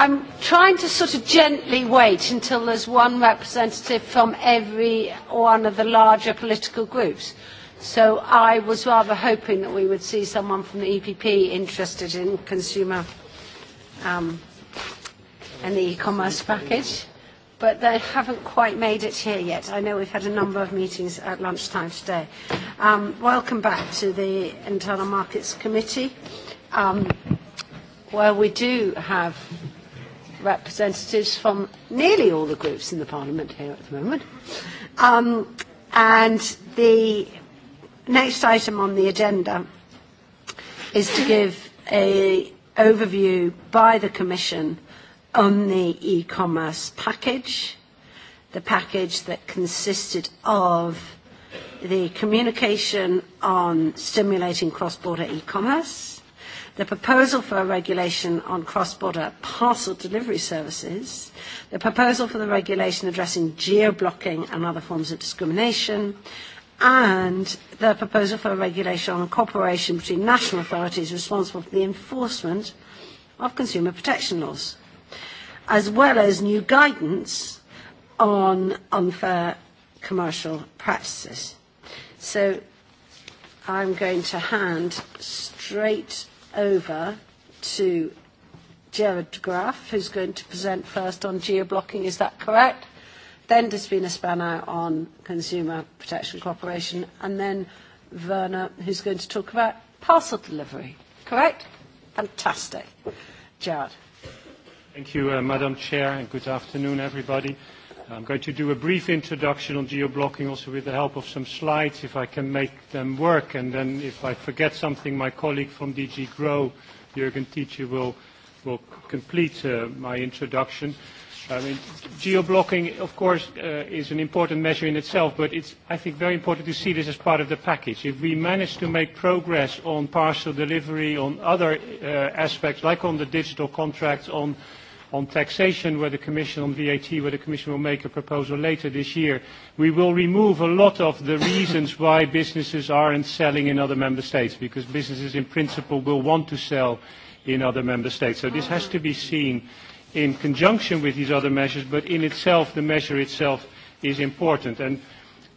I'm trying to sort of gently wait until there's one representative from every one of the larger political groups. So I was rather hoping that we would see someone from the EPP interested in consumer um, and the e-commerce package, but they haven't quite made it here yet. I know we've had a number of meetings at lunchtime today. Um, welcome back to the Internal Markets Committee, um, where we do have representatives from nearly all the groups in the Parliament here at the moment. Um, and the next item on the agenda is to give an overview by the Commission on the e-commerce package, the package that consisted of the communication on stimulating cross-border e-commerce, the proposal for a regulation on cross-border parcel delivery services, the proposal for the regulation addressing geo-blocking and other forms of discrimination, and the proposal for a regulation on cooperation between national authorities responsible for the enforcement of consumer protection laws, as well as new guidance on unfair commercial practices. So I'm going to hand straight over to Gerard de Graaf, who's going to present first on geo-blocking. Is that correct? Then Despina Spanau on consumer protection cooperation, and then Werner, who's going to talk about parcel delivery. Correct? Fantastic. Gerard. Thank you, Madam Chair, and good afternoon, everybody. I'm going to do a brief introduction on geoblocking also with the help of some slides if I can make them work and then if I forget something my colleague from DG GROW, Jürgen Tietje, will, will complete uh, my introduction. I mean, geo-blocking of course uh, is an important measure in itself but it's I think very important to see this as part of the package. If we manage to make progress on parcel delivery, on other uh, aspects like on the digital contracts, on on taxation, where the Commission on VAT, where the Commission will make a proposal later this year, we will remove a lot of the reasons why businesses aren't selling in other member states, because businesses in principle will want to sell in other member states. So this has to be seen in conjunction with these other measures, but in itself, the measure itself is important. And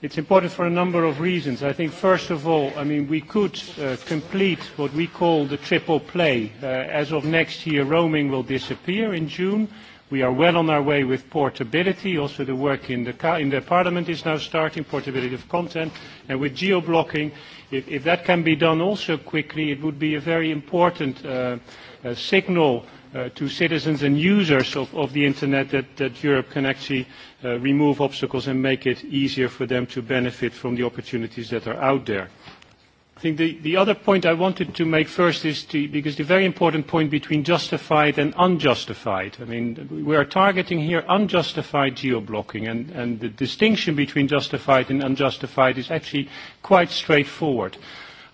It's important for a number of reasons. I think, first of all, I mean, we could uh, complete what we call the triple play. Uh, as of next year, roaming will disappear in June. We are well on our way with portability. Also, the work in the, in the Parliament is now starting, portability of content. And with geo-blocking, if, if that can be done also quickly, it would be a very important uh, uh, signal uh, to citizens and users of, of the internet that, that Europe can actually uh, remove obstacles and make it easier for them to benefit from the opportunities that are out there. I think the, the other point I wanted to make first is to, because the very important point between justified and unjustified. I mean, we are targeting here unjustified geo-blocking, and, and the distinction between justified and unjustified is actually quite straightforward.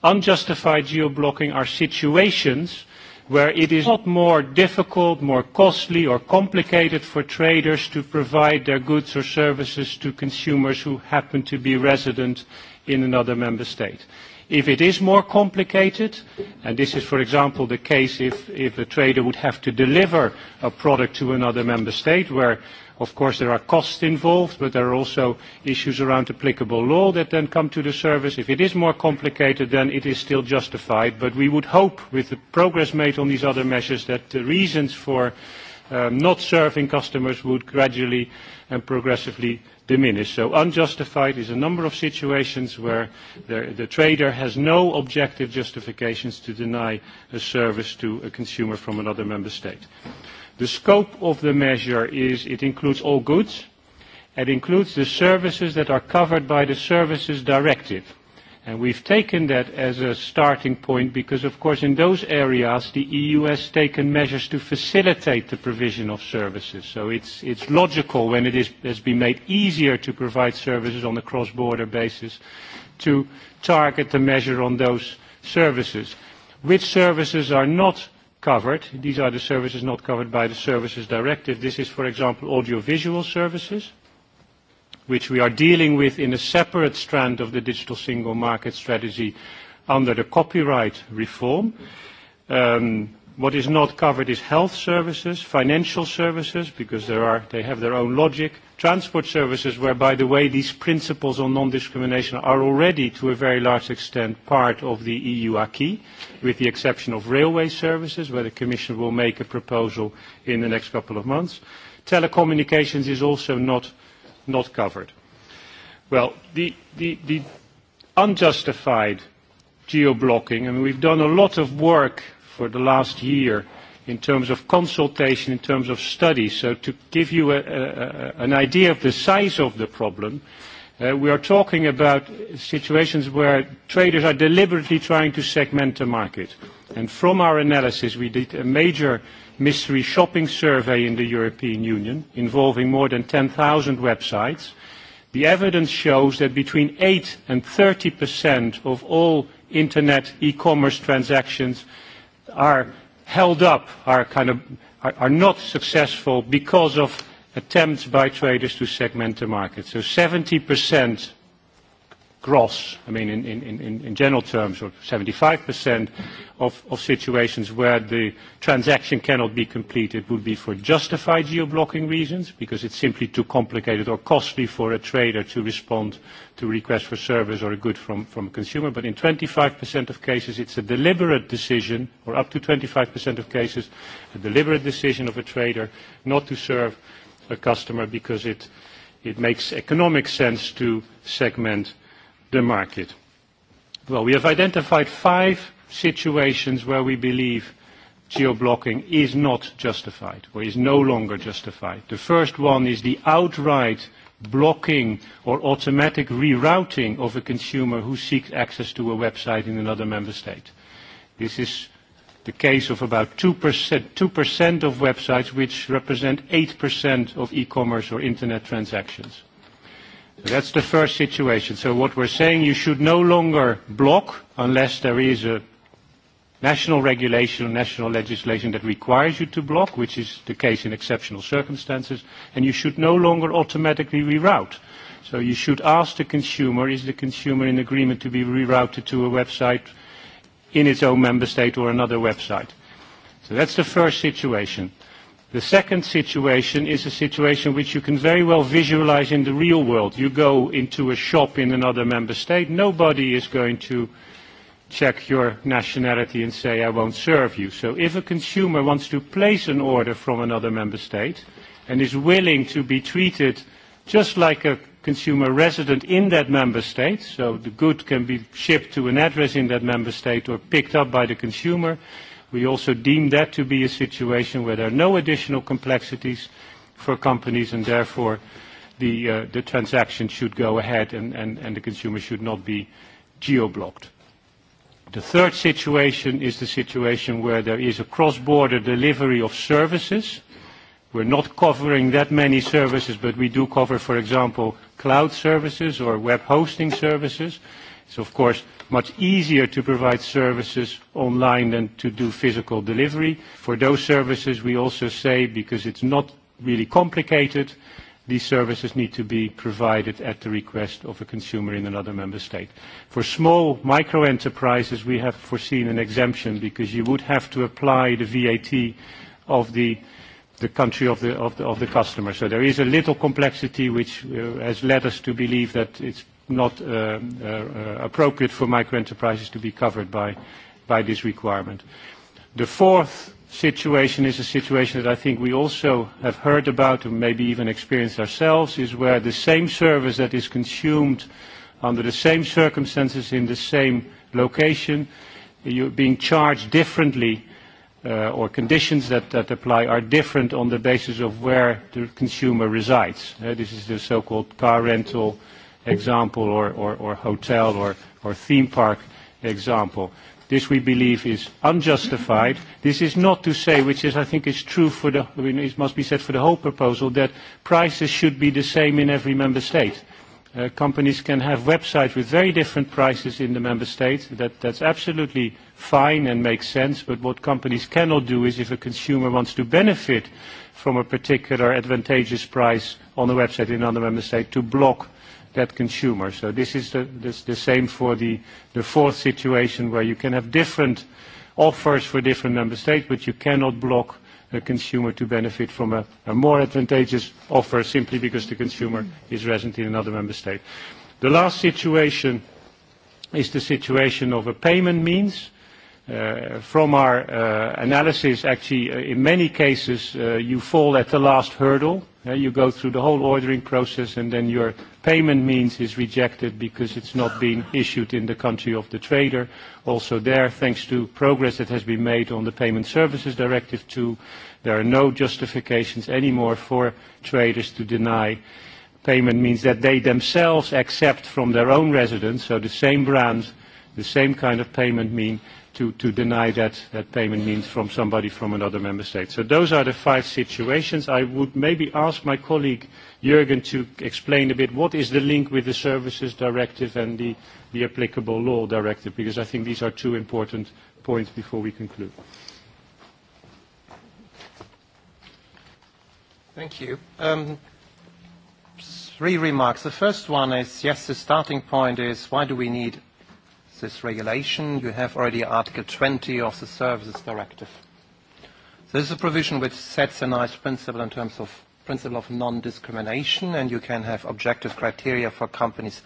Unjustified geo-blocking are situations where it is not more difficult, more costly, or complicated for traders to provide their goods or services to consumers who happen to be resident in another member state. If it is more complicated, and this is, for example, the case if, if a trader would have to deliver a product to another member state where Of course, there are costs involved, but there are also issues around applicable law that then come to the service. If it is more complicated, then it is still justified. But we would hope, with the progress made on these other measures, that the reasons for um, not serving customers would gradually and progressively diminish. So unjustified is a number of situations where the, the trader has no objective justifications to deny a service to a consumer from another member state. The scope of the measure is it includes all goods. It includes the services that are covered by the Services Directive. And we've taken that as a starting point because, of course, in those areas, the EU has taken measures to facilitate the provision of services. So it's, it's logical when it is, has been made easier to provide services on a cross-border basis to target the measure on those services. Which services are not covered. These are the services not covered by the Services Directive. This is, for example, audiovisual services, which we are dealing with in a separate strand of the digital single market strategy under the copyright reform. Um, What is not covered is health services, financial services, because there are, they have their own logic, transport services, where, by the way, these principles on non-discrimination are already, to a very large extent, part of the EU acquis, with the exception of railway services, where the Commission will make a proposal in the next couple of months. Telecommunications is also not, not covered. Well, the, the, the unjustified geo-blocking, and we've done a lot of work for the last year in terms of consultation, in terms of studies. So to give you a, a, an idea of the size of the problem, uh, we are talking about situations where traders are deliberately trying to segment the market. And from our analysis, we did a major mystery shopping survey in the European Union involving more than 10,000 websites. The evidence shows that between 8 and 30% of all internet e-commerce transactions are held up, are kind of are, are not successful because of attempts by traders to segment the market. So 70 percent gross, I mean, in, in, in, in general terms, or 75% of, of situations where the transaction cannot be completed would be for justified geo-blocking reasons, because it's simply too complicated or costly for a trader to respond to request for service or a good from, from a consumer. But in 25% of cases, it's a deliberate decision, or up to 25% of cases, a deliberate decision of a trader not to serve a customer because it, it makes economic sense to segment the market. Well, we have identified five situations where we believe geo-blocking is not justified or is no longer justified. The first one is the outright blocking or automatic rerouting of a consumer who seeks access to a website in another member state. This is the case of about 2%, 2% of websites which represent 8% of e-commerce or internet transactions. That's the first situation. So what we're saying, you should no longer block unless there is a national regulation, national legislation that requires you to block, which is the case in exceptional circumstances, and you should no longer automatically reroute. So you should ask the consumer, is the consumer in agreement to be rerouted to a website in its own member state or another website? So that's the first situation. The second situation is a situation which you can very well visualize in the real world. You go into a shop in another member state, nobody is going to check your nationality and say, I won't serve you. So if a consumer wants to place an order from another member state and is willing to be treated just like a consumer resident in that member state, so the good can be shipped to an address in that member state or picked up by the consumer, We also deem that to be a situation where there are no additional complexities for companies, and therefore the, uh, the transaction should go ahead and, and, and the consumer should not be geo-blocked. The third situation is the situation where there is a cross-border delivery of services. We're not covering that many services, but we do cover, for example, cloud services or web hosting services. So, of course, much easier to provide services online than to do physical delivery. For those services, we also say, because it's not really complicated, these services need to be provided at the request of a consumer in another member state. For small micro enterprises, we have foreseen an exemption because you would have to apply the VAT of the the country of the, of the, of the customer. So there is a little complexity which has led us to believe that it's not appropriate for microenterprises to be covered by this requirement. The fourth situation is a situation that I think we also have heard about and maybe even experienced ourselves, is where the same service that is consumed under the same circumstances in the same location, you're being charged differently or conditions that, that apply are different on the basis of where the consumer resides. this is the so-called car rental example or, or, or hotel or, or theme park example. This we believe is unjustified. This is not to say, which is I think is true for the, I mean, it must be said for the whole proposal, that prices should be the same in every member state. companies can have websites with very different prices in the member states. That, that's absolutely fine and makes sense, but what companies cannot do is if a consumer wants to benefit from a particular advantageous price on a website in another member state to block that consumer. So this is the, this, the same for the, the fourth situation where you can have different offers for different member states, but you cannot block a consumer to benefit from a, a more advantageous offer simply because the consumer is resident in another member state. The last situation is the situation of a payment means. Uh, from our uh, analysis, actually, uh, in many cases, uh, you fall at the last hurdle you go through the whole ordering process and then your payment means is rejected because it's not been issued in the country of the trader. Also there, thanks to progress that has been made on the Payment Services Directive 2, there are no justifications anymore for traders to deny payment means that they themselves accept from their own residents, so the same brand, the same kind of payment mean, to, to deny that, that payment means from somebody from another member state. So those are the five situations. I would maybe ask my colleague Jürgen to explain a bit what is the link with the Services Directive and the, the applicable law directive, because I think these are two important points before we conclude. Thank you. Um, three remarks. The first one is, yes, the starting point is why do we need this regulation, you have already Article 20 of the Services Directive. This is a provision which sets a nice principle in terms of principle of non-discrimination, and you can have objective criteria for companies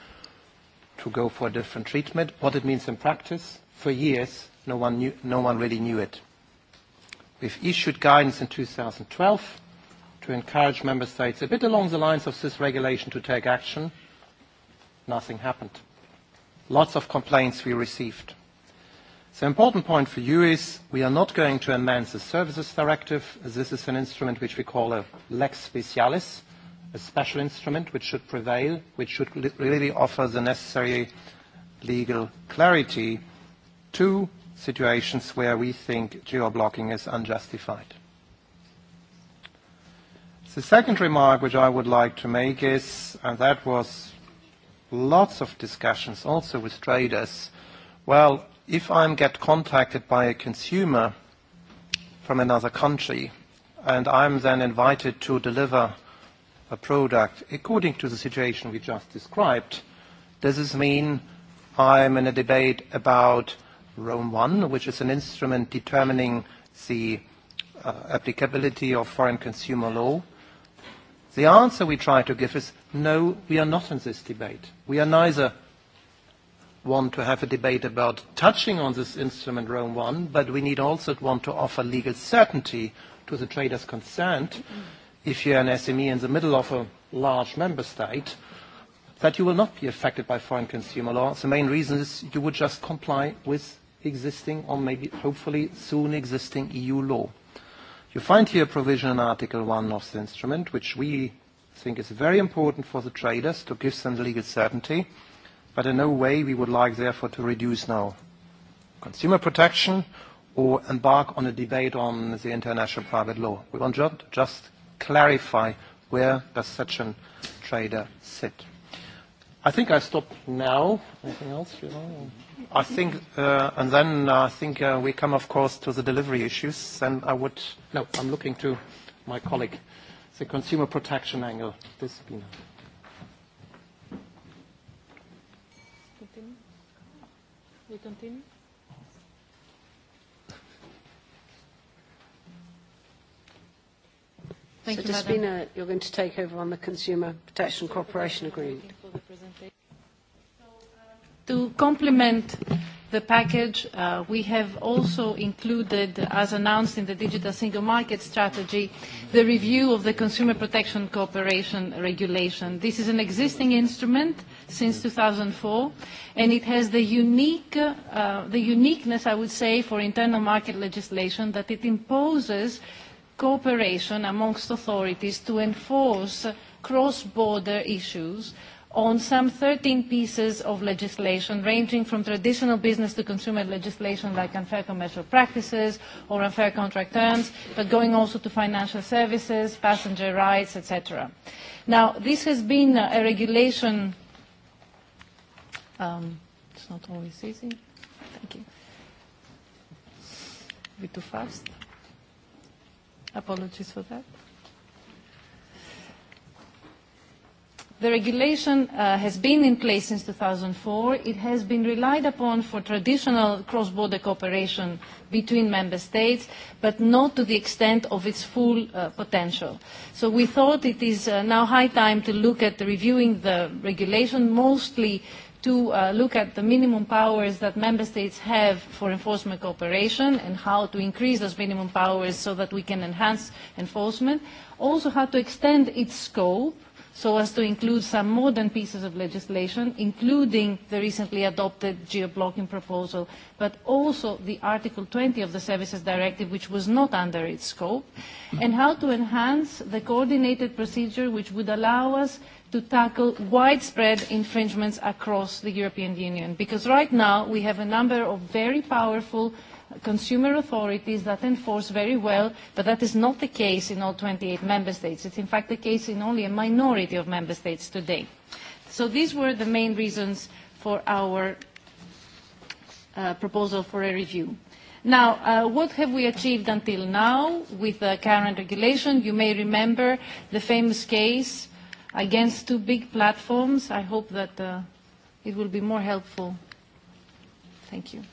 to go for different treatment. What it means in practice, for years, no one, knew, no one really knew it. We've issued guidance in 2012 to encourage member states, a bit along the lines of this regulation, to take action. Nothing happened. Lots of complaints we received. The important point for you is we are not going to amend the Services Directive. This is an instrument which we call a lex specialis, a special instrument which should prevail, which should really offer the necessary legal clarity to situations where we think geo-blocking is unjustified. The second remark which I would like to make is, and that was lots of discussions also with traders. Well, if I get contacted by a consumer from another country and I'm then invited to deliver a product according to the situation we just described, does this mean I'm in a debate about Rome 1, which is an instrument determining the uh, applicability of foreign consumer law? The answer we try to give is no, we are not in this debate. We are neither want to have a debate about touching on this instrument Rome 1, but we need also want to offer legal certainty to the traders concerned if you're an SME in the middle of a large member state that you will not be affected by foreign consumer law. The main reason is you would just comply with existing or maybe hopefully soon existing EU law. You find here a provision in Article 1 of the instrument, which we think is very important for the traders to give them the legal certainty, but in no way we would like, therefore, to reduce now consumer protection or embark on a debate on the international private law. We want to just clarify where does such a trader sit. I think I stop now. Anything else? You know? I think, uh, and then I think uh, we come, of course, to the delivery issues. Then I would, no, I'm looking to my colleague, the consumer protection angle. This, Bina. Continue. We continue. Thank so, you, Madam. you're going to take over on the Consumer Protection Corporation Agreement. Thank you for the presentation. To complement the package, uh, we have also included, as announced in the Digital Single Market Strategy, the review of the Consumer Protection Cooperation Regulation. This is an existing instrument since 2004, and it has the, unique, uh, the uniqueness, I would say, for internal market legislation that it imposes cooperation amongst authorities to enforce cross-border issues on some 13 pieces of legislation, ranging from traditional business to consumer legislation like unfair commercial practices or unfair contract terms, but going also to financial services, passenger rights, etc. Now, this has been a regulation... Um, it's not always easy. Thank you. A bit too fast. Apologies for that. The regulation uh, has been in place since 2004. It has been relied upon for traditional cross-border cooperation between member states, but not to the extent of its full uh, potential. So we thought it is uh, now high time to look at reviewing the regulation, mostly to uh, look at the minimum powers that member states have for enforcement cooperation and how to increase those minimum powers so that we can enhance enforcement. Also how to extend its scope so as to include some modern pieces of legislation, including the recently adopted geo-blocking proposal, but also the Article 20 of the Services Directive, which was not under its scope, and how to enhance the coordinated procedure which would allow us to tackle widespread infringements across the European Union. Because right now we have a number of very powerful consumer authorities that enforce very well, but that is not the case in all 28 member states. It's in fact the case in only a minority of member states today. So these were the main reasons for our uh, proposal for a review. Now, uh, what have we achieved until now with the current regulation? You may remember the famous case against two big platforms. I hope that uh, it will be more helpful. Thank you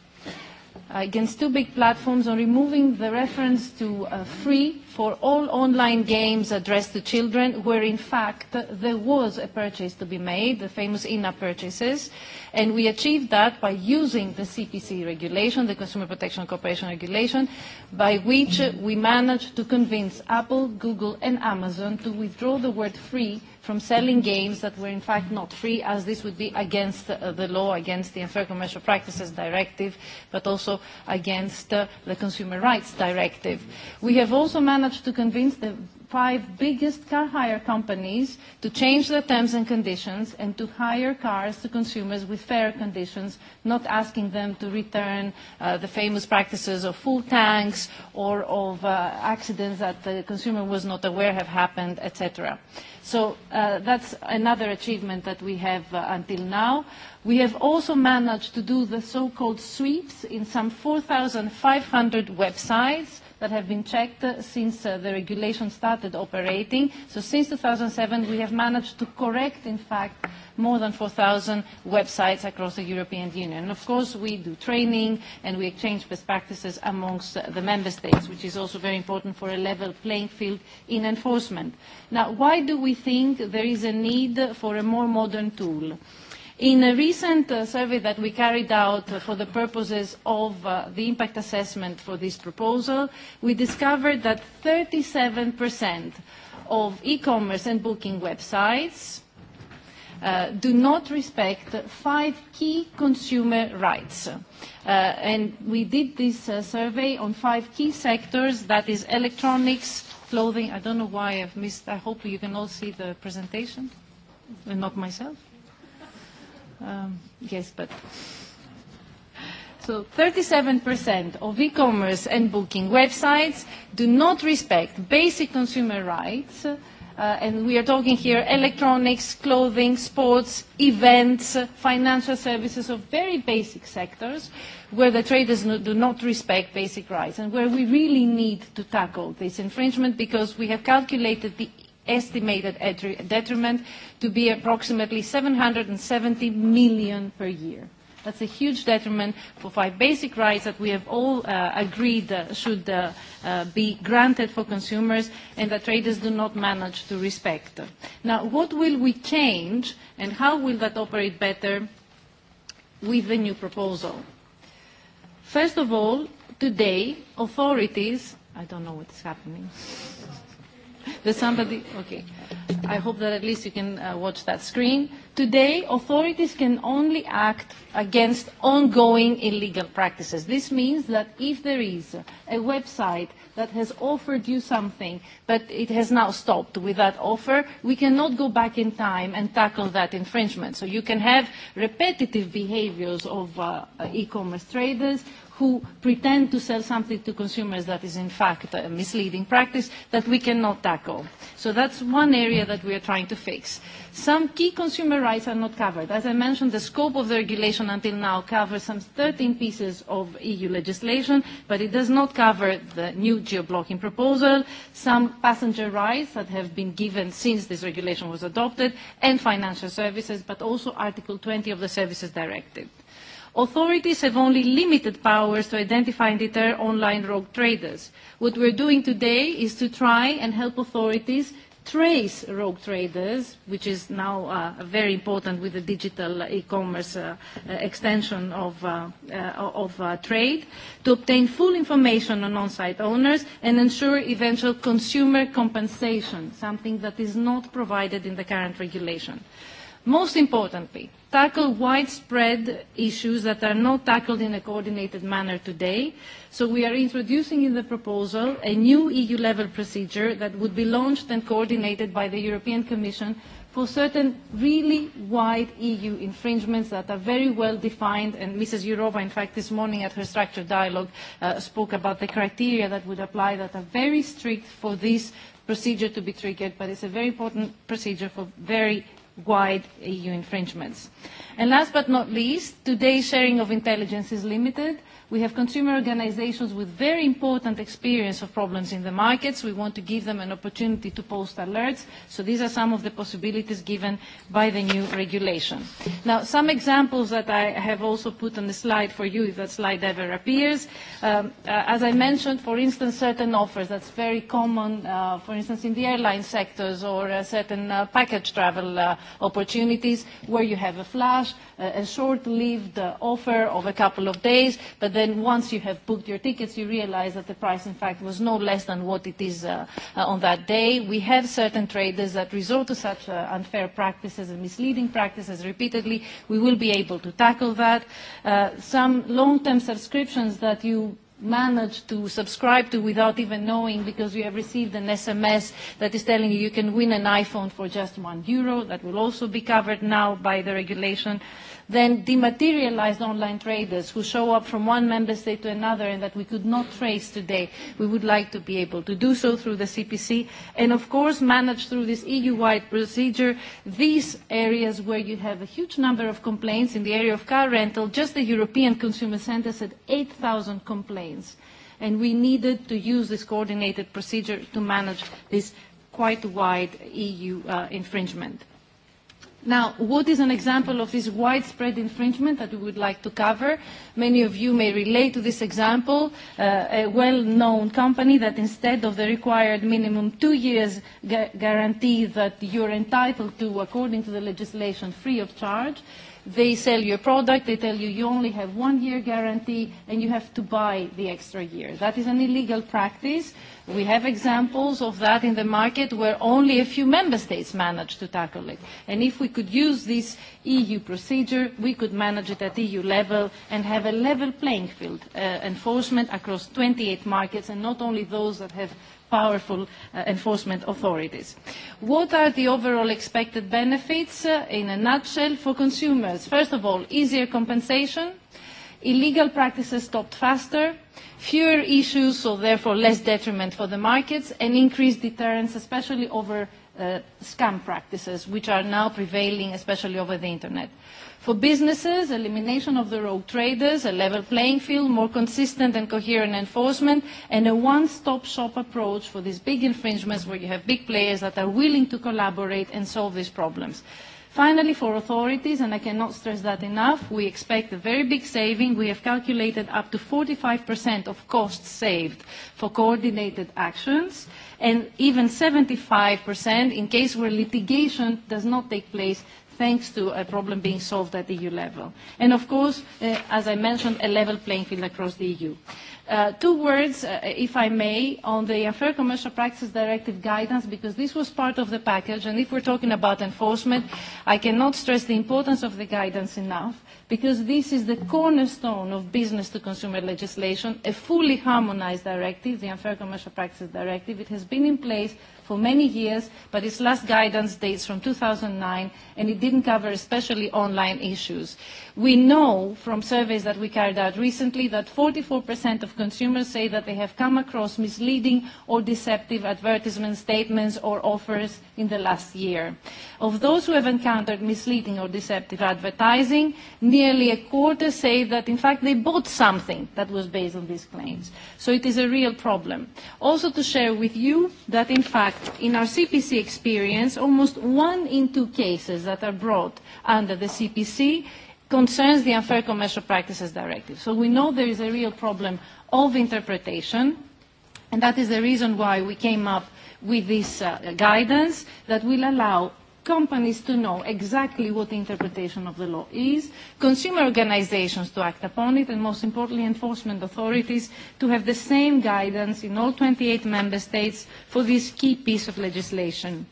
against two big platforms on removing the reference to uh, free for all online games addressed to children where in fact there was a purchase to be made, the famous in-app purchases, and we achieved that by using the CPC regulation, the Consumer Protection Corporation regulation, by which we managed to convince Apple, Google and Amazon to withdraw the word free from selling games that were in fact not free, as this would be against uh, the law, against the Unfair Commercial Practices Directive, but also against uh, the Consumer Rights Directive. We have also managed managed to convince the five biggest car hire companies to change their terms and conditions and to hire cars to consumers with fair conditions, not asking them to return uh, the famous practices of full tanks or of uh, accidents that the consumer was not aware have happened, etc. So uh, that's another achievement that we have uh, until now. We have also managed to do the so-called sweeps in some 4,500 websites that have been checked since the regulation started operating. So since 2007, we have managed to correct, in fact, more than 4,000 websites across the European Union. Of course, we do training and we exchange best practices amongst the member states, which is also very important for a level playing field in enforcement. Now, why do we think there is a need for a more modern tool? In a recent uh, survey that we carried out uh, for the purposes of uh, the impact assessment for this proposal, we discovered that 37% of e-commerce and booking websites uh, do not respect five key consumer rights. Uh, and we did this uh, survey on five key sectors, that is electronics, clothing. I don't know why I've missed. I hope you can all see the presentation and not myself. Um, yes, but. So 37% of e-commerce and booking websites do not respect basic consumer rights, uh, and we are talking here electronics, clothing, sports, events, financial services of very basic sectors where the traders do not respect basic rights and where we really need to tackle this infringement because we have calculated the estimated detriment to be approximately 770 million per year. That's a huge detriment for five basic rights that we have all uh, agreed uh, should uh, uh, be granted for consumers and that traders do not manage to respect. Now, what will we change and how will that operate better with the new proposal? First of all, today, authorities, I don't know what is happening. There's somebody, okay. I hope that at least you can uh, watch that screen. Today, authorities can only act against ongoing illegal practices. This means that if there is a website that has offered you something, but it has now stopped with that offer, we cannot go back in time and tackle that infringement. So you can have repetitive behaviors of uh, e-commerce traders who pretend to sell something to consumers that is in fact a misleading practice that we cannot tackle. So that's one area that we are trying to fix. Some key consumer rights are not covered. As I mentioned, the scope of the regulation until now covers some 13 pieces of EU legislation, but it does not cover the new geo-blocking proposal, some passenger rights that have been given since this regulation was adopted, and financial services, but also Article 20 of the Services Directive. Authorities have only limited powers to identify and deter online rogue traders. What we're doing today is to try and help authorities trace rogue traders, which is now uh, very important with the digital e-commerce uh, extension of, uh, uh, of uh, trade, to obtain full information on on-site owners and ensure eventual consumer compensation, something that is not provided in the current regulation. Most importantly, tackle widespread issues that are not tackled in a coordinated manner today. So we are introducing in the proposal a new EU-level procedure that would be launched and coordinated by the European Commission for certain really wide EU infringements that are very well defined, and Mrs. Jourova, in fact, this morning at her structured dialogue uh, spoke about the criteria that would apply that are very strict for this procedure to be triggered, but it's a very important procedure for very wide EU infringements. And last but not least, today's sharing of intelligence is limited We have consumer organizations with very important experience of problems in the markets. We want to give them an opportunity to post alerts. So these are some of the possibilities given by the new regulation. Now, some examples that I have also put on the slide for you, if that slide ever appears. Um, as I mentioned, for instance, certain offers, that's very common, uh, for instance, in the airline sectors or uh, certain uh, package travel uh, opportunities where you have a flash, uh, a short-lived uh, offer of a couple of days, but then once you have booked your tickets, you realize that the price, in fact, was no less than what it is uh, on that day. We have certain traders that resort to such uh, unfair practices and misleading practices repeatedly. We will be able to tackle that. Uh, some long-term subscriptions that you manage to subscribe to without even knowing because you have received an SMS that is telling you you can win an iPhone for just one euro. That will also be covered now by the regulation. Uh, then dematerialized online traders who show up from one member state to another and that we could not trace today, we would like to be able to do so through the CPC and of course manage through this EU-wide procedure these areas where you have a huge number of complaints in the area of car rental, just the European Consumer Center said 8,000 complaints and we needed to use this coordinated procedure to manage this quite wide EU uh, infringement. Now, what is an example of this widespread infringement that we would like to cover? Many of you may relate to this example, uh, a well-known company that instead of the required minimum two years gu guarantee that you're entitled to, according to the legislation, free of charge, they sell your product, they tell you you only have one year guarantee and you have to buy the extra year. That is an illegal practice We have examples of that in the market where only a few member states manage to tackle it. And if we could use this EU procedure, we could manage it at EU level and have a level playing field uh, enforcement across 28 markets and not only those that have powerful uh, enforcement authorities. What are the overall expected benefits uh, in a nutshell for consumers? First of all, easier compensation. Uh, Illegal practices stopped faster, fewer issues, so therefore less detriment for the markets, and increased deterrence, especially over uh, scam practices, which are now prevailing, especially over the internet. For businesses, elimination of the rogue traders, a level playing field, more consistent and coherent enforcement, and a one-stop shop approach for these big infringements where you have big players that are willing to collaborate and solve these problems. Finally, for authorities, and I cannot stress that enough, we expect a very big saving. We have calculated up to 45% of costs saved for coordinated actions, and even 75% in case where litigation does not take place thanks to a problem being solved at EU level. And of course, uh, as I mentioned, a level playing field across the EU. Uh, two words, uh, if I may, on the Unfair Commercial Practices Directive guidance, because this was part of the package, and if we're talking about enforcement, I cannot stress the importance of the guidance enough, because this is the cornerstone of business-to-consumer legislation, a fully harmonized directive, the Unfair Commercial Practices Directive. It has been in place for many years, but its last guidance dates from 2009, and it did didn't cover especially online issues. We know from surveys that we carried out recently that 44% of consumers say that they have come across misleading or deceptive advertisement statements or offers in the last year. Of those who have encountered misleading or deceptive advertising, nearly a quarter say that in fact they bought something that was based on these claims. So it is a real problem. Also to share with you that in fact in our CPC experience, almost one in two cases that are brought under the CPC concerns the Unfair Commercial Practices Directive. So we know there is a real problem of interpretation, and that is the reason why we came up with this uh, guidance that will allow companies to know exactly what the interpretation of the law is, consumer organizations to act upon it, and most importantly, enforcement authorities to have the same guidance in all 28 member states for this key piece of legislation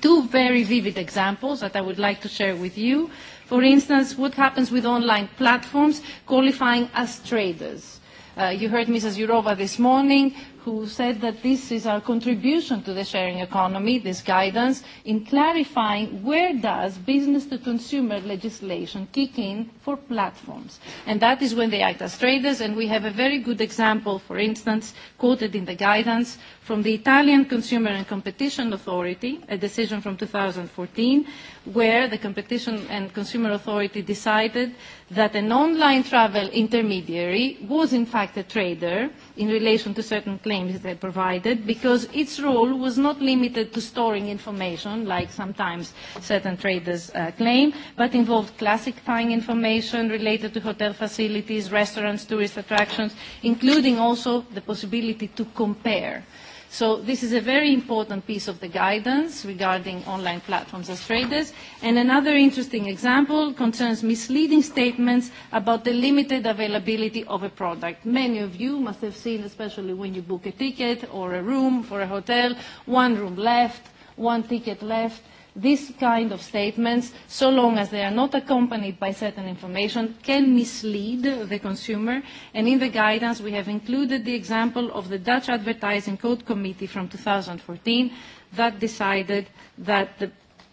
two very vivid examples that I would like to share with you. For instance, what happens with online platforms qualifying as traders. Uh, you heard Mrs. Yurova this morning who said that this is our contribution to the sharing economy, this guidance, in clarifying where does business-to-consumer legislation kick in for platforms. And that is when they act as traders, and we have a very good example, for instance, quoted in the guidance from the Italian Consumer and Competition Authority, a decision from 2014, where the Competition and Consumer Authority decided that an online travel intermediary was in fact a trader, in relation to certain claims they provided because its role was not limited to storing information like sometimes certain traders uh, claim, but involved classifying information related to hotel facilities, restaurants, tourist attractions, including also the possibility to compare. So this is a very important piece of the guidance regarding online platforms as traders. And another interesting example concerns misleading statements about the limited availability of a product. Many of you must have seen, especially when you book a ticket or a room for a hotel, one room left, one ticket left, these kind of statements, so long as they are not accompanied by certain information, can mislead the consumer. And in the guidance, we have included the example of the Dutch Advertising Code Committee from 2014 that decided that the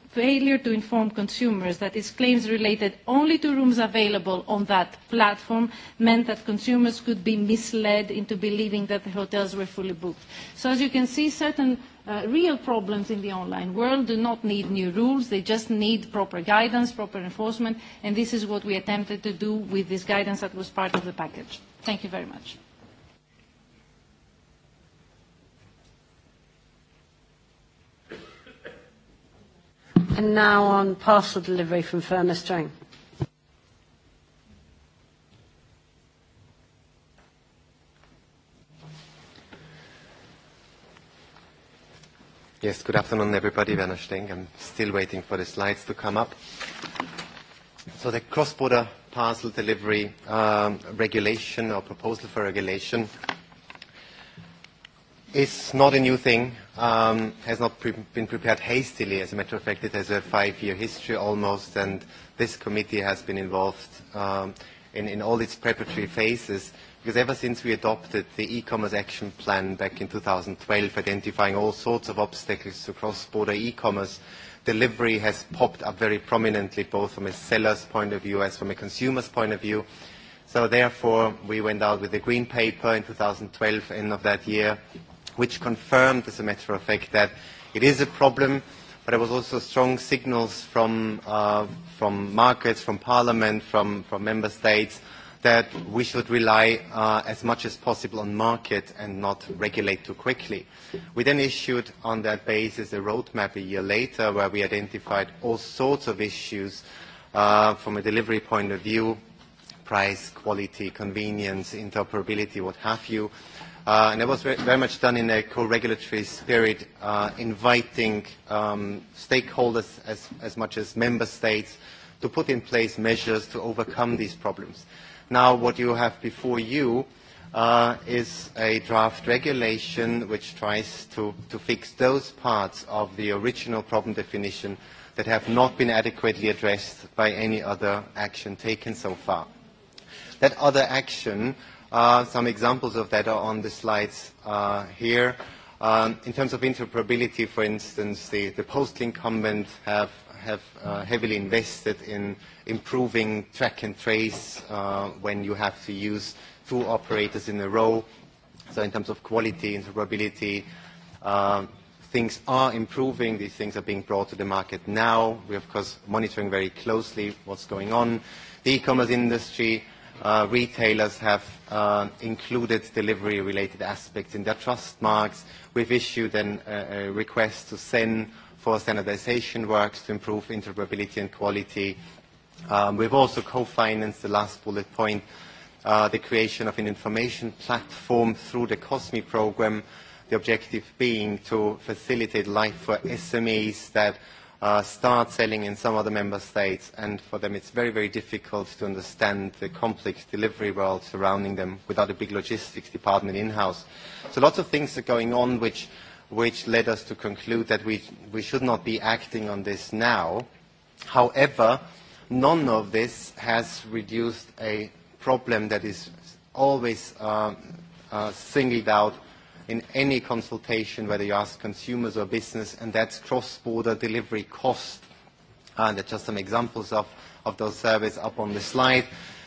failure to inform consumers that its claims related only to rooms available on that platform meant that consumers could be misled into believing that the hotels were fully booked. So as you can see, certain real problems in the online world do not need new rules. They just need proper guidance, proper enforcement, and this is what we attempted to do with this guidance that was part of the package. Thank you very much. And now on parcel delivery from Firma strength. Yes, good afternoon, everybody. Werner Steng. I'm still waiting for the slides to come up. So the cross-border parcel delivery um, regulation or proposal for regulation is not a new thing, um, has not pre- been prepared hastily. As a matter of fact, it has a five-year history almost, and this committee has been involved um, in, in all its preparatory phases Because ever since we adopted the e-commerce action plan back in 2012, identifying all sorts of obstacles to cross-border e-commerce, delivery has popped up very prominently, both from a seller's point of view as from a consumer's point of view. So therefore, we went out with the green paper in 2012, end of that year, which confirmed, as a matter of fact, that it is a problem, but there was also strong signals from, uh, from markets, from parliament, from, from member states, that we should rely uh, as much as possible on market and not regulate too quickly. We then issued on that basis a roadmap a year later where we identified all sorts of issues uh, from a delivery point of view, price, quality, convenience, interoperability, what have you. Uh, and it was very much done in a co-regulatory spirit, uh, inviting um, stakeholders as, as much as member states to put in place measures to overcome these problems. Now what you have before you uh, is a draft regulation which tries to, to fix those parts of the original problem definition that have not been adequately addressed by any other action taken so far. That other action, uh, some examples of that are on the slides uh, here. Um, in terms of interoperability, for instance, the, the postal incumbent have have uh, heavily invested in improving track and trace uh, when you have to use two operators in a row. So in terms of quality, interoperability, uh, things are improving. These things are being brought to the market now. We're, of course, monitoring very closely what's going on. The e-commerce industry, uh, retailers have uh, included delivery-related aspects in their trust marks. We've issued an, a request to send for standardization works to improve interoperability and quality. Um, we've also co-financed the last bullet point, uh, the creation of an information platform through the COSME program, the objective being to facilitate life for SMEs that uh, start selling in some other member states, and for them it's very, very difficult to understand the complex delivery world surrounding them without a big logistics department in-house. So lots of things are going on which – which led us to conclude that we, we should not be acting on this now. However, none of this has reduced a problem that is always uh, uh, singled out in any consultation, whether you ask consumers or business, and that's cross-border delivery cost. There are just some examples of, of those surveys up on the slide.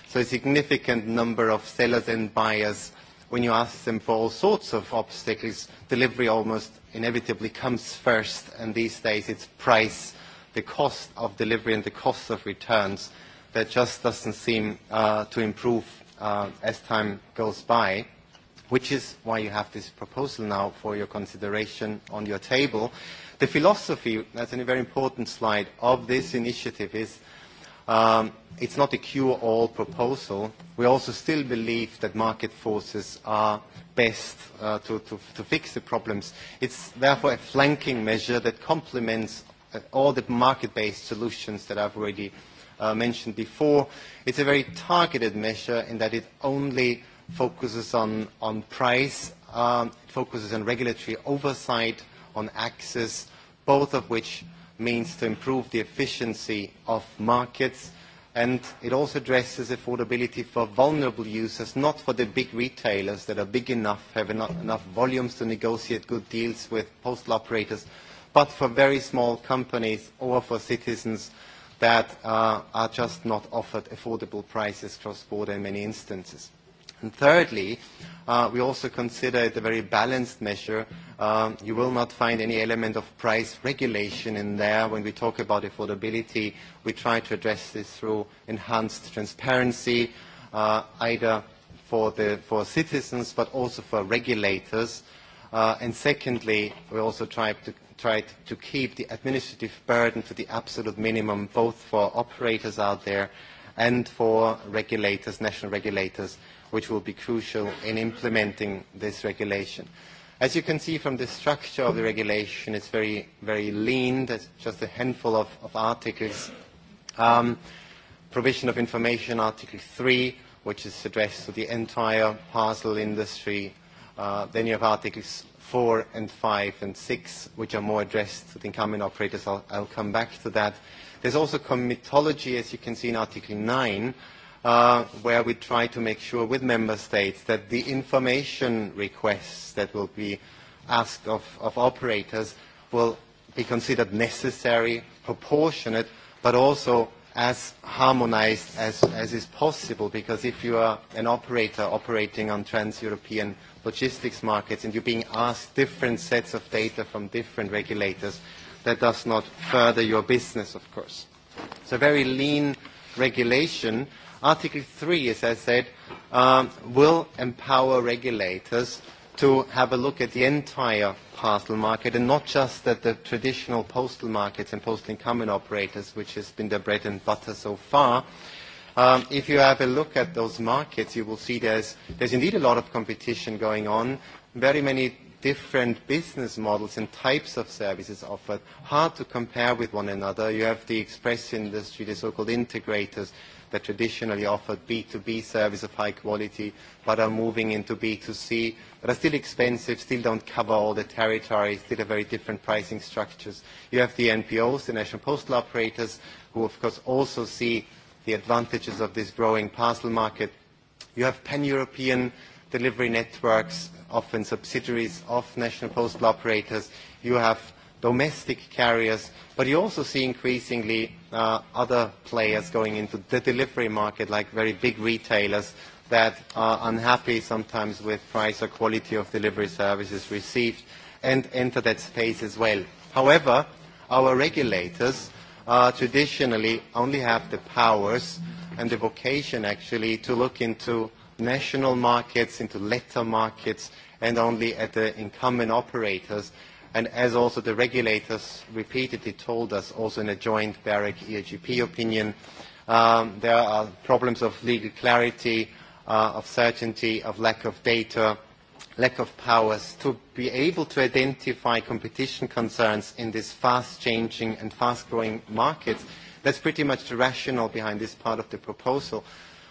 So a significant number of sellers and buyers when you ask them for all sorts of obstacles, delivery almost inevitably comes first, and these days it's price, the cost of delivery and the cost of returns that just doesn't seem uh, to improve uh, as time goes by, which is why you have this proposal now for your consideration on your table. The philosophy, that's a very important slide, of this initiative is Um, it's not a cure-all proposal. We also still believe that market forces are best uh, to, to, to fix the problems. It's therefore a flanking measure that complements all the market-based solutions that I've already uh, mentioned before. It's a very targeted measure in that it only focuses on, on price, um, it focuses on regulatory oversight, on access, both of which – means to improve the efficiency of markets and it also addresses affordability for vulnerable users, not for the big retailers that are big enough, have enough, enough volumes to negotiate good deals with postal operators, but for very small companies or for citizens that uh, are just not offered affordable prices cross-border in many instances. And thirdly, uh, we also consider it a very balanced measure. Um, you will not find any element of price regulation in there. When we talk about affordability, we try to address this through enhanced transparency, uh, either for, the, for citizens but also for regulators. Uh, and secondly, we also try to, try to keep the administrative burden to the absolute minimum, both for operators out there and for regulators, national regulators which will be crucial in implementing this regulation. As you can see from the structure of the regulation, it's very, very lean. There's just a handful of, of articles. Um, provision of information, Article 3, which is addressed to the entire parcel industry. Uh, then you have Articles 4 and 5 and 6, which are more addressed to the incumbent operators. I'll, I'll come back to that. There's also comitology, as you can see in Article 9, uh, where we try to make sure with member states that the information requests that will be asked of, of operators will be considered necessary, proportionate, but also as harmonized as, as is possible because if you are an operator operating on trans-European logistics markets and you're being asked different sets of data from different regulators, that does not further your business, of course. It's a very lean regulation Article 3, as I said, um, will empower regulators to have a look at the entire parcel market and not just at the traditional postal markets and postal incumbent operators, which has been their bread and butter so far. Um, if you have a look at those markets, you will see there's, there's indeed a lot of competition going on. Very many different business models and types of services offered, hard to compare with one another. You have the express industry, the so-called integrators, that traditionally offered B2B service of high quality but are moving into B2C that are still expensive, still don't cover all the territory, still have very different pricing structures. You have the NPOs, the national postal operators, who of course also see the advantages of this growing parcel market. You have pan-European delivery networks, often subsidiaries of national postal operators. You have domestic carriers, but you also see increasingly uh, other players going into the delivery market, like very big retailers that are unhappy sometimes with price or quality of delivery services received and enter that space as well. However, our regulators uh, traditionally only have the powers and the vocation actually to look into national markets, into letter markets, and only at the incumbent operators And as also the regulators repeatedly told us, also in a joint BEREC-EAGP opinion, um, there are problems of legal clarity, uh, of certainty, of lack of data, lack of powers to be able to identify competition concerns in this fast-changing and fast-growing market. That's pretty much the rationale behind this part of the proposal.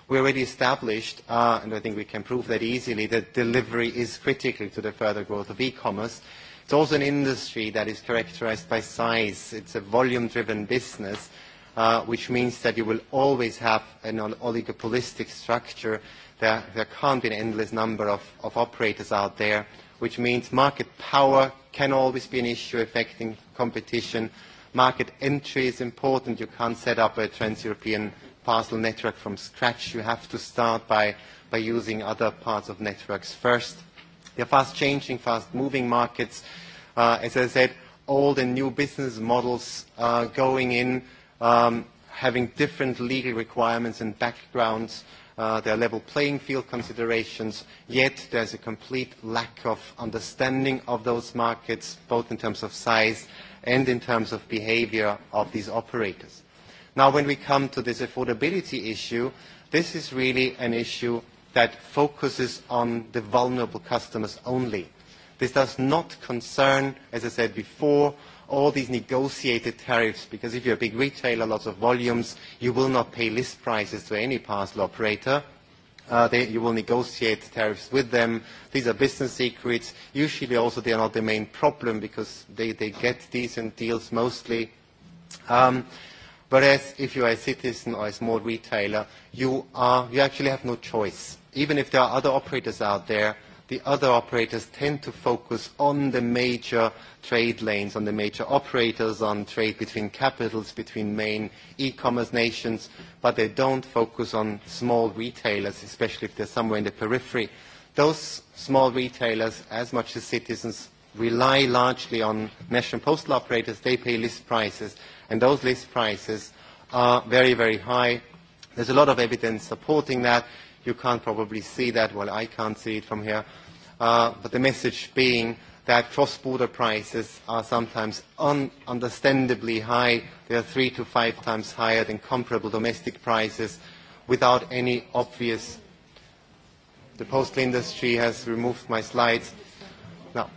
We already established, uh, and I think we can prove that easily, that delivery is critical to the further growth of e-commerce. It's also an industry that is characterized by size. It's a volume-driven business, uh, which means that you will always have an oligopolistic structure. There, there can't be an endless number of, of operators out there, which means market power can always be an issue affecting competition. Market entry is important. You can't set up a trans-European parcel network from scratch. You have to start by, by using other parts of networks first are fast-changing, fast-moving markets. Uh, as I said, old and new business models uh, going in, um, having different legal requirements and backgrounds. Uh, there are level playing field considerations, yet there's a complete lack of understanding of those markets, both in terms of size and in terms of behavior of these operators. Now, when we come to this affordability issue, this is really an issue that focuses on the vulnerable customers only. This does not concern, as I said before, all these negotiated tariffs, because if you're a big retailer, lots of volumes, you will not pay list prices to any parcel operator. Uh, they, you will negotiate tariffs with them. These are business secrets. Usually also they are not the main problem because they, they get decent deals mostly. Um, whereas if you are a citizen or a small retailer, you, are, you actually have no choice even if there are other operators out there, the other operators tend to focus on the major trade lanes, on the major operators, on trade between capitals, between main e-commerce nations, but they don't focus on small retailers, especially if they're somewhere in the periphery. Those small retailers, as much as citizens, rely largely on national postal operators. They pay list prices, and those list prices are very, very high. There's a lot of evidence supporting that. You can't probably see that. Well, I can't see it from here. Uh, but the message being that cross-border prices are sometimes un- understandably high. They are three to five times higher than comparable domestic prices without any obvious. The postal industry has removed my slides. Now,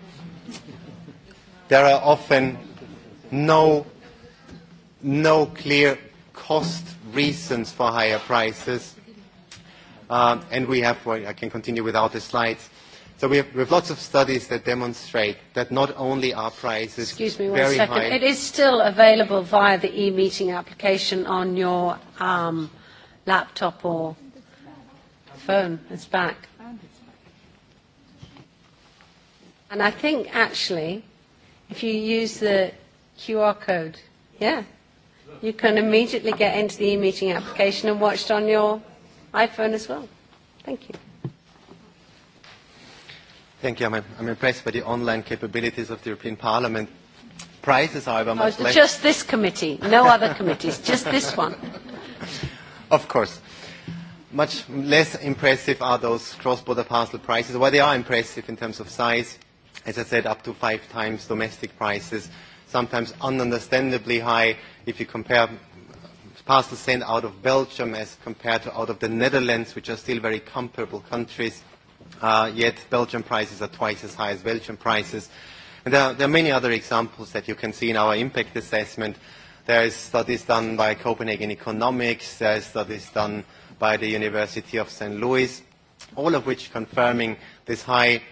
there are often no, no clear cost reasons for higher prices and we have, well, I can continue without the slides. So we have, we have lots of studies that demonstrate that not only are prices Excuse me one second. high. It is still available via the e-meeting application on your um, laptop or phone. It's back. And I think actually, if you use the QR code, yeah, you can immediately get into the e-meeting application and watch it on your iPhone as well. Thank you. Thank you. I'm, I'm impressed by the online capabilities of the European Parliament. Prices, however, much less. Just this committee, no other committees, just this one. Of course. Much less impressive are those cross-border parcel prices. Well, they are impressive in terms of size. As I said, up to five times domestic prices, sometimes ununderstandably high if you compare parcel sent out of Belgium as compared to out of the Netherlands, which are still very comparable countries. Uh, yet Belgian prices are twice as high as Belgian prices. And there, are, there are many other examples that you can see in our impact assessment. There is studies done by Copenhagen Economics, there are studies done by the University of St. Louis, all of which confirming this high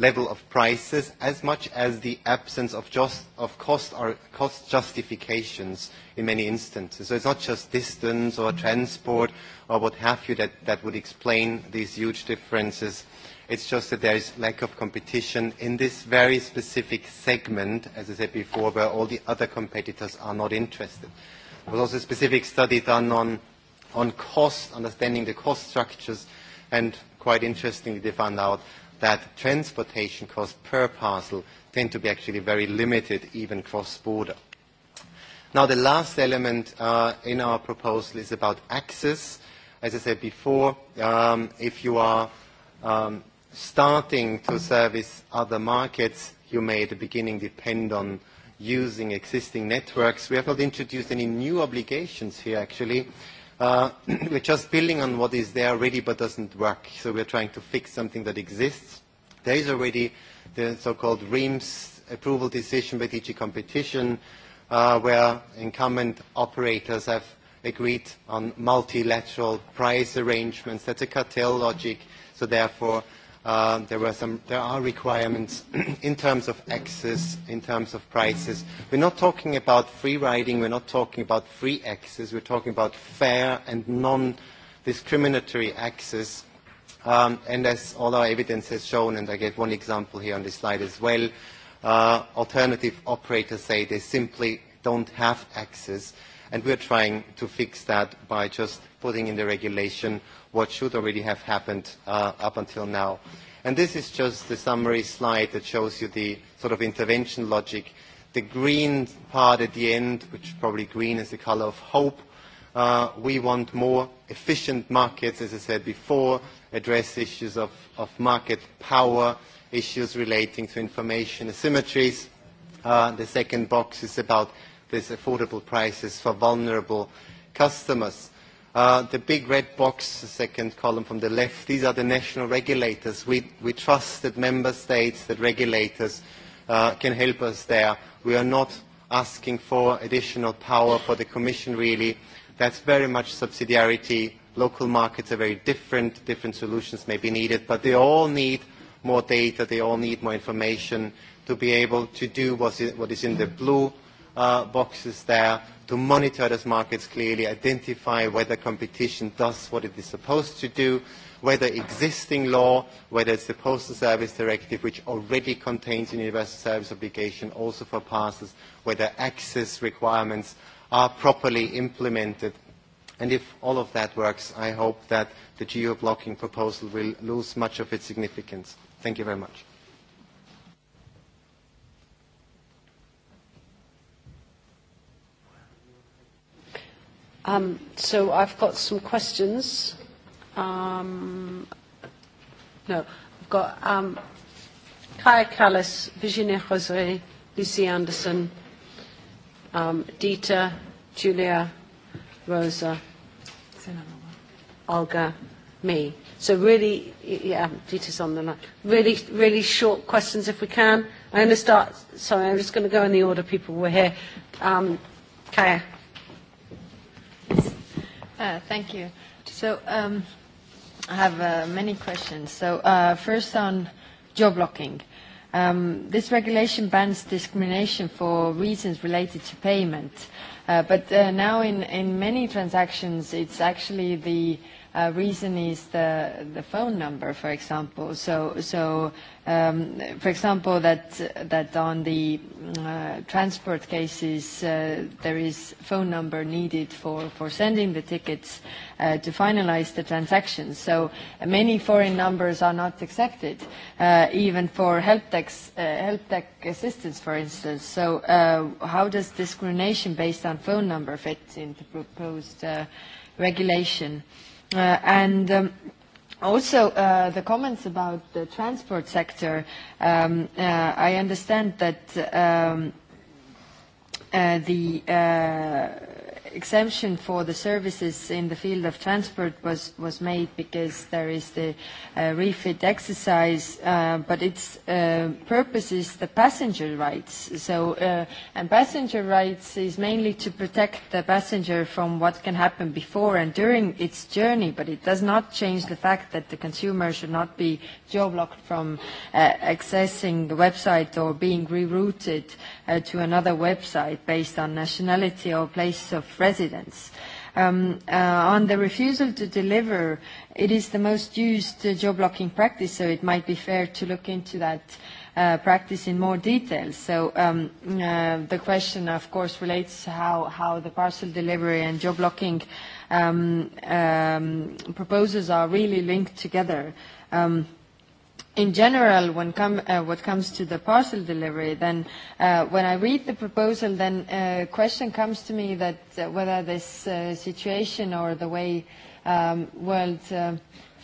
level of prices as much as the absence of, just, of cost, or cost justifications in many instances. So it's not just distance or transport or what have you that, that would explain these huge differences. It's just that there is lack of competition in this very specific segment, as I said before, where all the other competitors are not interested. There was also a specific study done on, on cost, understanding the cost structures, and quite interestingly, they found out that transportation costs per parcel tend to be actually very limited, even cross-border. Now, the last element uh, in our proposal is about access. As I said before, um, if you are um, starting to service other markets, you may at the beginning depend on using existing networks. We have not introduced any new obligations here, actually. Uh, we're just building on what is there already but doesn't work. So we're trying to fix something that exists. There is already the so-called REAMS approval decision by DG Competition, uh, where incumbent operators have agreed on multilateral price arrangements. That's a cartel logic, so therefore Uh, there were some, there are requirements in terms of access, in terms of prices. We're not talking about free riding, we're not talking about free access, we're talking about fair and non-discriminatory access. Um, and as all our evidence has shown, and I gave one example here on this slide as well, uh, alternative operators say they simply don't have access, and we're trying to fix that by just putting in the regulation what should already have happened uh, up until now. And this is just the summary slide that shows you the sort of intervention logic. The green part at the end, which probably green is the color of hope, uh, we want more efficient markets, as I said before, address issues of, of market power, issues relating to information asymmetries. Uh, the second box is about these affordable prices for vulnerable customers. Uh, the big red box, the second column from the left, these are the national regulators. We, we trust that member states, that regulators uh, can help us there. We are not asking for additional power for the Commission, really. That's very much subsidiarity. Local markets are very different. Different solutions may be needed, but they all need more data. They all need more information to be able to do what is in the blue uh, boxes there to monitor those markets clearly, identify whether competition does what it is supposed to do, whether existing law, whether it's the Postal Service Directive, which already contains universal service obligation also for parcels, whether access requirements are properly implemented. And if all of that works, I hope that the geo-blocking proposal will lose much of its significance. Thank you very much. Um, so I've got some questions. Um, no, I've got um, Kaya Callis, Virginia Jose, Lucy Anderson, um, Dita, Julia, Rosa, Olga, me. So really, yeah, Dita's on the line. Really, really short questions if we can. I'm going to start, sorry, I'm just going to go in the order people were here. Um, Kaya. Uh, thank you. So um, I have uh, many questions. So uh, first on job blocking. Um, this regulation bans discrimination for reasons related to payment, uh, but uh, now in, in many transactions, it's actually the uh, reason is the, the phone number, for example. So, so um, for example, that, that on the uh, transport cases, uh, there is phone number needed for, for sending the tickets uh, to finalize the transactions. So many foreign numbers are not accepted, uh, even for help, techs, uh, help tech assistance, for instance. So uh, how does discrimination based on phone number fit into proposed uh, regulation? Uh, and um, Also, uh, the comments about the transport sector, um, uh, I understand that um, uh, the uh, exemption for the services in the field of transport was, was made because there is the uh, refit exercise, uh, but its uh, purpose is the passenger rights. So, uh, and passenger rights is mainly to protect the passenger from what can happen before and during its journey, but it does not change the fact that the consumer should not be geo-blocked from uh, accessing the website or being rerouted uh, to another website based on nationality or place of residents. Um, uh, on the refusal to deliver, it is the most used uh, job blocking practice, so it might be fair to look into that uh, practice in more detail. So um, uh, the question, of course, relates to how, how the parcel delivery and job blocking um, um, proposals are really linked together. Um, in general, when come, uh, what comes to the parcel delivery, then uh, when I read the proposal, then a uh, question comes to me that uh, whether this uh, situation or the way um, world uh,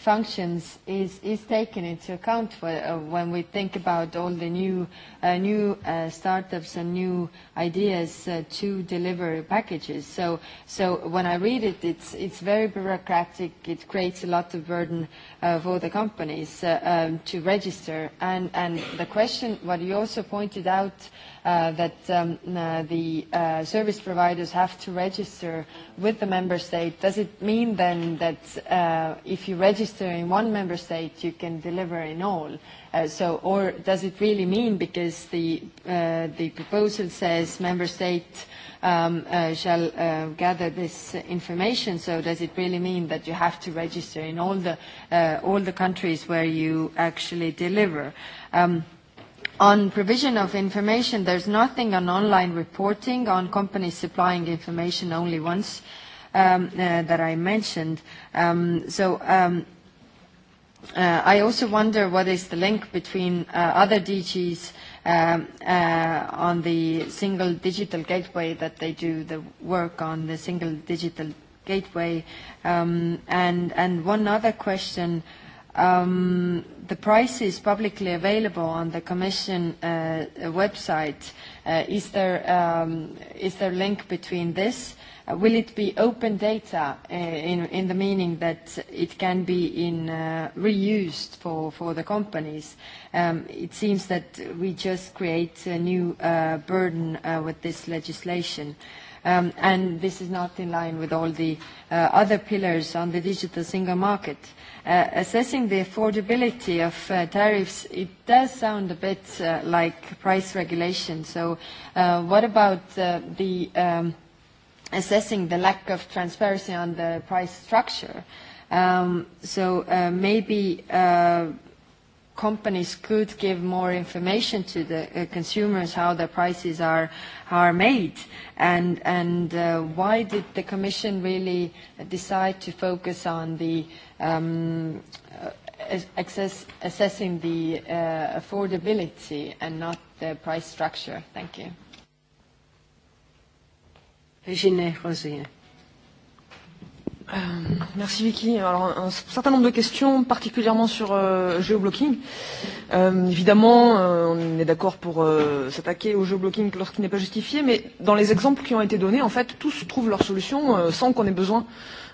functions is, is taken into account for, uh, when we think about all the new, uh, new uh, startups and new ideas uh, to deliver packages. So, so when I read it, it's, it's very bureaucratic. It creates a lot of burden uh, for the companies uh, um, to register. And, and the question, what you also pointed out, uh, that um, uh, the uh, service providers have to register with the member state, does it mean then that uh, if you register in one member state, you can deliver in all? Uh, so, or does it really mean because the uh, the proposal says member state um, uh, shall uh, gather this information? So, does it really mean that you have to register in all the uh, all the countries where you actually deliver? Um, On provision of information, there's nothing on online reporting, on companies supplying information only once um, uh, that I mentioned. Um, so um, uh, I also wonder what is the link between uh, other DGs um, uh, on the single digital gateway that they do the work on the single digital gateway. Um, and, and one other question Um, the price is publicly available on the Commission uh, website. Uh, is, there, um, is there link between this? Uh, will it be open data uh, in, in the meaning that it can be in, uh, reused for, for the companies? Um, it seems that we just create a new uh, burden uh, with this legislation. Um, and this is not in line with all the uh, other pillars on the digital single market assessing the affordability of uh, tariffs, it does sound a bit uh, like price regulation. So uh, what about uh, the um, assessing the lack of transparency on the price structure? Um, so uh, maybe uh, companies could give more information to the uh, consumers how their prices are are made and and uh, why did the commission really decide to focus on the um, access, assessing the uh, affordability and not the price structure thank you Virginie Rosier Euh, merci Vicky. Alors un certain nombre de questions, particulièrement sur euh, géoblocking. Euh, évidemment, euh, on est d'accord pour euh, s'attaquer au géoblocking lorsqu'il n'est pas justifié, mais dans les exemples qui ont été donnés, en fait, tous trouvent leur solution euh, sans qu'on ait besoin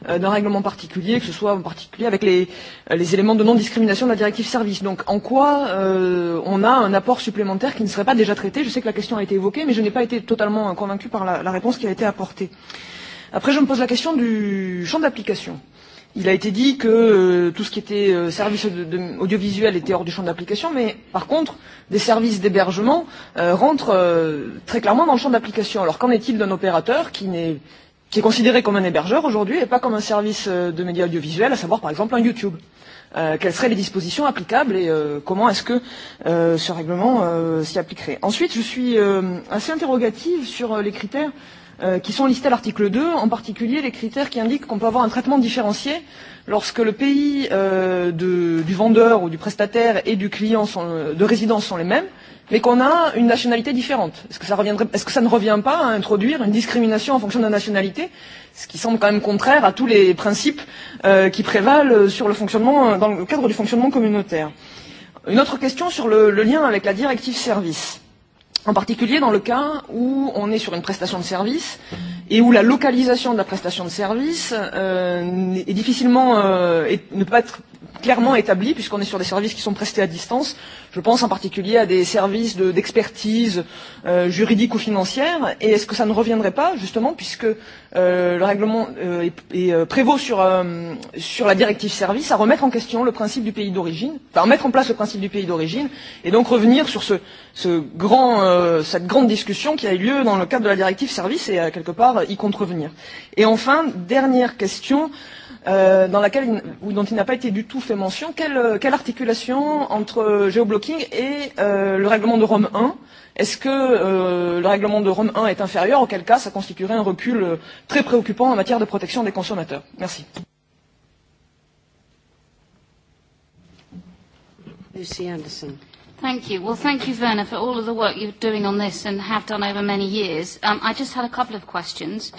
euh, d'un règlement particulier, que ce soit en particulier avec les, les éléments de non-discrimination de la directive service. Donc en quoi euh, on a un apport supplémentaire qui ne serait pas déjà traité Je sais que la question a été évoquée, mais je n'ai pas été totalement convaincue par la, la réponse qui a été apportée. Euh, Après, je me pose la question du champ d'application. Il a été dit que euh, tout ce qui était euh, service de, de, audiovisuel était hors du champ d'application, mais par contre, des services d'hébergement euh, rentrent euh, très clairement dans le champ d'application. Alors qu'en est-il d'un opérateur qui, est, qui est considéré comme un hébergeur aujourd'hui et pas comme un service de médias audiovisuels, à savoir par exemple un YouTube euh, Quelles seraient les dispositions applicables et euh, comment est-ce que euh, ce règlement euh, s'y appliquerait Ensuite, je suis euh, assez interrogative sur euh, les critères euh, qui sont listés à l'article 2, en particulier les critères qui indiquent qu'on peut avoir un traitement différencié lorsque le pays euh, de, du vendeur ou du prestataire et du client sont, de résidence sont les mêmes, mais qu'on a une nationalité différente. Est-ce que, ça reviendrait, est-ce que ça ne revient pas à introduire une discrimination en fonction de la nationalité, ce qui semble quand même contraire à tous les principes euh, qui prévalent sur le fonctionnement, dans le cadre du fonctionnement communautaire Une autre question sur le, le lien avec la directive service en particulier dans le cas où on est sur une prestation de service et où la localisation de la prestation de service euh, est difficilement euh, est, ne peut pas être clairement établi, puisqu'on est sur des services qui sont prestés à distance. Je pense en particulier à des services d'expertise de, euh, juridique ou financière. Et est-ce que ça ne reviendrait pas, justement, puisque euh, le règlement euh, est, est, prévaut sur, euh, sur la directive service, à remettre en question le principe du pays d'origine, enfin, mettre en place le principe du pays d'origine, et donc revenir sur ce, ce grand, euh, cette grande discussion qui a eu lieu dans le cadre de la directive service, et euh, quelque part y contrevenir. Et enfin, dernière question. Euh, euh, dans laquelle, ou dont il n'a pas été du tout fait mention, quelle, quelle articulation entre géoblocking et euh, le règlement de Rome 1 Est-ce que euh, le règlement de Rome 1 est inférieur, auquel cas ça constituerait un recul très préoccupant en matière de protection des consommateurs Merci. Lucy Anderson. Thank you. Well, thank you, Werner, for all of the work you're doing on this and have done over many years. Um, I just had a couple of questions.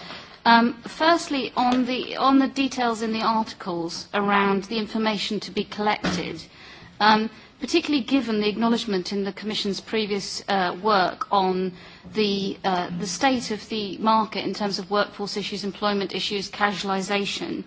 Um, firstly, on the, on the details in the articles around the information to be collected, um, particularly given the acknowledgement in the Commission's previous uh, work on the, uh, the state of the market in terms of workforce issues, employment issues, casualisation,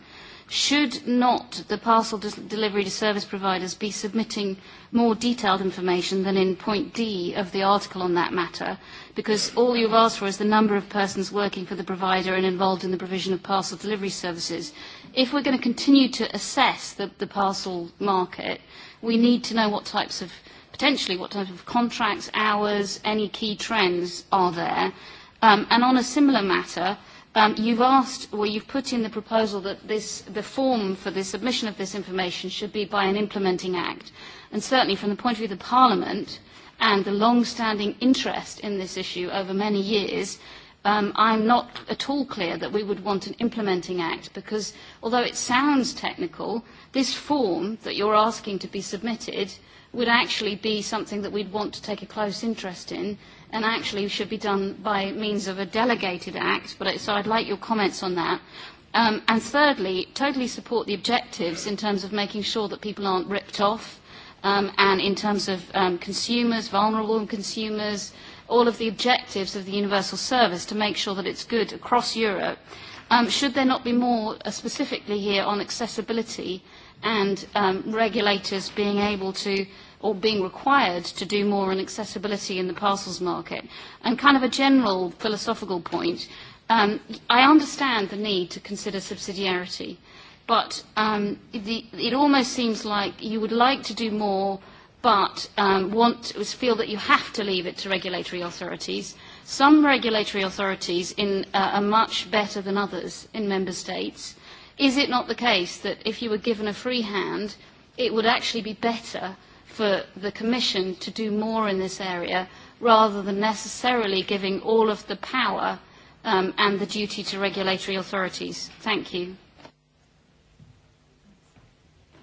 Should not the parcel delivery to service providers be submitting more detailed information than in point D of the article on that matter? Because all you've asked for is the number of persons working for the provider and involved in the provision of parcel delivery services. If we're going to continue to assess the, the parcel market, we need to know what types of, potentially what type of contracts, hours, any key trends are there. Um, and on a similar matter, Um, you've asked, well, you've put in the proposal that this, the form for the submission of this information should be by an implementing act. And certainly from the point of view of the Parliament and the long-standing interest in this issue over many years, um, I'm not at all clear that we would want an implementing act because although it sounds technical, this form that you're asking to be submitted would actually be something that we'd want to take a close interest in and actually should be done by means of a delegated act, but so I'd like your comments on that. Um, and thirdly, totally support the objectives in terms of making sure that people aren't ripped off um, and in terms of um, consumers, vulnerable consumers, all of the objectives of the universal service to make sure that it's good across Europe. Um, should there not be more uh, specifically here on accessibility and um, regulators being able to or being required to do more on accessibility in the parcels market. And kind of a general philosophical point, um, I understand the need to consider subsidiarity, but um, the, it almost seems like you would like to do more but um, want, feel that you have to leave it to regulatory authorities. Some regulatory authorities in, uh, are much better than others in member states. Is it not the case that if you were given a free hand, it would actually be better for the Commission to do more in this area rather than necessarily giving all of the power um, and the duty to regulatory authorities. Thank you.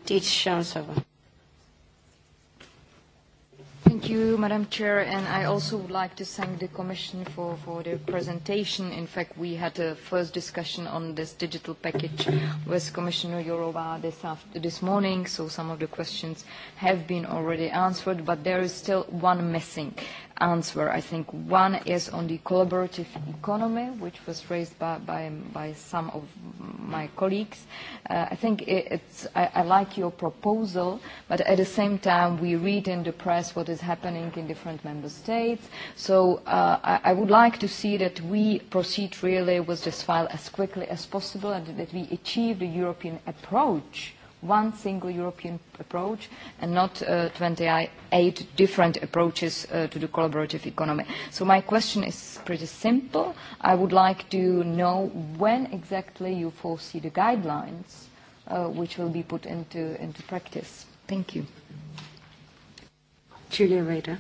Teach Shansova. Thank you, Madam Chair, and I also would like to thank the Commission for, for the presentation. In fact, we had a first discussion on this digital package with Commissioner Jourova this, after, this morning, so some of the questions have been already answered, but there is still one missing, answer. I think one is on the collaborative economy, which was raised by, by, by some of my colleagues. Uh, I think it, it's, I, I like your proposal, but at the same time, we read in the press what is happening in different member states. So uh, I, I would like to see that we proceed really with this file as quickly as possible and that we achieve the European approach one single European approach and not uh, 28 different approaches uh, to the collaborative economy. So my question is pretty simple. I would like to know when exactly you foresee the guidelines uh, which will be put into, into practice. Thank you. Julia Rader.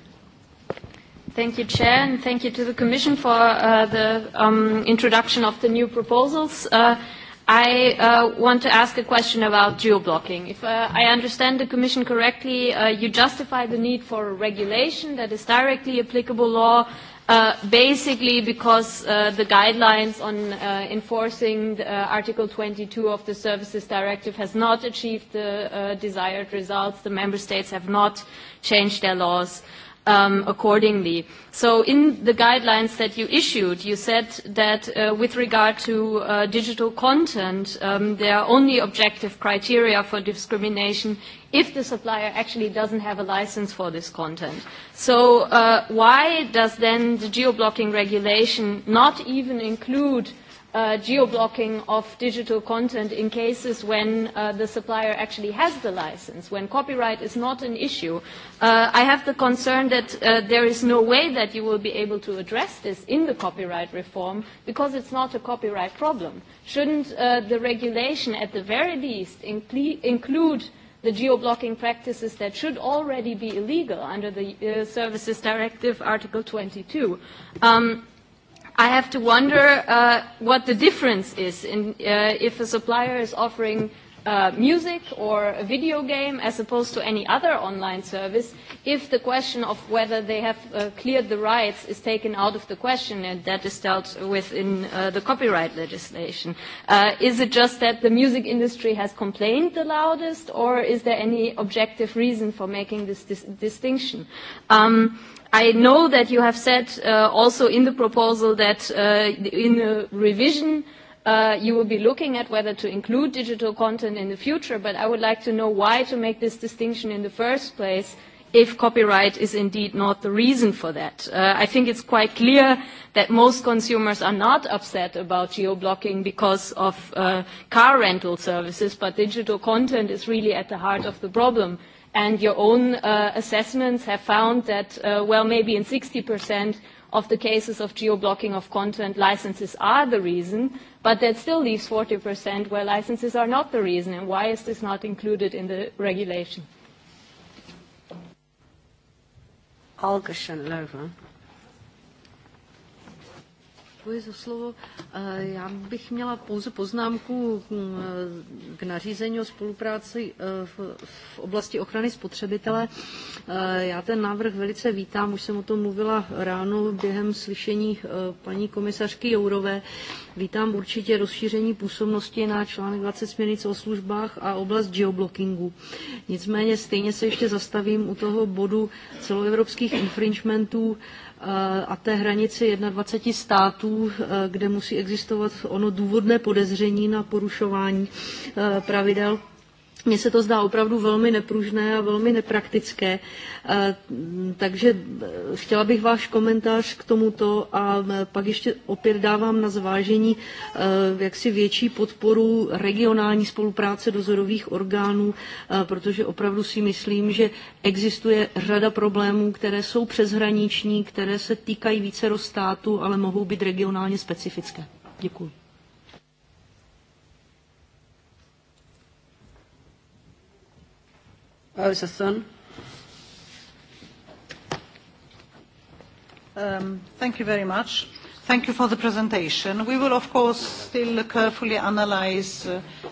Thank you, Chair, and thank you to the Commission for uh, the um, introduction of the new proposals. Uh, I uh, want to ask a question about geo-blocking. If uh, I understand the Commission correctly, uh, you justify the need for a regulation that is directly applicable law uh, basically because uh, the guidelines on uh, enforcing the, uh, Article 22 of the Services Directive has not achieved the uh, desired results. The Member States have not changed their laws um, accordingly. So in the guidelines that you issued, you said that uh, with regard to uh, digital content, um, there are only objective criteria for discrimination if the supplier actually doesn't have a license for this content. So uh, why does then the geo-blocking regulation not even include – uh, geo-blocking of digital content in cases when uh, the supplier actually has the license, when copyright is not an issue. Uh, I have the concern that uh, there is no way that you will be able to address this in the copyright reform because it's not a copyright problem. Shouldn't uh, the regulation at the very least incl include the geo-blocking practices that should already be illegal under the uh, Services Directive Article 22? Um, I have to wonder uh, what the difference is in, uh, if a supplier is offering uh, music or a video game as opposed to any other online service, if the question of whether they have uh, cleared the rights is taken out of the question and that is dealt with in uh, the copyright legislation. Uh, is it just that the music industry has complained the loudest or is there any objective reason for making this dis distinction? Um, I know that you have said uh, also in the proposal that uh, in the revision uh, you will be looking at whether to include digital content in the future, but I would like to know why to make this distinction in the first place if copyright is indeed not the reason for that. Uh, I think it's quite clear that most consumers are not upset about geo-blocking because of uh, car rental services, but digital content is really at the heart of the problem and your own uh, assessments have found that, uh, well, maybe in 60% of the cases of geo-blocking of content, licenses are the reason, but that still leaves 40% where licenses are not the reason. And why is this not included in the regulation? Olga Shenlova. Děkuji za slovo. Já bych měla pouze poznámku k nařízení o spolupráci v oblasti ochrany spotřebitele. Já ten návrh velice vítám, už jsem o tom mluvila ráno během slyšení paní komisařky Jourové. Vítám určitě rozšíření působnosti na článek 20 směrnice o službách a oblast geoblockingu. Nicméně stejně se ještě zastavím u toho bodu celoevropských infringementů a té hranici 21 států, kde musí existovat ono důvodné podezření na porušování pravidel mně se to zdá opravdu velmi nepružné a velmi nepraktické. Takže chtěla bych váš komentář k tomuto a pak ještě opět dávám na zvážení jaksi větší podporu regionální spolupráce dozorových orgánů, protože opravdu si myslím, že existuje řada problémů, které jsou přeshraniční, které se týkají více států, ale mohou být regionálně specifické. Děkuji. Osathan. Um, thank you very much. Thank you for the presentation. We will, of course, still carefully analyze uh, uh,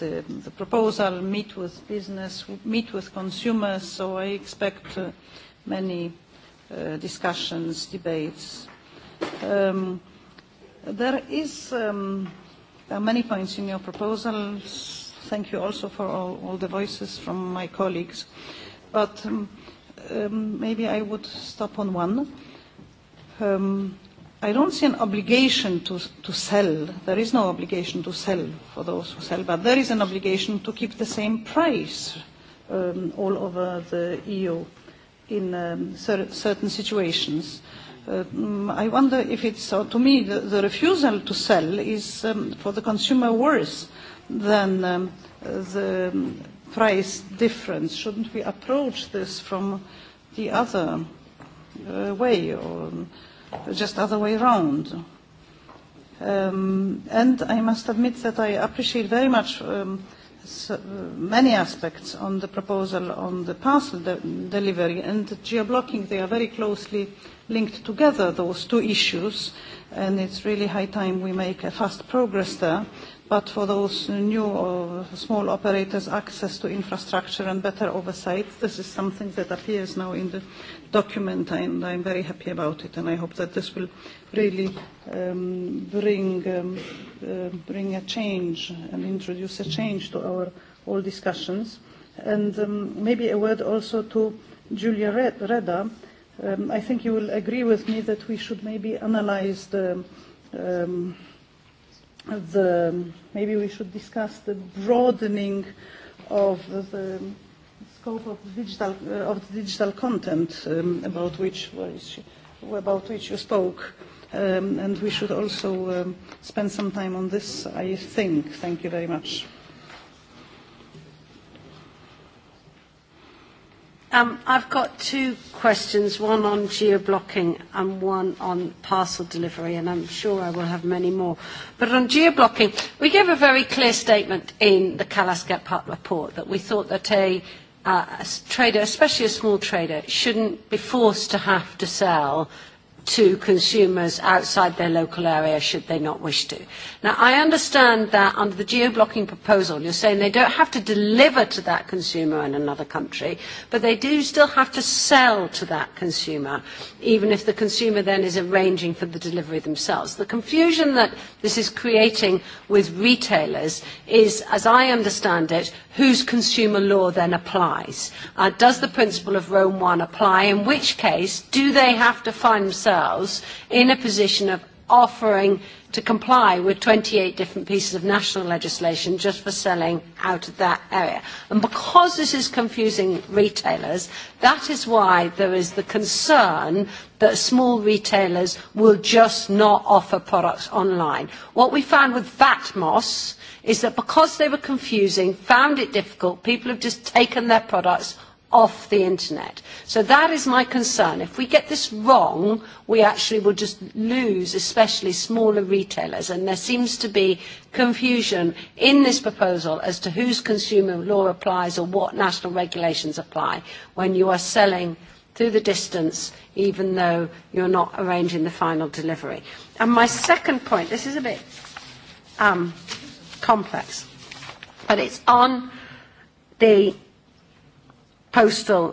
the, the proposal, meet with business, meet with consumers, so I expect uh, many uh, discussions, debates. Um, there is um, there are many points in your proposals Thank you also for all, all the voices from my colleagues. But um, um, maybe I would stop on one. Um, I don't see an obligation to, to sell. There is no obligation to sell for those who sell, but there is an obligation to keep the same price um, all over the EU in um, cer- certain situations. Uh, I wonder if it's, or to me, the, the refusal to sell is um, for the consumer worse then um, the price difference? Shouldn't we approach this from the other uh, way or just other way around? Um, and I must admit that I appreciate very much um, so, many aspects on the proposal on the parcel de delivery and geo-blocking. They are very closely linked together, those two issues, and it's really high time we make a fast progress there but for those new uh, small operators, access to infrastructure and better oversight. This is something that appears now in the document, and I'm very happy about it, and I hope that this will really um, bring, um, uh, bring a change and introduce a change to our all discussions. And um, maybe a word also to Julia Reda. Um, I think you will agree with me that we should maybe analyze the um, the maybe we should discuss the broadening of the scope of the digital uh, of the digital content um, about which where is she, about which you spoke um, and we should also um, spend some time on this I think thank you very much Um, I've got two questions, one on geo-blocking and one on parcel delivery, and I'm sure I will have many more. But on geo-blocking, we gave a very clear statement in the Kalas-Gephardt report that we thought that a, uh, a trader, especially a small trader, shouldn't be forced to have to sell to consumers outside their local area should they not wish to. Now, I understand that under the geo-blocking proposal, you're saying they don't have to deliver to that consumer in another country, but they do still have to sell to that consumer, even if the consumer then is arranging for the delivery themselves. The confusion that this is creating with retailers is, as I understand it, whose consumer law then applies. Uh, does the principle of Rome 1 apply, in which case do they have to find themselves ourselves in a position of offering to comply with 28 different pieces of national legislation just for selling out of that area. And because this is confusing retailers, that is why there is the concern that small retailers will just not offer products online. What we found with VATMOS is that because they were confusing, found it difficult, people have just taken their products off the internet. So that is my concern. If we get this wrong, we actually will just lose, especially smaller retailers. And there seems to be confusion in this proposal as to whose consumer law applies or what national regulations apply when you are selling through the distance, even though you're not arranging the final delivery. And my second point, this is a bit um, complex, but it's on the postal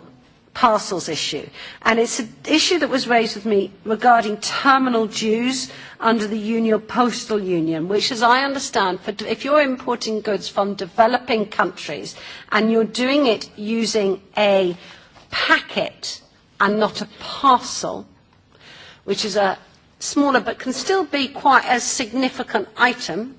parcels issue. And it's an issue that was raised with me regarding terminal dues under the Union Postal Union, which, as I understand, for, if you're importing goods from developing countries and you're doing it using a packet and not a parcel, which is a smaller but can still be quite a significant item,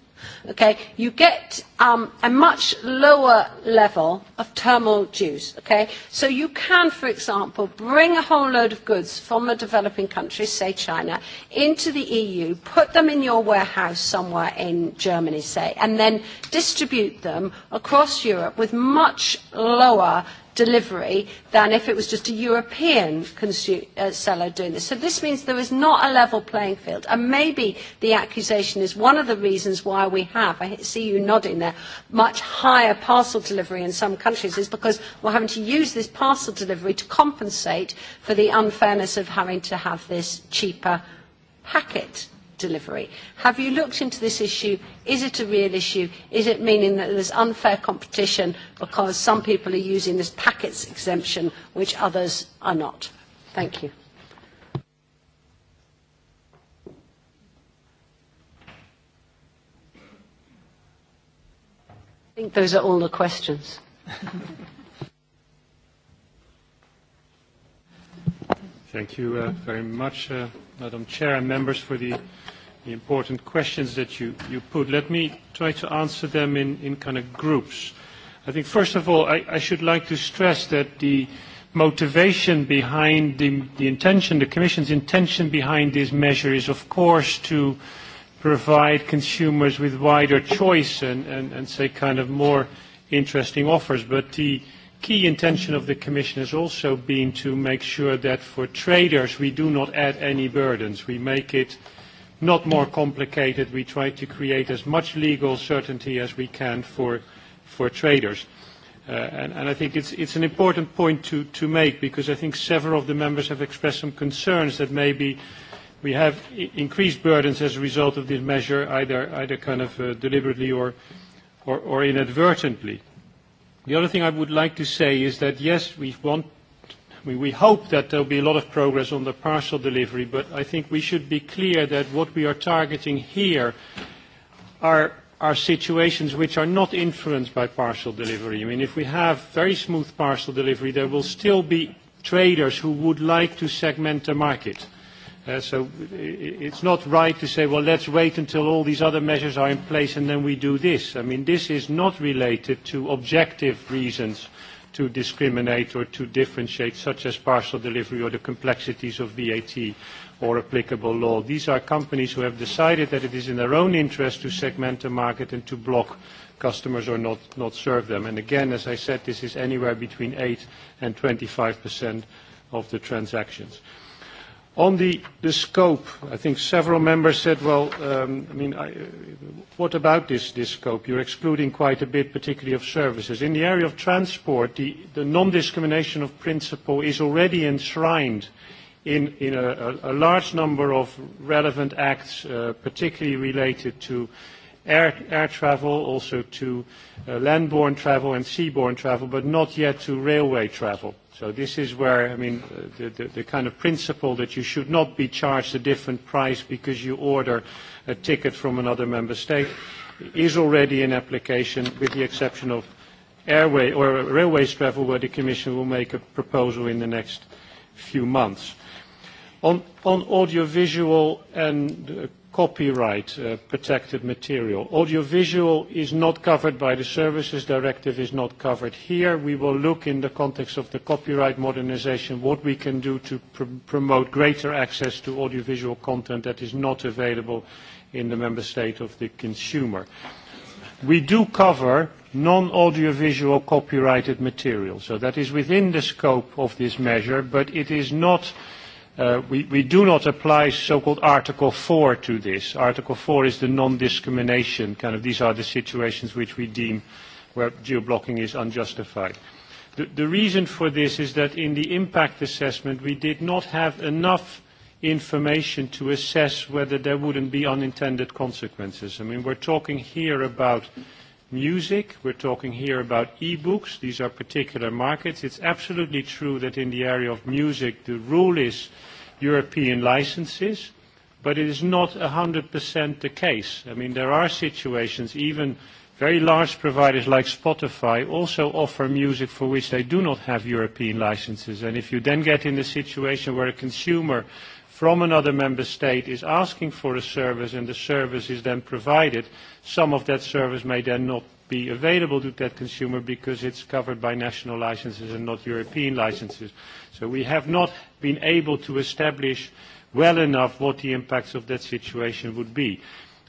Okay, you get um, a much lower level of terminal dues. Okay, so you can, for example, bring a whole load of goods from a developing country, say China, into the EU, put them in your warehouse somewhere in Germany, say, and then distribute them across Europe with much lower delivery than if it was just a European uh, seller doing this. So this means there is not a level playing field. And maybe the accusation is one of the reasons why we have, I see you nodding there, much higher parcel delivery in some countries is because we're having to use this parcel delivery to compensate for the unfairness of having to have this cheaper packet delivery. Have you looked into this issue? Is it a real issue? Is it meaning that there's unfair competition because some people are using this packets exemption which others are not? Thank you. I think those are all the questions. Thank you uh, very much, uh, Madam Chair and members, for the the important questions that you, you put. Let me try to answer them in, in kind of groups. I think, first of all, I, I should like to stress that the motivation behind the, the intention, the Commission's intention behind this measure is, of course, to provide consumers with wider choice and, and, and say, kind of more interesting offers. But the key intention of the Commission has also been to make sure that for traders we do not add any burdens. We make it – not more complicated. We try to create as much legal certainty as we can for traders. I think it's an important point to make because I think several of the members have expressed some concerns that maybe we have increased burdens as a result of this measure, either kind of deliberately or inadvertently. The other thing I would like to say is that, yes, we want We, we hope that there will be a lot of progress on the parcel delivery, but I think we should be clear that what we are targeting here are are situations which are not influenced by parcel delivery. I mean, if we have very smooth parcel delivery, there will still be traders who would like to segment the market. Uh, so it's not right to say, well, let's wait until all these other measures are in place and then we do this. I mean, this is not related to objective reasons to discriminate or to differentiate, such as parcel delivery or the complexities of VAT or applicable law. These are companies who have decided that it is in their own interest to segment the market and to block customers or not, not serve them. And again, as I said, this is anywhere between 8 and 25% of the transactions. On the scope, I think several members said, "Well, I mean, what about this scope? You're excluding quite a bit, particularly of services." In the area of transport, the non-discrimination of principle is already enshrined in a large number of relevant acts, particularly related to air travel, also to landborne travel and seaborne travel, but not yet to railway travel So this is where, I mean, the, the, the kind of principle that you should not be charged a different price because you order a ticket from another member state is already in application with the exception of airway or railways travel where the Commission will make a proposal in the next few months. On, on audiovisual and copyright uh, protected material. Audiovisual is not covered by the Services Directive, is not covered here. We will look in the context of the copyright modernization what we can do to pr promote greater access to audiovisual content that is not available in the member state of the consumer. We do cover non-audiovisual copyrighted material, so that is within the scope of this measure, but it is not we, we do not apply so-called Article 4 to this. Article 4 is the non-discrimination, kind of these are the situations which we deem where geo-blocking is unjustified. The, the reason for this is that in the impact assessment we did not have enough information to assess whether there wouldn't be unintended consequences. I mean, we're talking here about music. We're talking here about e-books. These are particular markets. It's absolutely true that in the area of music, the rule is European licenses, but it is not 100% the case. I mean, there are situations, even very large providers like Spotify also offer music for which they do not have European licenses. And if you then get in the situation where a consumer from another member state is asking for a service and the service is then provided, Some of that service may then not be available to that consumer because it's covered by national licenses and not European licenses. So we have not been able to establish well enough what the impacts of that situation would be.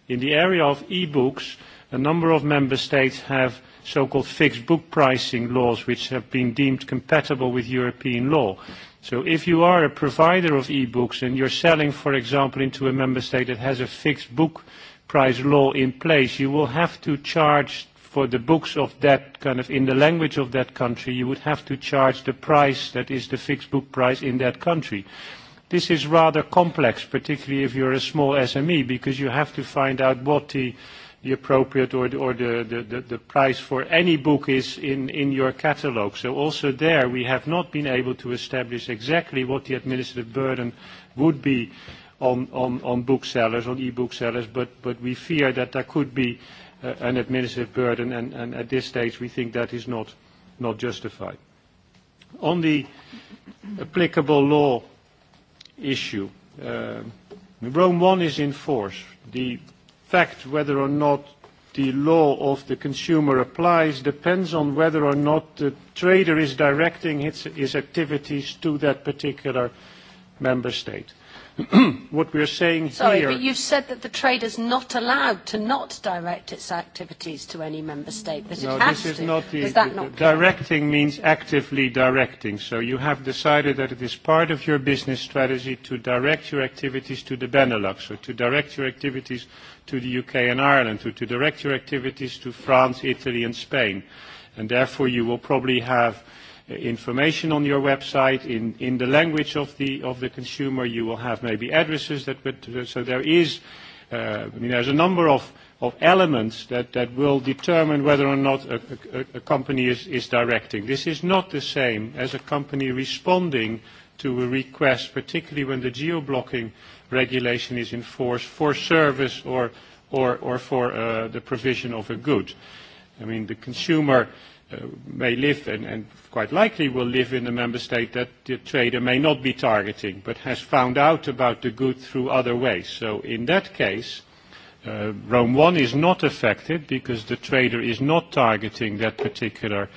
In the area of e-books, a number of member states have so-called fixed book pricing laws which have been deemed compatible with European law. So if you are a provider of e-books and you're selling, for example, into a member state that has a fixed book price law in place, you will have to charge for the books of that kind of in the language of that country, you would have to charge the price that is the fixed book price in that country. This is rather complex, particularly if you're a small SME, because you have to find out what the, the appropriate or, the, or the, the, the, the price for any book is in, in your catalogue. So also there, we have not been able to establish exactly what the administrative burden would be on booksellers, on e-booksellers, but we fear that there could be an administrative burden, and at this stage, we think that is not justified. On the applicable law issue, Rome I is in force. The fact whether or not the law of the consumer applies depends on whether or not the trader is directing his activities to that particular member state what we are saying Sorry, here... Sorry, but you've said that the trade is not allowed to not direct its activities to any member state, that no, it has this is to. Not the, is that not clear? Directing means actively directing. So you have decided that it is part of your business strategy to direct your activities to the Benelux, or to direct your activities to the UK and Ireland, or to direct your activities to France, Italy and Spain. And therefore you will probably have information on your website in, in the language of the, of the consumer. You will have maybe addresses that would, so there is, uh, I mean, there's a number of, of elements that, that will determine whether or not a, a, a company is, is directing. This is not the same as a company responding to a request, particularly when the geo-blocking regulation is in force for service or, or, or for uh, the provision of a good. I mean, the consumer uh, may live and, and quite likely will live in a member state that the trader may not be targeting but has found out about the good through other ways. So in that case, uh, Rome 1 is not affected because the trader is not targeting that particular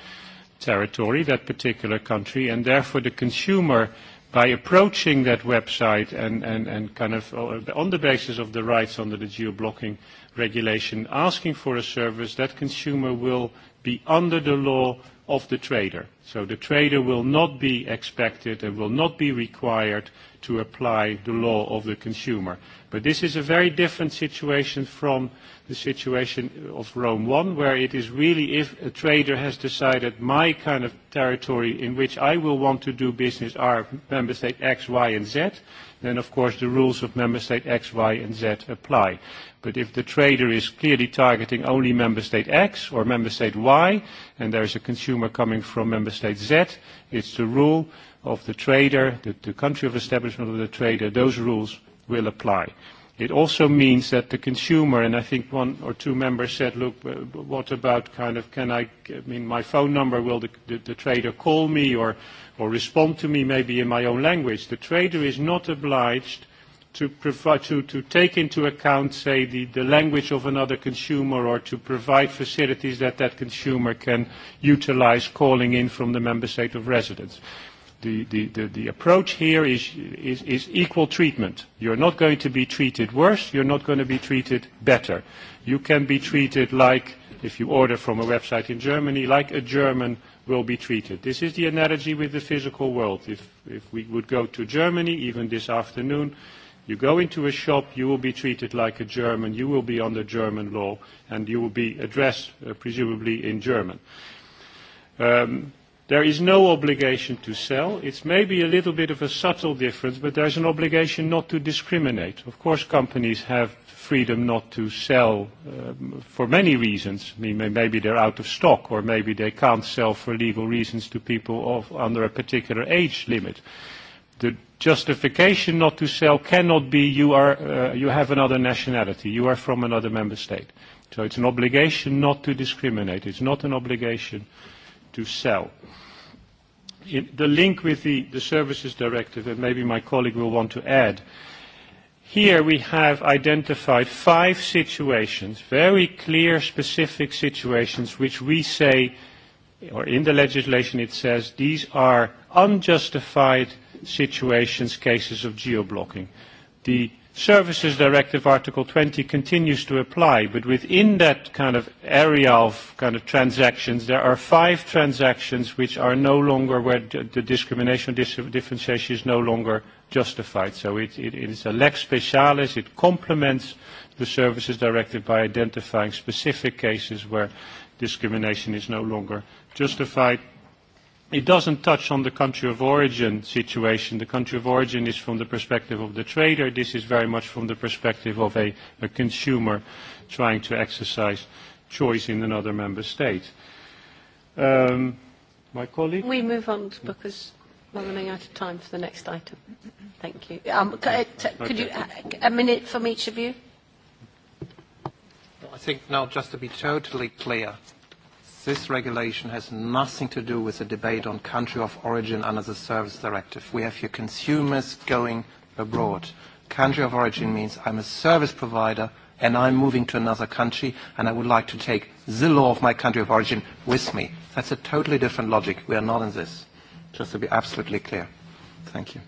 territory, that particular country, and therefore the consumer by approaching that website and, and, and kind of on the basis of the rights under the geo-blocking regulation, asking for a service, that consumer will – be under the law of the trader. So the trader will not be expected and will not be required to apply the law of the consumer. But this is a very different situation from the situation of Rome 1, where it is really if a trader has decided my kind of territory in which I will want to do business are member state X, Y, and Z, then of course the rules of member state X, Y, and Z apply. But if the trader is clearly targeting only member state X or member state Y, and there is a consumer coming from member state Z, it's the rule of the trader, the, the country of establishment of the trader, those rules will apply. It also means that the consumer, and I think one or two members said, look, what about kind of, can I, I mean, my phone number, will the, the, the trader call me or, or respond to me maybe in my own language? The trader is not obliged to, provide, to, to take into account, say, the, the language of another consumer or to provide facilities that that consumer can utilize calling in from the member state of residence the, the, the, the approach here is, is, is equal treatment. You're not going to be treated worse, you're not going to be treated better. You can be treated like, if you order from a website in Germany, like a German will be treated. This is the analogy with the physical world. If, if we would go to Germany, even this afternoon, you go into a shop, you will be treated like a German, you will be under German law, and you will be addressed, uh, presumably, in German. Um, There is no obligation to sell. It's maybe a little bit of a subtle difference, but there's an obligation not to discriminate. Of course, companies have freedom not to sell um, for many reasons. I mean, maybe they're out of stock, or maybe they can't sell for legal reasons to people of, under a particular age limit. The justification not to sell cannot be you, are, uh, you have another nationality, you are from another member state. So it's an obligation not to discriminate. It's not an obligation uh, to sell. In the link with the, the Services Directive, and maybe my colleague will want to add, here we have identified five situations, very clear, specific situations, which we say, or in the legislation it says, these are unjustified situations, cases of geo-blocking. The Services Directive Article 20 continues to apply, but within that kind of area of kind of transactions, there are five transactions which are no longer where the discrimination differentiation is no longer justified. So it, it, it is a lex specialis. It complements the Services Directive by identifying specific cases where discrimination is no longer justified It doesn't touch on the country of origin situation. The country of origin is from the perspective of the trader. This is very much from the perspective of a, a consumer trying to exercise choice in another member state. Um, my colleague? We move on because we're running out of time for the next item. Thank you. Um, could I, could okay. you, a minute from each of you? Well, I think now just to be totally clear, This regulation has nothing to do with the debate on country of origin under the Service Directive. We have here consumers going abroad. Country of origin means I'm a service provider and I'm moving to another country and I would like to take the law of my country of origin with me. That's a totally different logic. We are not in this. Just to be absolutely clear. Thank you.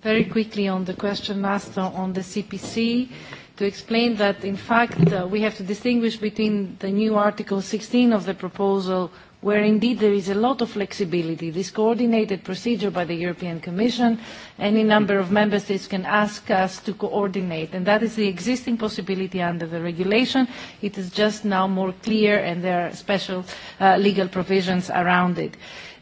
Very quickly on the question, asked on the CPC to explain that, in fact, uh, we have to distinguish between the new Article 16 of the proposal, where indeed there is a lot of flexibility, this coordinated procedure by the European Commission, any number of member states can ask us to coordinate, and that is the existing possibility under the regulation. It is just now more clear, and there are special uh, legal provisions around it. Uh,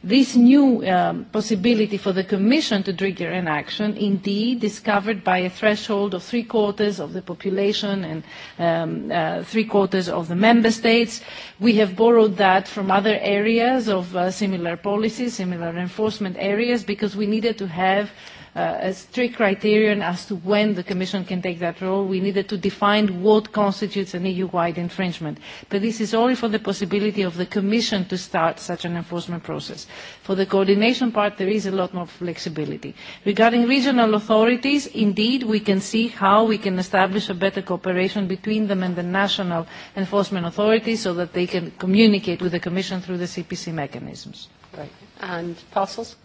This new um, possibility for the Commission to trigger an action, indeed, is covered by a threshold of three quarters of the population and um, uh, three quarters of the member states. We have borrowed that from other areas of uh, similar policies, similar enforcement areas, because we needed to have a strict criterion as to when the Commission can take that role. We needed to define what constitutes an EU-wide infringement. But this is only for the possibility of the Commission to start such an enforcement process. For the coordination part, there is a lot more flexibility. Regarding regional authorities, indeed, we can see how we can establish a better cooperation between them and the national enforcement authorities so that they can communicate with the Commission through the CPC mechanisms. Right. And parcels?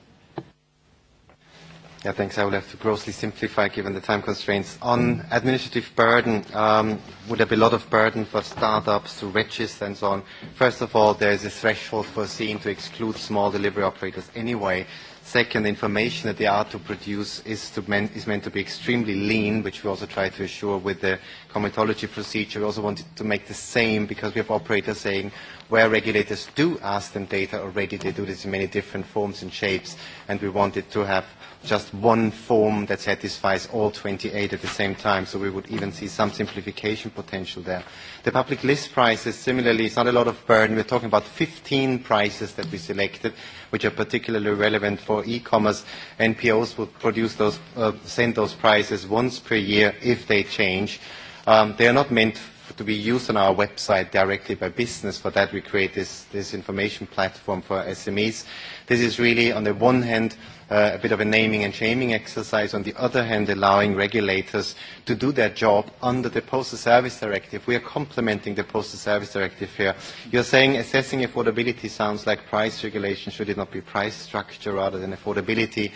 Yeah, thanks. I will have to grossly simplify given the time constraints. On administrative burden, um, would there be a lot of burden for startups to register and so on? First of all, there is a threshold foreseen to exclude small delivery operators anyway. Second, the information that they are to produce is, to men, is meant to be extremely lean, which we also try to assure with the comitology procedure. We also wanted to make the same because we have operators saying where regulators do ask them data already, they do this in many different forms and shapes, and we wanted to have – just one form that satisfies all 28 at the same time. So we would even see some simplification potential there. The public list prices, similarly, it's not a lot of burden. We're talking about 15 prices that we selected, which are particularly relevant for e-commerce. NPOs would produce those, uh, send those prices once per year if they change. Um, they are not meant to be used on our website directly by business. For that, we create this, this information platform for SMEs. This is really, on the one hand, uh, a bit of a naming and shaming exercise. On the other hand, allowing regulators to do their job under the Postal Service Directive. We are complementing the Postal Service Directive here. You're saying assessing affordability sounds like price regulation. Should it not be price structure rather than affordability?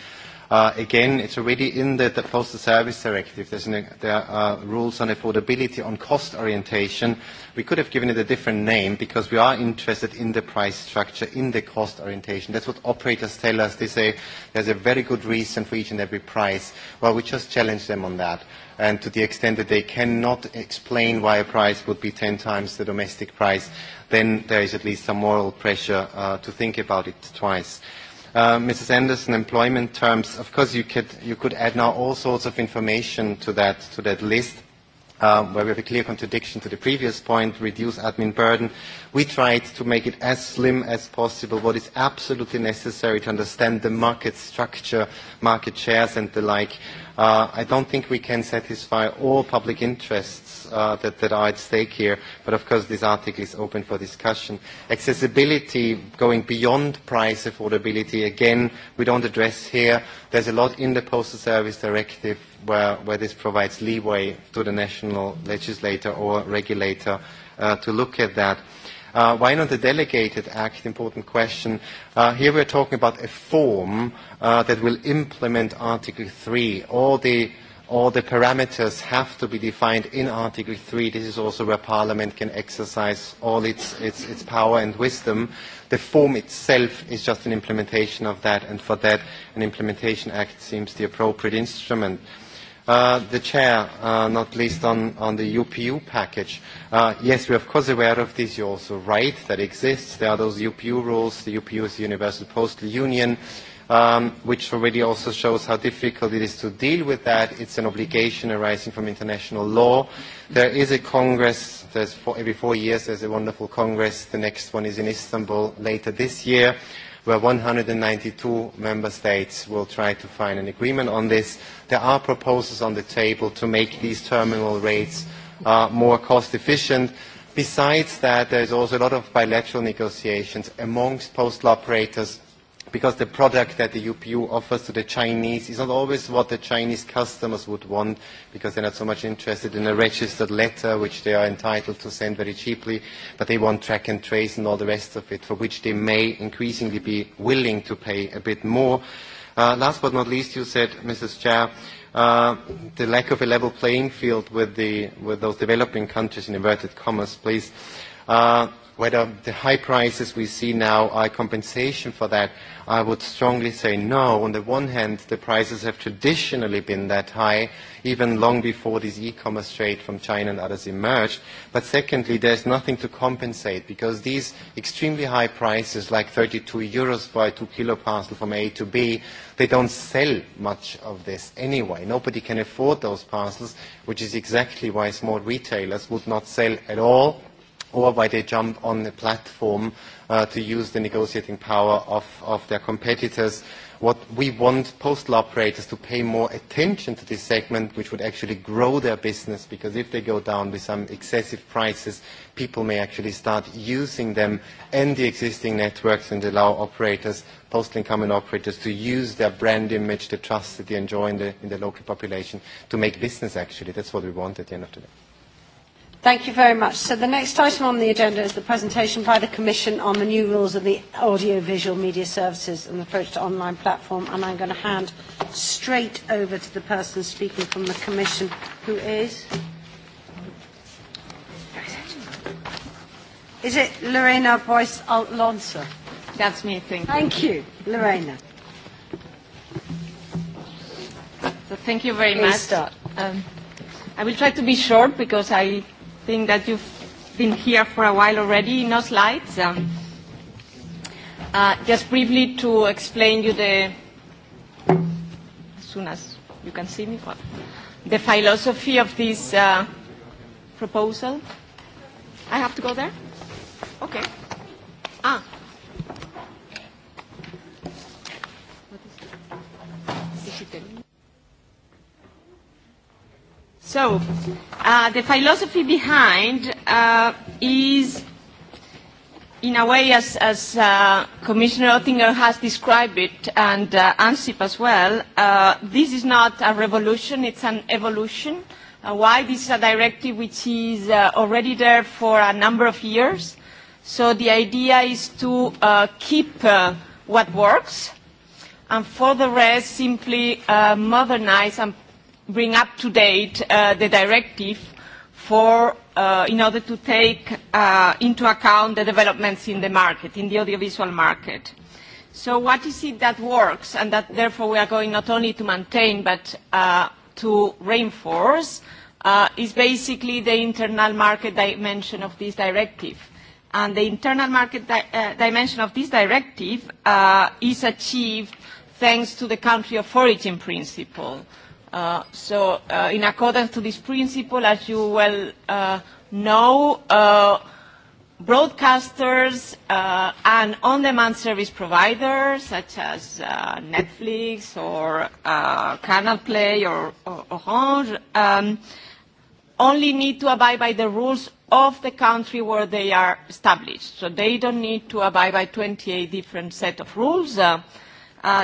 Uh, again, it's already in the, the Postal Service Directive. There's an, there are rules on affordability, on cost orientation. We could have given it a different name because we are interested in the price structure, in the cost orientation. That's what operators tell us. They say there's a very good reason for each and every price. Well, we just challenge them on that and to the extent that they cannot explain why a price would be 10 times the domestic price, then there is at least some moral pressure uh, to think about it twice. Mrs. Anderson, employment terms. Of course, you could you could add now all sorts of information to that to that list. Um, where we have a clear contradiction to the previous point, reduce admin burden. We tried to make it as slim as possible, what is absolutely necessary to understand the market structure, market shares and the like. Uh, I don't think we can satisfy all public interests uh, that, that are at stake here, but of course this article is open for discussion. Accessibility, going beyond price affordability, again, we don't address here. There's a lot in the Postal Service Directive where, where this provides leeway to the national legislator or regulator uh, to look at that. Uh, why not the delegated act? Important question. Uh, here we're talking about a form uh, that will implement Article 3, all the all the parameters have to be defined in Article 3. This is also where Parliament can exercise all its, its, its power and wisdom. The form itself is just an implementation of that, and for that, an implementation act seems the appropriate instrument. Uh, the chair, uh, not least on, on the UPU package. Uh, yes, we're of course aware of this. You're also right that exists. There are those UPU rules. The UPU is the Universal Postal Union um, which already also shows how difficult it is to deal with that. It's an obligation arising from international law. There is a Congress, there's four, every four years there's a wonderful Congress. The next one is in Istanbul later this year, where 192 member states will try to find an agreement on this. There are proposals on the table to make these terminal rates uh, more cost efficient. Besides that, there's also a lot of bilateral negotiations amongst postal operators because the product that the UPU offers to the Chinese is not always what the Chinese customers would want because they're not so much interested in a registered letter which they are entitled to send very cheaply, but they want track and trace and all the rest of it for which they may increasingly be willing to pay a bit more. Uh, last but not least, you said, Mrs. Chair, uh, the lack of a level playing field with, the, with those developing countries in inverted commas, please. Uh, Whether the high prices we see now are compensation for that, I would strongly say no. On the one hand, the prices have traditionally been that high, even long before this e-commerce trade from China and others emerged. But secondly, there's nothing to compensate because these extremely high prices, like 32 euros for a two-kilo parcel from A to B, they don't sell much of this anyway. Nobody can afford those parcels, which is exactly why small retailers would not sell at all or why they jump on the platform uh, to use the negotiating power of, of their competitors. What we want postal operators to pay more attention to this segment, which would actually grow their business, because if they go down with some excessive prices, people may actually start using them and the existing networks and allow operators, postal incumbent operators, to use their brand image, the trust that they enjoy in the, in the local population to make business, actually. That's what we want at the end of the day. Thank you very much. So the next item on the agenda is the presentation by the Commission on the new rules of the audiovisual media services and the approach to online platform. And I'm going to hand straight over to the person speaking from the Commission, who is... Is it Lorena Boyce Alonso? That's me, thank you. Thank you, Lorena. So thank you very Please much. Start. Um, I will try to be short because I think that you've been here for a while already. No slides. Um, uh, just briefly to explain you the, as soon as you can see me, well, the philosophy of this uh, proposal. I have to go there? Okay. Ah, So, uh, the philosophy behind uh, is, in a way, as, as uh, Commissioner Oettinger has described it, and uh, ANSIP as well, uh, this is not a revolution, it's an evolution. Uh, why? This is a directive which is uh, already there for a number of years. So the idea is to uh, keep uh, what works, and for the rest, simply uh, modernize and bring up to date uh, the directive for, uh, in order to take uh, into account the developments in the market, in the audiovisual market. So what is it that works and that therefore we are going not only to maintain but uh, to reinforce uh, is basically the internal market dimension of this directive. And the internal market di uh, dimension of this directive uh, is achieved thanks to the country of origin principle so uh, in accordance to this principle, as you well uh, know, uh, broadcasters uh, and on-demand service providers such as uh, Netflix or uh, Canal Play or, or Orange um, only need to abide by the rules of the country where they are established. So they don't need to abide by 28 different set of rules. Uh,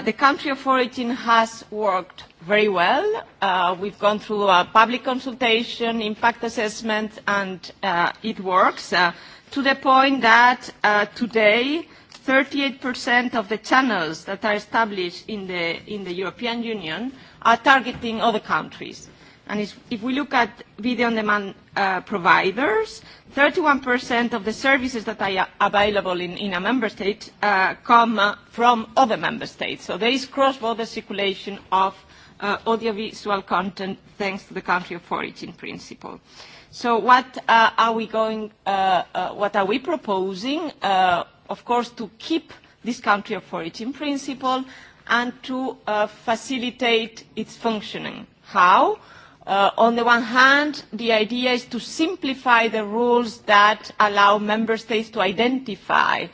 the country of origin has worked very well. Uh, we've gone through a public consultation, impact assessment, and uh, it works uh, to the point that uh, today 38% of the channels that are established in the, in the European Union are targeting other countries. And if we look at video-on-demand uh, providers, 31% of the services that are available in, in a member state uh, come uh, from other member states. So there is cross-border circulation of uh, audiovisual content thanks to the country of origin principle. So what uh, are we going, uh, uh, what are we proposing? Uh, of course, to keep this country of origin principle and to uh, facilitate its functioning. How? Uh, on the one hand, the idea is to simplify the rules that allow member states to identify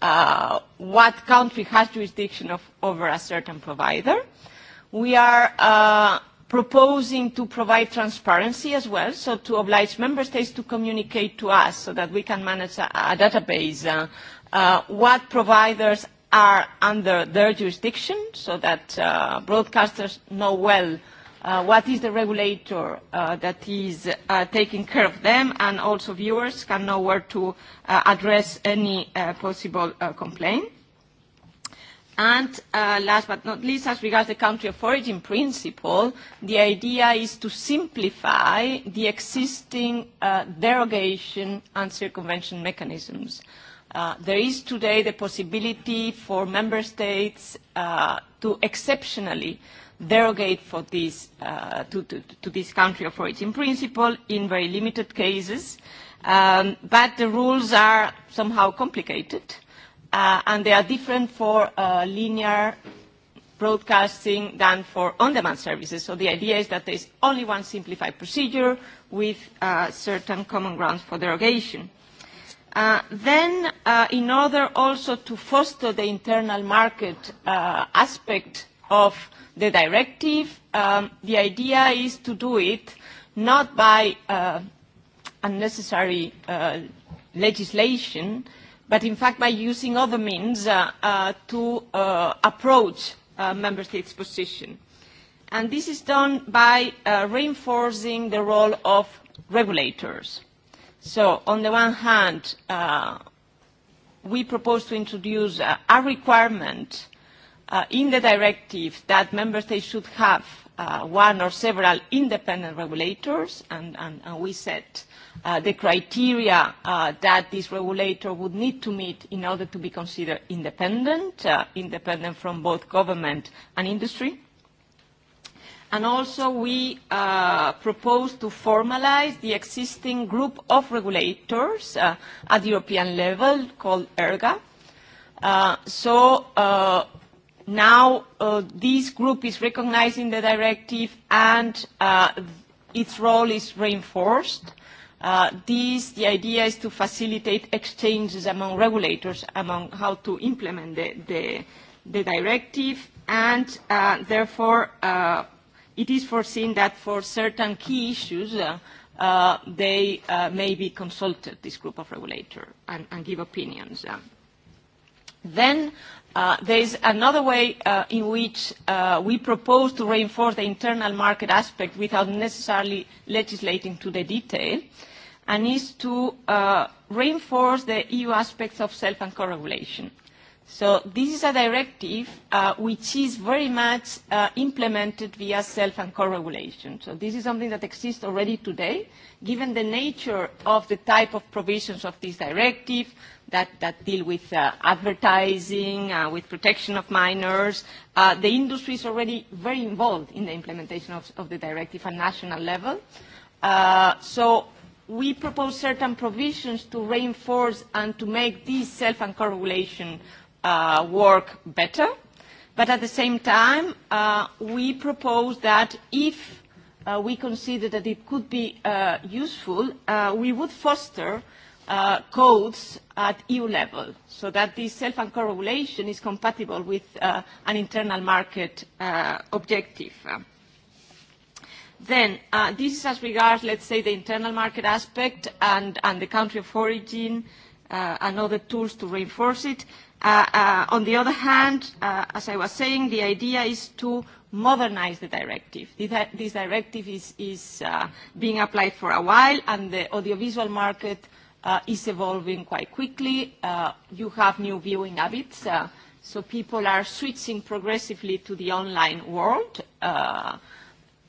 uh, what country has jurisdiction of, over a certain provider. We are uh, proposing to provide transparency as well, so to oblige member states to communicate to us so that we can manage a, a database uh, uh, what providers are under their jurisdiction so that uh, broadcasters know well uh, what is the regulator uh, that is uh, taking care of them, and also viewers can know where to uh, address any uh, possible uh, complaint. And uh, last but not least, as regards the country of origin principle, the idea is to simplify the existing uh, derogation and circumvention mechanisms. Uh, there is today the possibility for member states uh, to exceptionally uh, derogate for this, uh, to, to, to this country of origin principle in very limited cases. Um, but the rules are somehow complicated uh, and they are different for uh, linear broadcasting than for on-demand services. So the idea is that there is only one simplified procedure with uh, certain common grounds for derogation. Uh, then, uh, in order also to foster the internal market uh, aspect of the directive, um, the idea is to do it not by uh, unnecessary uh, legislation, but in fact by using other means uh, uh, to uh, approach uh, member states' position. And this is done by uh, reinforcing the role of regulators. So on the one hand, uh, we propose to introduce uh, a requirement uh, in the directive that member states should have uh, one or several independent regulators, and, and, and we set uh, the criteria uh, that this regulator would need to meet in order to be considered independent, uh, independent from both government and industry. And also we uh, propose to formalize the existing group of regulators uh, at European level called ERGA. Uh, so uh, now uh, this group is recognizing the directive and uh, its role is reinforced. Uh, this, the idea is to facilitate exchanges among regulators among how to implement the, the, the directive and uh, therefore uh, it is foreseen that for certain key issues uh, uh, they uh, may be consulted, this group of regulators, and, and give opinions. Uh, Then there is another way in which we propose to reinforce the internal market aspect without necessarily legislating to the detail, and is to uh, reinforce the EU aspects of self and co-regulation. So this is a directive uh, which is very much uh, implemented via self and co-regulation. So this is something that exists already today, given the nature of the type of provisions of this directive, that, that deal with uh, advertising, uh, with protection of minors. Uh, the industry is already very involved in the implementation of, of the directive at national level. Uh, so we propose certain provisions to reinforce and to make this self and co-regulation uh, work better. But at the same time, uh, we propose that if uh, we consider that it could be uh, useful, uh, we would foster uh, codes at EU level so that this self regulation is compatible with uh, an internal market uh, objective. Then, uh, this is as regards, let's say, the internal market aspect and, and the country of origin uh, and other tools to reinforce it. Uh, uh, on the other hand, uh, as I was saying, the idea is to modernize the directive. This directive is, is uh, being applied for a while, and the audiovisual market uh, uh, is evolving quite quickly. Uh, you have new viewing habits, uh, so people are switching progressively to the online world. Uh,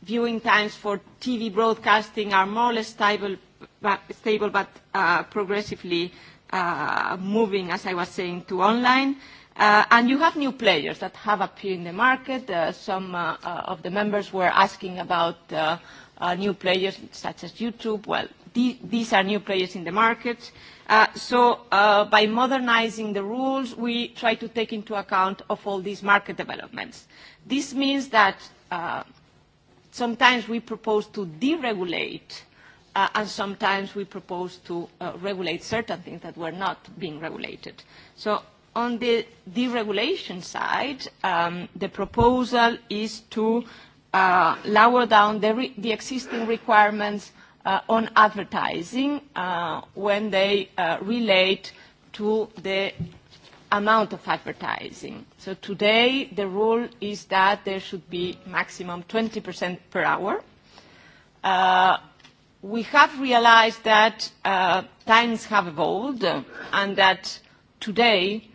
viewing times for TV broadcasting are more or less stable, but, stable, but uh, progressively uh, moving, as I was saying, to online. Uh, and you have new players that have appeared in the market. Uh, some uh, uh, of the members were asking about uh, uh, new players such as YouTube. Well, These are new players in the market. So by modernizing the rules, we try to take into account of all these market developments. This means that sometimes we propose to deregulate, uh, and sometimes we propose to uh, regulate certain things that were not being regulated. So on the deregulation side, um, the proposal is to uh, lower down the, re the existing requirements uh, on advertising uh, when they uh, relate to the amount of advertising. So today the rule is that there should be maximum 20% per hour. Uh, we have realized that uh, times have evolved and that today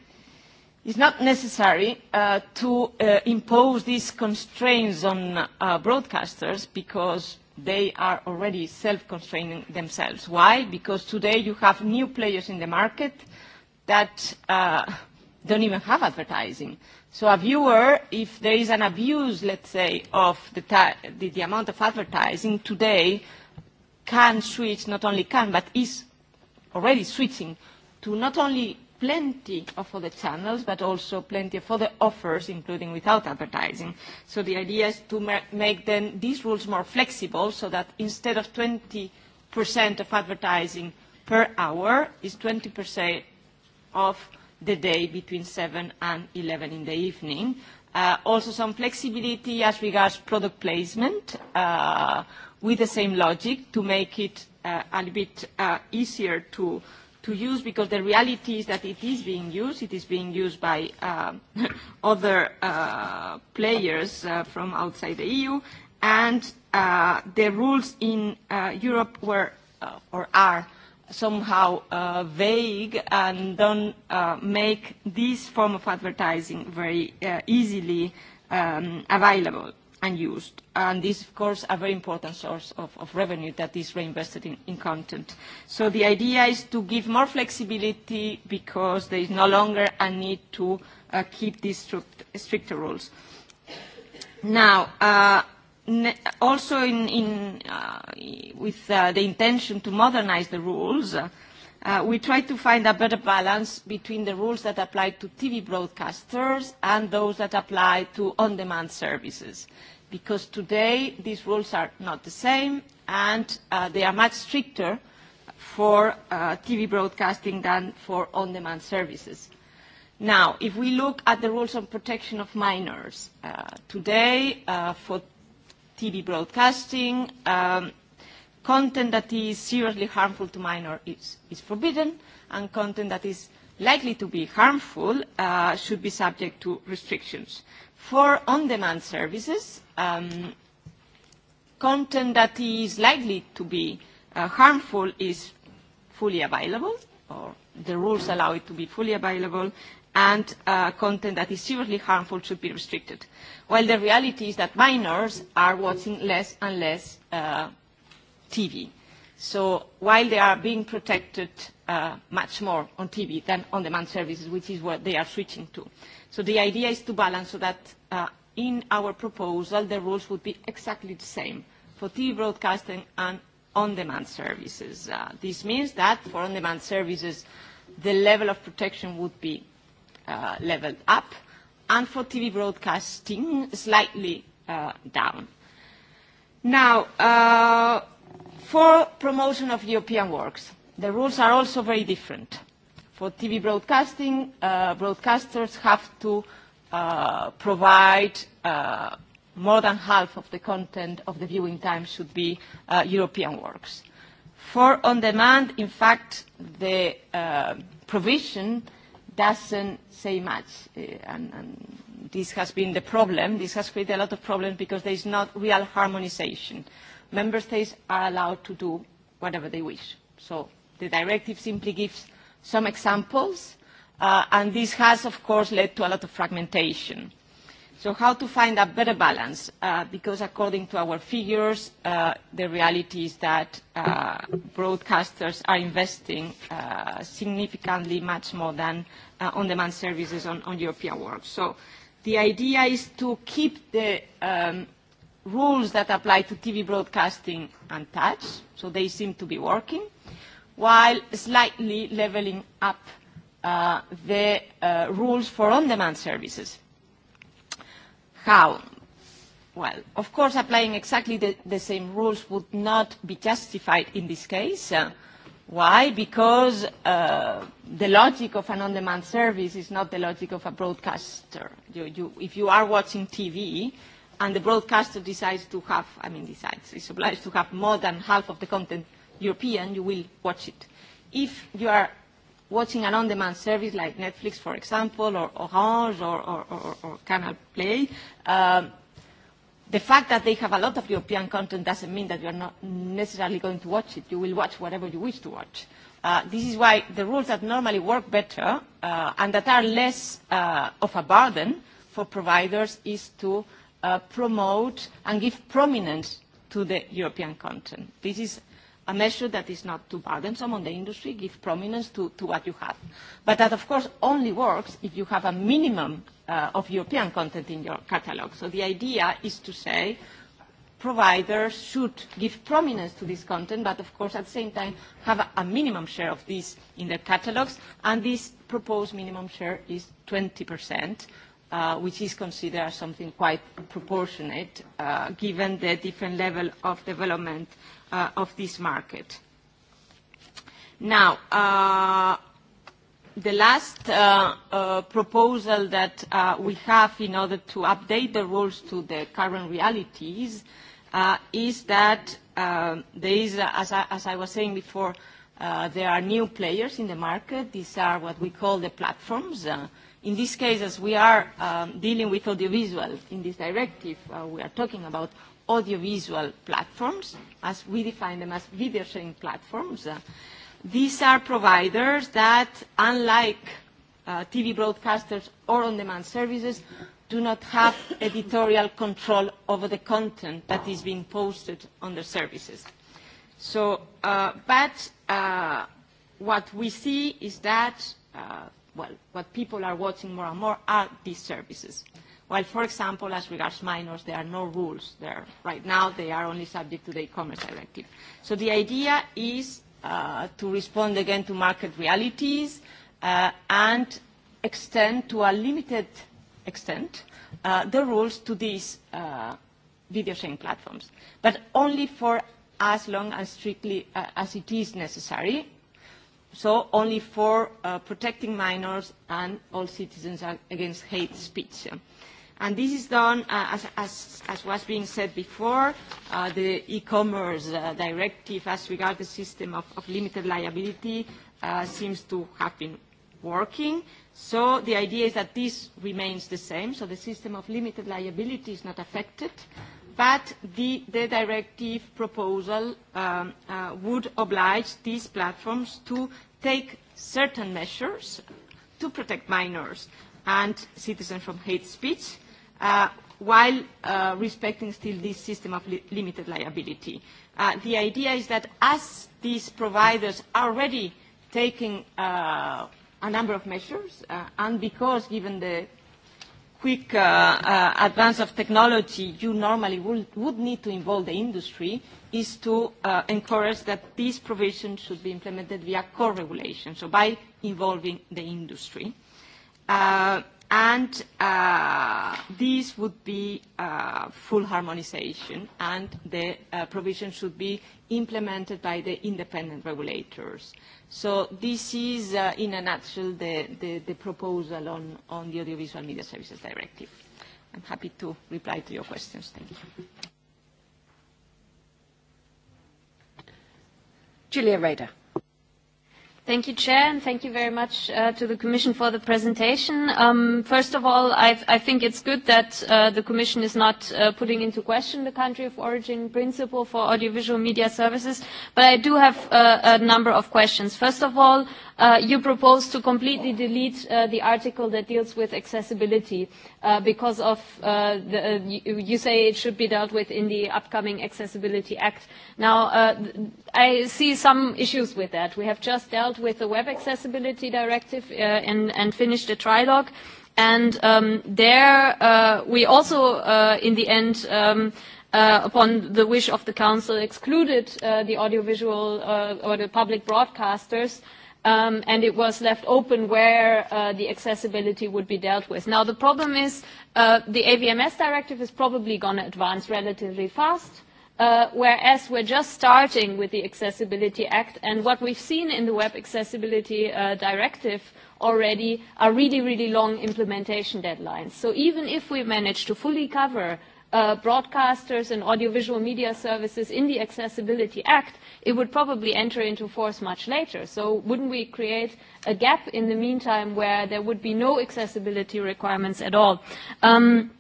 it's not necessary uh, to uh, impose these constraints on uh, broadcasters because they are already self-constraining themselves. Why? Because today you have new players in the market that uh, don't even have advertising. So a viewer, if there is an abuse, let's say, of the, ta- the, the amount of advertising today, can switch, not only can, but is already switching to not only plenty of other channels, but also plenty of other offers, including without advertising. So the idea is to ma make then these rules more flexible so that instead of 20% of advertising per hour, is 20% of the day between 7 and 11 in the evening. Uh, also some flexibility as regards product placement uh, with the same logic to make it uh, a little bit uh, easier to to use because the reality is that it is being used. It is being used by uh, other uh, players uh, from outside the EU, and uh, the rules in uh, Europe were uh, or are somehow uh, vague and don't uh, make this form of advertising very uh, easily um, available used. And This, of course, a very important source of, of revenue that is reinvested in, in content. So the idea is to give more flexibility because there is no longer a need to uh, keep these strict, stricter rules. Now, uh, also in, in, uh, with uh, the intention to modernize the rules, uh, Uh, we try to find a better balance between the rules that apply to TV broadcasters and those that apply to on-demand services, because today these rules are not the same and uh, they are much stricter for uh, TV broadcasting than for on-demand services. Now, if we look at the rules on protection of minors, uh, today uh, for TV broadcasting, um, content that is seriously harmful to minors is, is forbidden, and content that is likely to be harmful uh, should be subject to restrictions. For on-demand services, um, content that is likely to be uh, harmful is fully available, or the rules allow it to be fully available, and uh, content that is seriously harmful should be restricted. While the reality is that minors are watching less and less uh, TV. So while they are being protected uh, much more on TV than on-demand services, which is what they are switching to. So the idea is to balance so that uh, in our proposal the rules would be exactly the same for TV broadcasting and on-demand services. Uh, this means that for on-demand services the level of protection would be uh, leveled up and for TV broadcasting slightly uh, down. Now, uh, For promotion of European works, the rules are also very different. For TV broadcasting, uh, broadcasters have to uh, provide uh, more than half of the content of the viewing time should be uh, European works. For on-demand, in fact, the uh, provision doesn't say much, uh, and, and this has been the problem. This has created a lot of problems because there is not real harmonization member states are allowed to do whatever they wish. So the directive simply gives some examples, uh, and this has, of course, led to a lot of fragmentation. So how to find a better balance? Uh, because according to our figures, uh, the reality is that uh, broadcasters are investing uh, significantly much more than uh, on-demand services on, on European work. So the idea is to keep the um, rules that apply to TV broadcasting untouched, so they seem to be working, while slightly leveling up uh, the uh, rules for on-demand services. How? Well, of course, applying exactly the, the same rules would not be justified in this case. Uh, Why? Because uh, the logic of an on-demand service is not the logic of a broadcaster. You, you, if you are watching TV, and the broadcaster decides to have, I mean decides, is obliged to have more than half of the content European, you will watch it. If you are watching an on-demand service like Netflix, for example, or Orange or, or, or, or Canal Play, um, the fact that they have a lot of European content doesn't mean that you are not necessarily going to watch it. You will watch whatever you wish to watch. Uh, this is why the rules that normally work better uh, and that are less uh, of a burden for providers is to uh, uh, promote and give prominence to the European content. This is a measure that is not too burdensome on the industry, give prominence to, to what you have. But that, of course, only works if you have a minimum uh, of European content in your catalogue. So the idea is to say providers should give prominence to this content, but of course at the same time have a minimum share of this in their catalogues, and this proposed minimum share is 20%, uh, which is considered something quite proportionate uh, given the different level of development uh, of this market. Now, uh, the last uh, uh, proposal that uh, we have in order to update the rules to the current realities uh, is that uh, there is, as I, as I was saying before, uh, there are new players in the market. These are what we call the platforms. Uh, In this case, as we are um, dealing with audiovisual in this directive, uh, we are talking about audiovisual platforms, as we define them as video sharing platforms. Uh, these are providers that, unlike uh, TV broadcasters or on-demand services, do not have editorial control over the content that is being posted on the services. So, uh, but uh, what we see is that uh, well, what people are watching more and more are these services. While, for example, as regards minors, there are no rules there. Right now, they are only subject to the e-commerce directive. So the idea is uh, to respond again to market realities uh, and extend to a limited extent uh, the rules to these uh, video sharing platforms, but only for as long and strictly uh, as it is necessary so only for uh, protecting minors and all citizens against hate speech. And this is done, uh, as, as, as was being said before, uh, the e-commerce uh, directive as regards the system of, of limited liability uh, seems to have been working. So the idea is that this remains the same, so the system of limited liability is not affected, but the, the directive proposal um, uh, would oblige these platforms to take certain measures to protect minors and citizens from hate speech uh, while uh, respecting still this system of li limited liability. Uh, the idea is that as these providers are already taking uh, a number of measures, uh, and because given the quick uh, uh, advance of technology you normally would, would need to involve the industry is to uh, encourage that these provisions should be implemented via co-regulation, so by involving the industry. Uh, and uh, this would be uh, full harmonization, and the uh, provision should be implemented by the independent regulators. So this is, uh, in a nutshell, the, the, the proposal on, on the Audiovisual Media Services Directive. I'm happy to reply to your questions. Thank you. Julia Rader. Thank you, Chair, and thank you very much uh, to the Commission for the presentation. Um, first of all, I, I think it's good that uh, the Commission is not uh, putting into question the country of origin principle for audiovisual media services, but I do have uh, a number of questions. First of all, uh, you propose to completely delete uh, the article that deals with accessibility uh, because of uh, the, uh, you, you say it should be dealt with in the upcoming Accessibility Act. Now, uh, I see some issues with that. We have just dealt with the Web Accessibility Directive uh, and, and finish the trilogue. And um, there uh, we also, uh, in the end, um, uh, upon the wish of the Council, excluded uh, the audiovisual uh, or the public broadcasters um, and it was left open where uh, the accessibility would be dealt with. Now the problem is uh, the AVMS directive is probably going to advance relatively fast uh, whereas we're just starting with the Accessibility Act and what we've seen in the Web Accessibility uh, Directive already are really, really long implementation deadlines. So even if we manage to fully cover uh, broadcasters and audiovisual media services in the Accessibility Act, it would probably enter into force much later. So wouldn't we create a gap in the meantime where there would be no accessibility requirements at all? Um,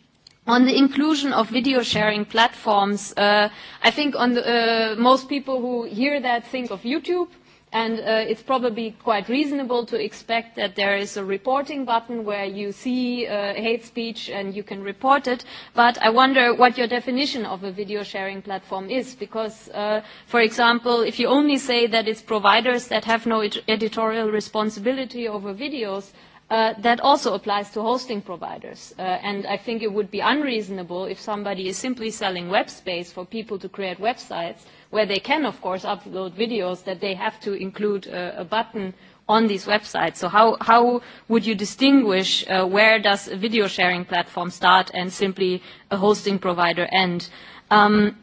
On the inclusion of video sharing platforms, uh, I think on the, uh, most people who hear that think of YouTube, and uh, it's probably quite reasonable to expect that there is a reporting button where you see uh, hate speech and you can report it. But I wonder what your definition of a video sharing platform is, because, uh, for example, if you only say that it's providers that have no editorial responsibility over videos, uh, that also applies to hosting providers. Uh, and I think it would be unreasonable if somebody is simply selling web space for people to create websites where they can, of course, upload videos that they have to include a, a button on these websites. So how, how would you distinguish uh, where does a video sharing platform start and simply a hosting provider end? Um,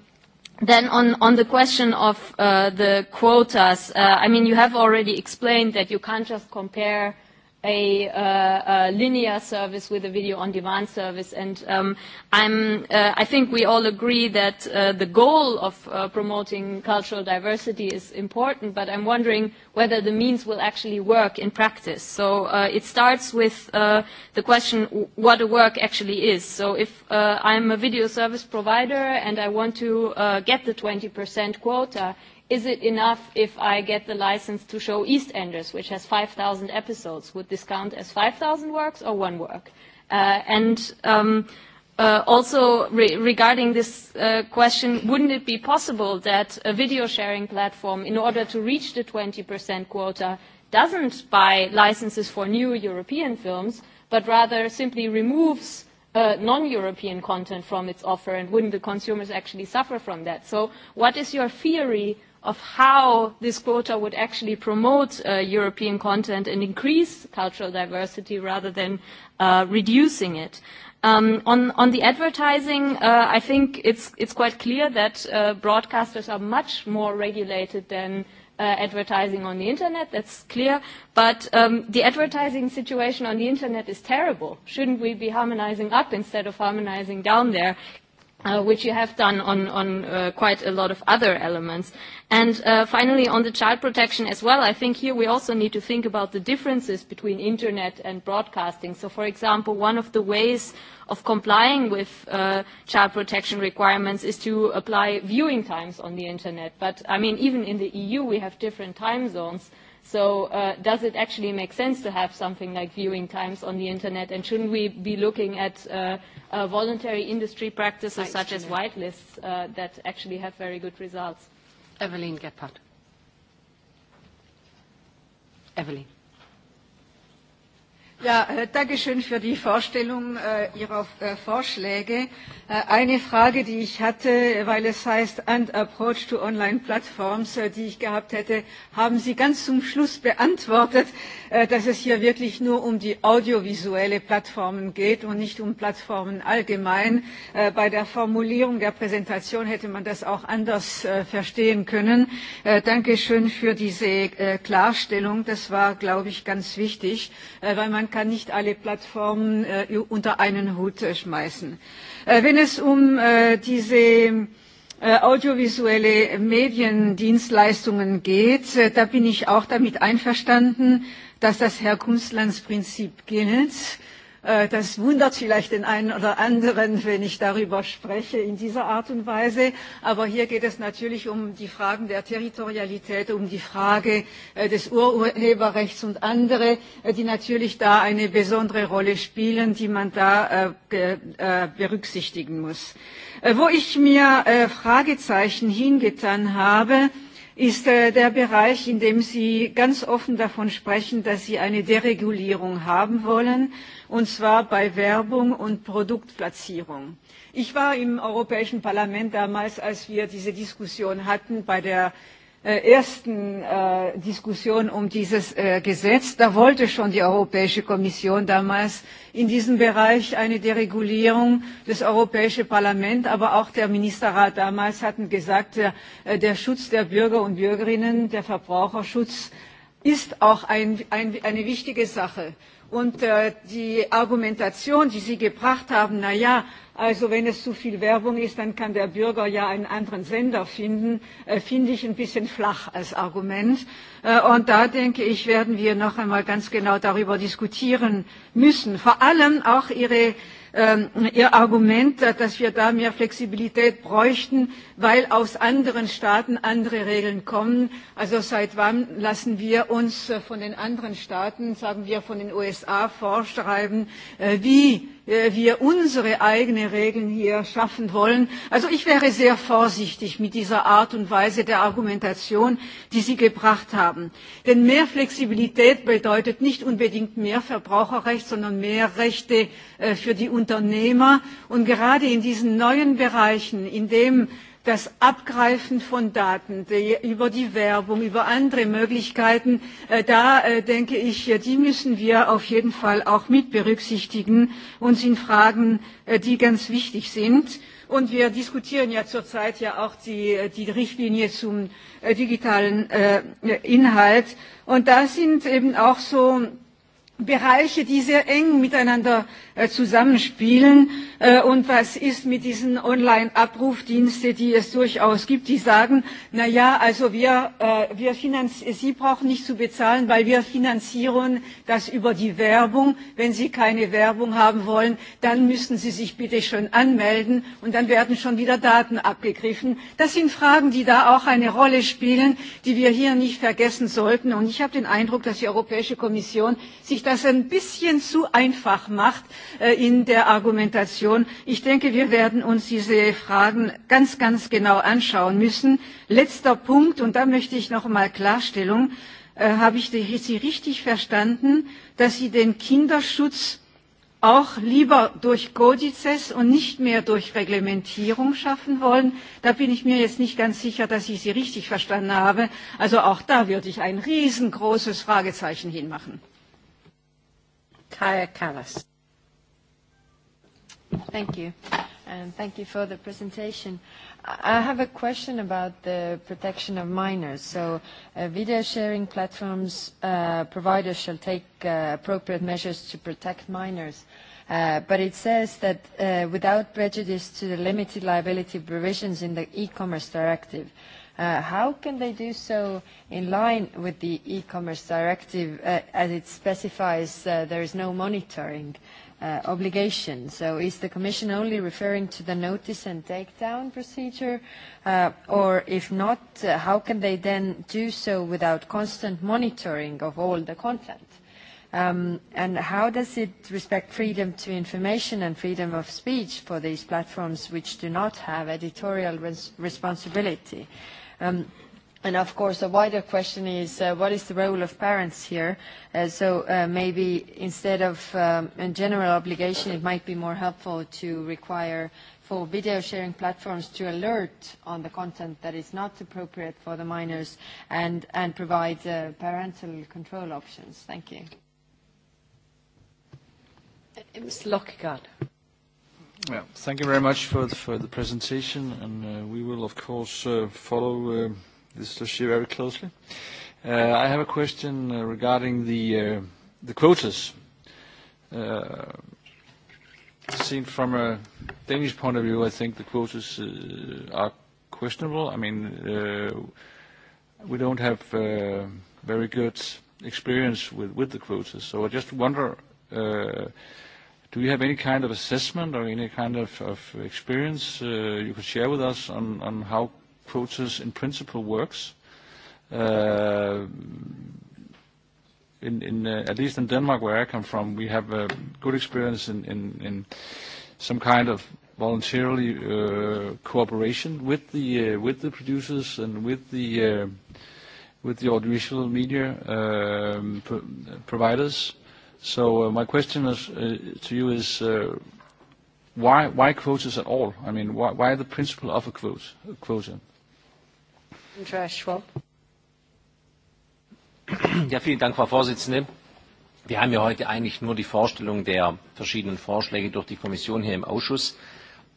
Then on, on the question of uh, the quotas, uh, I mean, you have already explained that you can't just compare a, uh, a linear service with a video on demand service. And um, I'm, uh, I think we all agree that uh, the goal of uh, promoting cultural diversity is important, but I'm wondering whether the means will actually work in practice. So uh, it starts with uh, the question what a work actually is. So if uh, I'm a video service provider and I want to uh, get the 20% quota, is it enough if I get the license to show EastEnders, which has 5,000 episodes? Would this count as 5,000 works or one work? Uh, and um, uh, also re- regarding this uh, question, wouldn't it be possible that a video sharing platform, in order to reach the 20% quota, doesn't buy licenses for new European films, but rather simply removes uh, non-European content from its offer, and wouldn't the consumers actually suffer from that? So what is your theory of how this quota would actually promote uh, European content and increase cultural diversity rather than uh, reducing it. Um, on, on the advertising, uh, I think it's, it's quite clear that uh, broadcasters are much more regulated than uh, advertising on the internet. That's clear. But um, the advertising situation on the internet is terrible. Shouldn't we be harmonizing up instead of harmonizing down there, which you have done on, on uh, quite a lot of other elements. And uh, finally, on the child protection as well, I think here we also need to think about the differences between internet and broadcasting. So, for example, one of the ways of complying with uh, child protection requirements is to apply viewing times on the internet. But, I mean, even in the EU, we have different time zones. So uh, does it actually make sense to have something like viewing times on the internet? And shouldn't we be looking at uh, uh, voluntary industry practices such as whitelists uh, that actually have very good results? Evelyn Gephardt. Evelyn. Ja, danke schön für die Vorstellung äh, Ihrer äh, Vorschläge. Äh, eine Frage, die ich hatte, weil es heißt And Approach to Online Platforms, äh, die ich gehabt hätte, haben Sie ganz zum Schluss beantwortet, äh, dass es hier wirklich nur um die audiovisuelle Plattformen geht und nicht um Plattformen allgemein. Äh, bei der Formulierung der Präsentation hätte man das auch anders äh, verstehen können. Äh, danke schön für diese äh, Klarstellung. Das war, glaube ich, ganz wichtig, äh, weil man kann nicht alle Plattformen unter einen Hut schmeißen. Wenn es um diese audiovisuelle Mediendienstleistungen geht, da bin ich auch damit einverstanden, dass das Herkunftslandsprinzip gilt Das wundert vielleicht den einen oder anderen, wenn ich darüber spreche in dieser Art und Weise. Aber hier geht es natürlich um die Fragen der Territorialität, um die Frage des Urheberrechts und andere, die natürlich da eine besondere Rolle spielen, die man da berücksichtigen muss. Wo ich mir Fragezeichen hingetan habe, ist der Bereich, in dem Sie ganz offen davon sprechen, dass Sie eine Deregulierung haben wollen, und zwar bei Werbung und Produktplatzierung. Ich war im Europäischen Parlament damals, als wir diese Diskussion hatten bei der ersten Diskussion um dieses Gesetz, da wollte schon die Europäische Kommission damals in diesem Bereich eine Deregulierung. Das Europäische Parlament, aber auch der Ministerrat damals hatten gesagt, der Schutz der Bürger und Bürgerinnen, der Verbraucherschutz ist auch ein, ein, eine wichtige Sache. Und äh, die Argumentation, die Sie gebracht haben, na ja, also wenn es zu viel Werbung ist, dann kann der Bürger ja einen anderen Sender finden, äh, finde ich ein bisschen flach als Argument. Äh, und da denke ich, werden wir noch einmal ganz genau darüber diskutieren müssen. Vor allem auch Ihre Ihr Argument, dass wir da mehr Flexibilität bräuchten, weil aus anderen Staaten andere Regeln kommen. Also seit wann lassen wir uns von den anderen Staaten, sagen wir von den USA, vorschreiben, wie wir unsere eigenen Regeln hier schaffen wollen. Also ich wäre sehr vorsichtig mit dieser Art und Weise der Argumentation, die Sie gebracht haben. Denn mehr Flexibilität bedeutet nicht unbedingt mehr Verbraucherrecht, sondern mehr Rechte für die Unternehmer. Und gerade in diesen neuen Bereichen, in denen das Abgreifen von Daten über die Werbung, über andere Möglichkeiten, da denke ich, die müssen wir auf jeden Fall auch mit berücksichtigen und sind Fragen, die ganz wichtig sind. Und wir diskutieren ja zurzeit ja auch die, die Richtlinie zum digitalen Inhalt. Und da sind eben auch so Bereiche, die sehr eng miteinander zusammenspielen. und was ist mit diesen Online-Abrufdiensten, die es durchaus gibt, die sagen, na ja, also wir, wir Sie brauchen nicht zu bezahlen, weil wir finanzieren das über die Werbung. Wenn Sie keine Werbung haben wollen, dann müssen Sie sich bitte schon anmelden und dann werden schon wieder Daten abgegriffen. Das sind Fragen, die da auch eine Rolle spielen, die wir hier nicht vergessen sollten. Und ich habe den Eindruck, dass die Europäische Kommission sich das ein bisschen zu einfach macht in der Argumentation. Ich denke, wir werden uns diese Fragen ganz, ganz genau anschauen müssen. Letzter Punkt, und da möchte ich noch einmal Klarstellung. Habe ich Sie richtig verstanden, dass Sie den Kinderschutz auch lieber durch Kodizes und nicht mehr durch Reglementierung schaffen wollen. Da bin ich mir jetzt nicht ganz sicher, dass ich Sie richtig verstanden habe. Also auch da würde ich ein riesengroßes Fragezeichen hinmachen. Kaya Kallas. Thank you, and thank you for the presentation. I have a question about the protection of minors. So, uh, video sharing platforms uh, providers shall take uh, appropriate measures to protect minors. Uh, but it says that uh, without prejudice to the limited liability provisions in the e-commerce directive, uh, How can they do so in line with the e-commerce directive as it specifies there is no monitoring obligation? So is the Commission only referring to the notice and takedown procedure? Or if not, how can they then do so without constant monitoring of all the content? And how does it respect freedom to information and freedom of speech for these platforms which do not have editorial responsibility? Uh, Um, And Of course, a wider question is, what is the role of parents here? So Maybe instead of a general obligation, it might be more helpful to require for video sharing platforms to alert on the content that is not appropriate for the minors and and provide parental control options. Thank you. Ms. Lockhart. Yeah. Thank you very much for the, for the presentation, and uh, we will of course uh, follow uh, this dossier very closely. Uh, I have a question uh, regarding the uh, the quotas. Uh, seen from a Danish point of view, I think the quotas uh, are questionable. I mean, uh, we don't have uh, very good experience with, with the quotas, so I just wonder. Uh, Do you have any kind of assessment or any kind of, of experience uh, you could share with us on, on how quotas in principle works? Uh, in, in uh, at least in Denmark, where I come from, we have a good experience in, in, in some kind of voluntarily uh, cooperation with the uh, with the producers and with the uh, with the audiovisual media um, pro- providers So uh, my question is, uh, to you is, uh, why why quotas at all? I mean, why, why the principle of a quote, quota? Andreas Schwab. Ja, vielen Dank, Frau Vorsitzende. Wir haben ja heute eigentlich nur die Vorstellung der verschiedenen Vorschläge durch die Kommission hier im Ausschuss.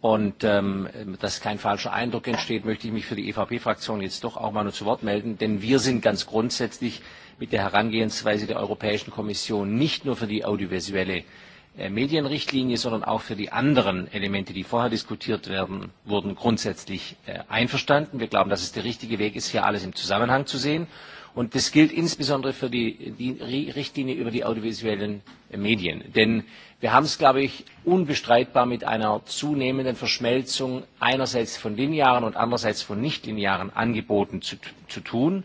Und ähm, dass kein falscher Eindruck entsteht, möchte ich mich für die EVP-Fraktion jetzt doch auch mal nur zu Wort melden. Denn wir sind ganz grundsätzlich mit der Herangehensweise der Europäischen Kommission nicht nur für die audiovisuelle äh, Medienrichtlinie, sondern auch für die anderen Elemente, die vorher diskutiert werden, wurden grundsätzlich äh, einverstanden. Wir glauben, dass es der richtige Weg ist, hier alles im Zusammenhang zu sehen. Und das gilt insbesondere für die, die Richtlinie über die audiovisuellen Medien. Denn Wir haben es, glaube ich, unbestreitbar mit einer zunehmenden Verschmelzung einerseits von linearen und andererseits von nichtlinearen Angeboten zu, zu tun.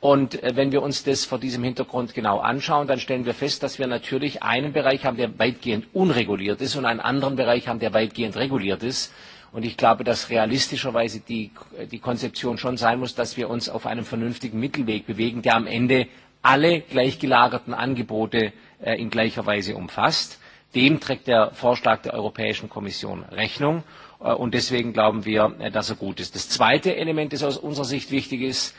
Und wenn wir uns das vor diesem Hintergrund genau anschauen, dann stellen wir fest, dass wir natürlich einen Bereich haben, der weitgehend unreguliert ist und einen anderen Bereich haben, der weitgehend reguliert ist. Und ich glaube, dass realistischerweise die, die Konzeption schon sein muss, dass wir uns auf einem vernünftigen Mittelweg bewegen, der am Ende alle gleichgelagerten Angebote in gleicher Weise umfasst. Dem trägt der Vorschlag der Europäischen Kommission Rechnung. Und deswegen glauben wir, dass er gut ist. Das zweite Element, das aus unserer Sicht wichtig ist,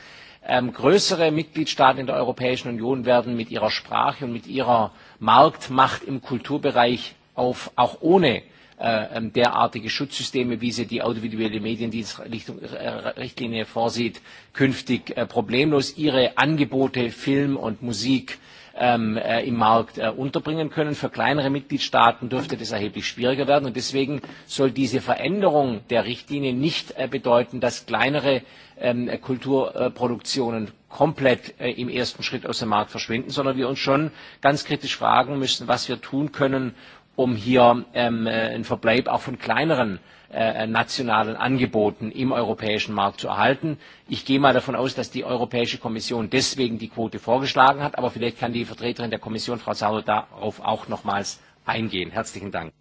größere Mitgliedstaaten in der Europäischen Union werden mit ihrer Sprache und mit ihrer Marktmacht im Kulturbereich auch ohne derartige Schutzsysteme, wie sie die audiovisuelle Mediendienstrichtlinie vorsieht, künftig problemlos ihre Angebote Film und Musik ähm, äh, im Markt äh, unterbringen können. Für kleinere Mitgliedstaaten dürfte das erheblich schwieriger werden. Und deswegen soll diese Veränderung der Richtlinie nicht äh, bedeuten, dass kleinere ähm, Kulturproduktionen komplett äh, im ersten Schritt aus dem Markt verschwinden, sondern wir uns schon ganz kritisch fragen müssen, was wir tun können, um hier ähm, äh, einen Verbleib auch von kleineren äh, nationalen Angeboten im europäischen Markt zu erhalten. Ich gehe mal davon aus, dass die Europäische Kommission deswegen die Quote vorgeschlagen hat, aber vielleicht kann die Vertreterin der Kommission, Frau Sauer, darauf auch nochmals eingehen. Herzlichen Dank.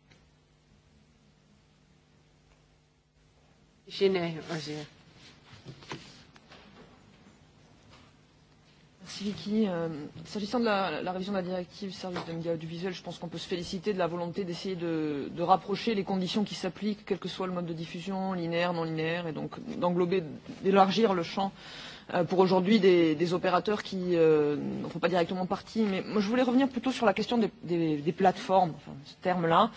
Merci Vicky. Euh, S'agissant de la, la révision de la directive service de médias audiovisuels, je pense qu'on peut se féliciter de la volonté d'essayer de, de rapprocher les conditions qui s'appliquent, quel que soit le mode de diffusion, linéaire, non linéaire, et donc d'englober, d'élargir le champ euh, pour aujourd'hui des, des opérateurs qui euh, n'en font pas directement partie. Mais moi, je voulais revenir plutôt sur la question des, des, des plateformes, enfin, ce terme-là,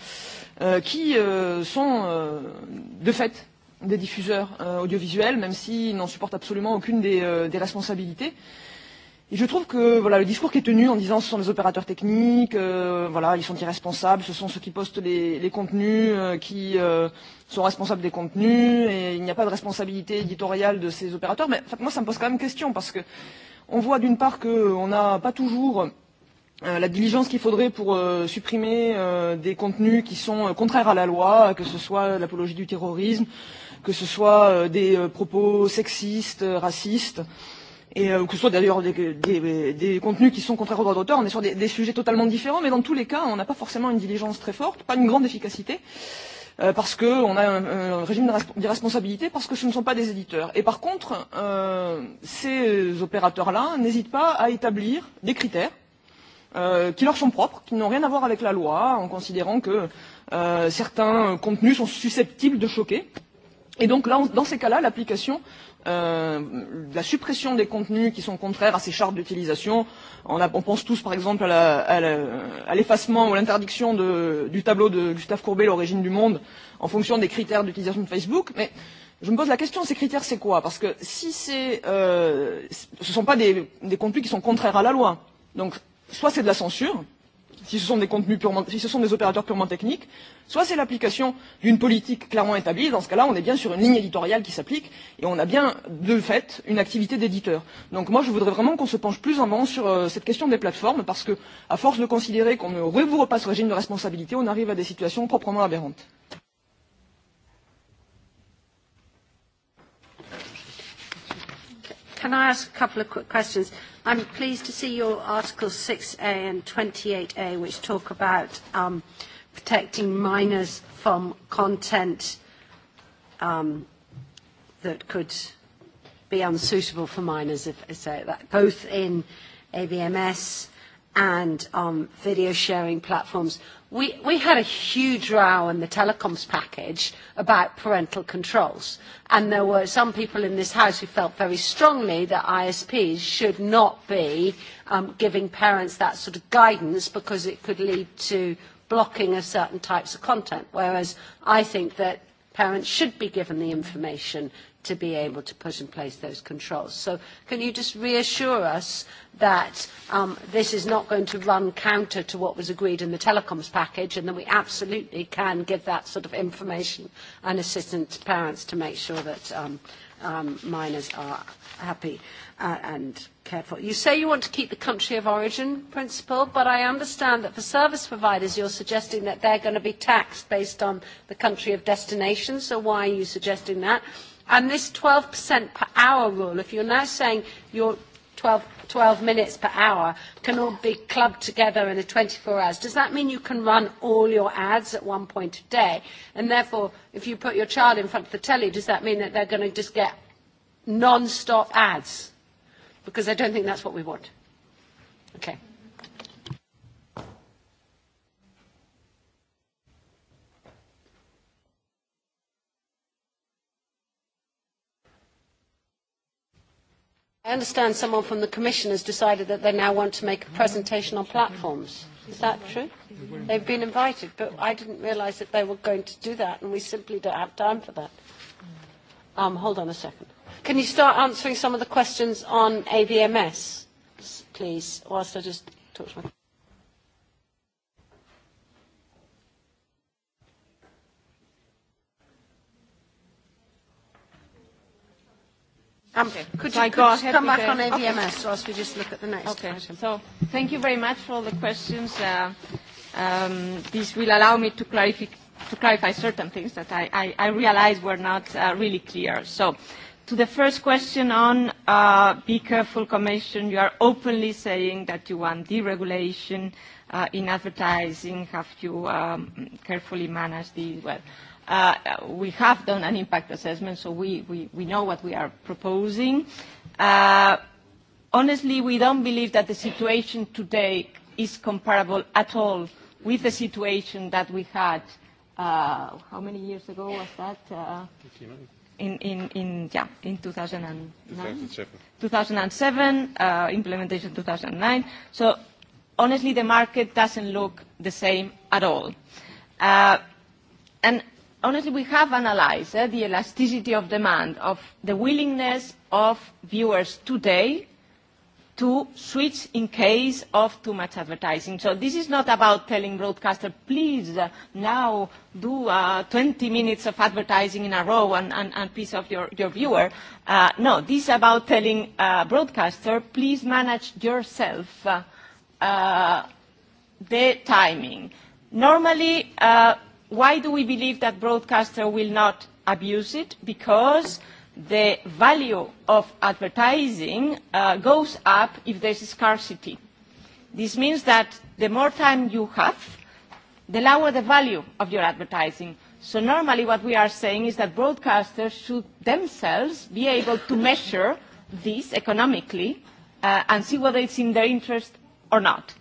euh, qui euh, sont euh, de fait des diffuseurs euh, audiovisuels, même s'ils n'en supportent absolument aucune des, euh, des responsabilités. Et je trouve que voilà, le discours qui est tenu en disant ce sont les opérateurs techniques, euh, voilà, ils sont irresponsables, ce sont ceux qui postent les, les contenus, euh, qui euh, sont responsables des contenus, et il n'y a pas de responsabilité éditoriale de ces opérateurs. Mais en fait, moi, ça me pose quand même question, parce que on voit d'une part qu'on n'a pas toujours euh, la diligence qu'il faudrait pour euh, supprimer euh, des contenus qui sont euh, contraires à la loi, que ce soit l'apologie du terrorisme, que ce soit euh, des euh, propos sexistes, racistes. Euh, et euh, que ce soit d'ailleurs des, des, des contenus qui sont contraires aux droits d'auteur, on est sur des, des sujets totalement différents, mais dans tous les cas, on n'a pas forcément une diligence très forte, pas une grande efficacité, euh, parce qu'on a un, un régime d'irresponsabilité, parce que ce ne sont pas des éditeurs. Et par contre, euh, ces opérateurs-là n'hésitent pas à établir des critères euh, qui leur sont propres, qui n'ont rien à voir avec la loi, en considérant que euh, certains contenus sont susceptibles de choquer. Et donc là, on, dans ces cas-là, l'application la suppression des contenus qui sont contraires à ces chartes d'utilisation. On, on pense tous, par exemple, à l'effacement ou l'interdiction du tableau de Gustave Courbet, l'origine du monde, en fonction des critères d'utilisation de Facebook. Mais je me pose la question, ces critères, c'est quoi Parce que si c'est, euh, ce ne sont pas des, des contenus qui sont contraires à la loi, donc soit c'est de la censure, si ce sont des contenus purement, si ce sont des opérateurs purement techniques, soit c'est l'application d'une politique clairement établie. Dans ce cas-là, on est bien sur une ligne éditoriale qui s'applique et on a bien de fait une activité d'éditeur. Donc moi, je voudrais vraiment qu'on se penche plus en avant sur euh, cette question des plateformes parce que, à force de considérer qu'on ne rebourre pas ce régime de responsabilité, on arrive à des situations proprement aberrantes. can I ask a couple of quick questions? I'm pleased to see your Articles 6A and 28A, which talk about um, protecting minors from content um, that could be unsuitable for minors, if I say that, both in ABMS and um, video sharing platforms we, we had a huge row in the telecoms package about parental controls. And there were some people in this House who felt very strongly that ISPs should not be um, giving parents that sort of guidance because it could lead to blocking of certain types of content. Whereas I think that parents should be given the information to be able to put in place those controls. So can you just reassure us that um, this is not going to run counter to what was agreed in the telecoms package and that we absolutely can give that sort of information and assistance to parents to make sure that um, um, minors are happy uh, and careful. You say you want to keep the country of origin principle, but I understand that for service providers you're suggesting that they're going to be taxed based on the country of destination, so why are you suggesting that? And this 12% per hour rule, if you're now saying you're 12, 12 minutes per hour can all be clubbed together in a 24 hours. Does that mean you can run all your ads at one point a day? And therefore, if you put your child in front of the telly, does that mean that they're going to just get non-stop ads? Because I don't think that's what we want. Okay. I understand someone from the Commission has decided that they now want to make a presentation on platforms. Is that true? They've been invited, but I didn't realise that they were going to do that, and we simply don't have time for that. Um, hold on a second. Can you start answering some of the questions on AVMS, please, whilst I just talk to my... Um, okay. Could so you, could go ahead come back on AVMS okay. whilst we just look at the next okay. item? So thank you very much for all the questions. Uh, um, this will allow me to, clarify to clarify certain things that I, I, I realize were not uh, really clear. So to the first question on uh, be careful commission, you are openly saying that you want deregulation uh, in advertising. Have you um, carefully managed the, well, Uh, we have done an impact assessment, so we, we, we know what we are proposing. Uh, honestly, we don't believe that the situation today is comparable at all with the situation that we had, uh, how many years ago was that? Uh, in, in, in, yeah, in 2009? 2007. 2007, uh, implementation 2009. So honestly, the market doesn't look the same at all. Uh, and honestly, we have analyzed uh, the elasticity of demand, of the willingness of viewers today to switch in case of too much advertising. So this is not about telling broadcaster, please uh, now do uh, 20 minutes of advertising in a row and, and, and piece of your, your viewer. Uh, no, this is about telling uh, broadcaster, please manage yourself uh, uh, the timing. Normally, uh, Why do we believe that broadcaster will not abuse it? Because the value of advertising uh, goes up if there's scarcity. This means that the more time you have, the lower the value of your advertising. So normally what we are saying is that broadcasters should themselves be able to measure this economically uh, and see whether it's in their interest or not.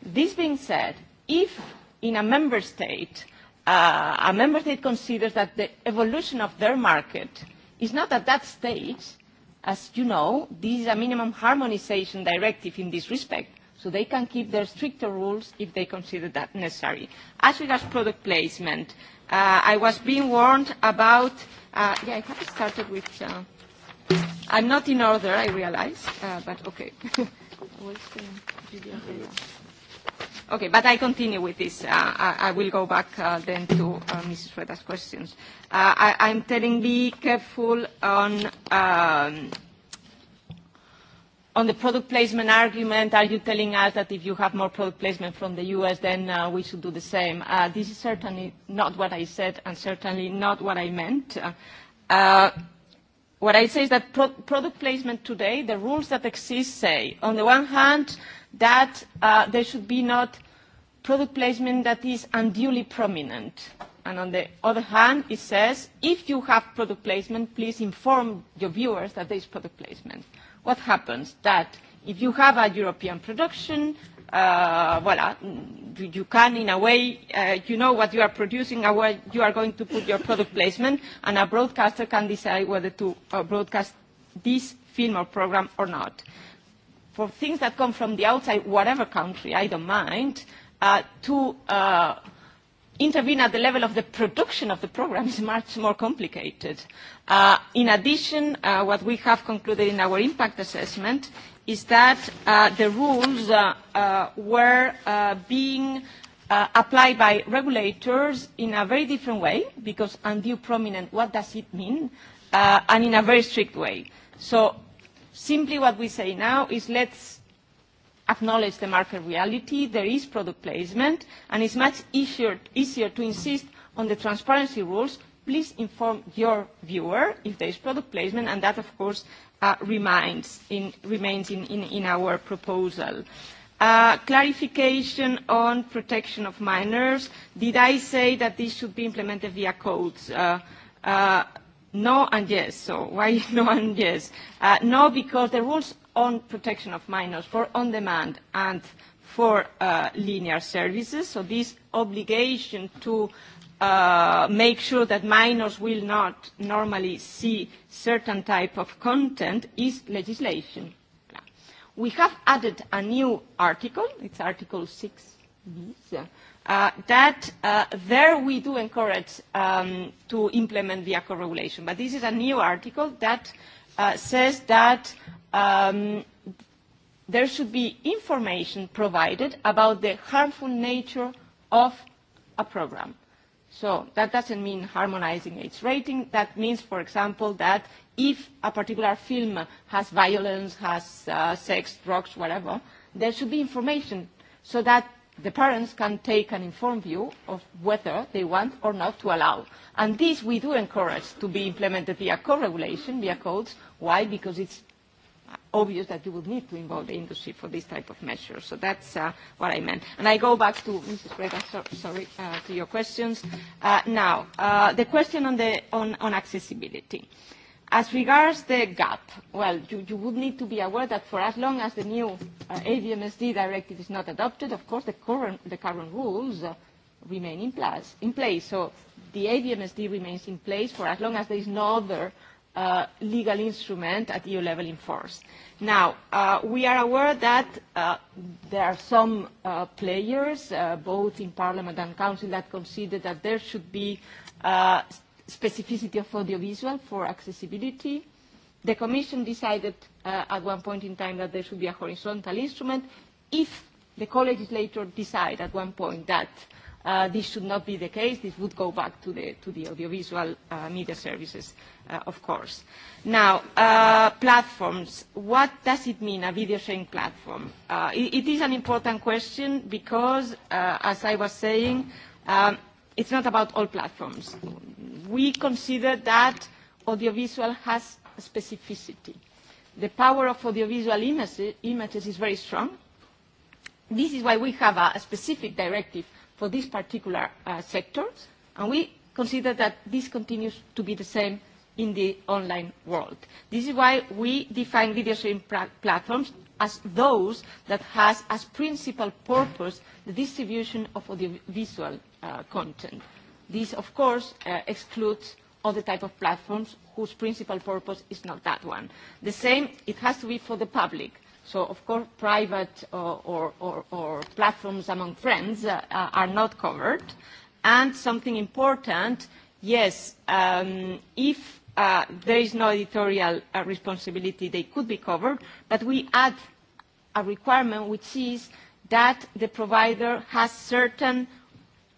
This being said, if in a member state uh, a member state considers that the evolution of their market is not at that stage. As you know, this is a minimum harmonization directive in this respect, so they can keep their stricter rules if they consider that necessary. As regards product placement, uh, I was being warned about, uh, yeah, I have started with, uh, I'm not in order, I realize, uh, but okay. Okay, but I continue with this. Uh, I, I will go back uh, then to uh, Mrs. Freta's questions. Uh, I, I'm telling be careful on um, on the product placement argument. Are you telling us that if you have more product placement from the U.S., then uh, we should do the same? Uh, this is certainly not what I said, and certainly not what I meant. Uh, what I say is that pro- product placement today, the rules that exist say, on the one hand, that uh, there should be not product placement that is unduly prominent. And on the other hand, it says, if you have product placement, please inform your viewers that there is product placement. What happens? That if you have a European production uh, voilà, you, you can in a way, uh, you know what you are producing and where you are going to put your product placement, and a broadcaster can decide whether to uh, broadcast this film or program or not. For things that come from the outside, whatever country, I don't mind, uh, to uh, intervene at the level of the production of the program is much more complicated. Uh, in addition, uh, what we have concluded in our impact assessment is that uh, the rules uh, uh, were uh, being uh, applied by regulators in a very different way, because undue prominent, what does it mean? Uh, and in a very strict way. So simply what we say now is let's acknowledge the market reality, there is product placement, and it's much easier, easier to insist on the transparency rules. Please inform your viewer if there is product placement, and that, of course, remains, in, in, in, our proposal. Uh, clarification on protection of minors. Did I say that this should be implemented via codes? Uh, uh, no and yes. So why no and yes? Uh, no, because the rules on protection of minors for on-demand and for uh, linear services, so this obligation to uh, make sure that minors will not normally see certain type of content is legislation. We have added a new article, it's Article 6 uh, that uh, there we do encourage um, to implement the ACO regulation. But this is a new article that uh, says that um, there should be information provided about the harmful nature of a program So that doesn't mean harmonizing its rating. That means, for example, that if a particular film has violence, has uh, sex, drugs, whatever, there should be information so that the parents can take an informed view of whether they want or not to allow. And this we do encourage to be implemented via co-regulation, via codes. Why? Because it's obvious that you would need to involve the industry for this type of measure. So that's uh, what I meant. And I go back to Mrs. Reda, so, sorry, uh, to your questions. Uh, now, uh, the question on, the, on, on accessibility. As regards the gap, well, you, you would need to be aware that for as long as the new uh, AVMSD directive is not adopted, of course, the current, the current rules uh, remain in place, in place. So the AVMSD remains in place for as long as there is no other legal instrument at EU level in force. Now, uh, we are aware that uh, there are some uh, players, uh, both in Parliament and Council, that consider that there should be uh, specificity of audiovisual for accessibility. The Commission decided uh, at one point in time that there should be a horizontal instrument if the co-legislator decide at one point that uh, Uh, this should not be the case. This would go back to the, to the audiovisual uh, media services, uh, of course. Now, uh, platforms. What does it mean, a video sharing platform? Uh, it, it is an important question because, uh, as I was saying, um, it's not about all platforms. We consider that audiovisual has a specificity. The power of audiovisual images, images is very strong. This is why we have a, a specific directive for these particular uh, sectors, and we consider that this continues to be the same in the online world. This is why we define video streaming platforms as those that has as principal purpose the distribution of audiovisual uh, content. This, of course, uh, excludes other type of platforms whose principal purpose is not that one. The same, it has to be for the public So, of course, private or, or, or platforms among friends uh, are not covered. And something important, yes, um, if uh, there is no editorial uh, responsibility, they could be covered, but we add a requirement which is that the provider has certain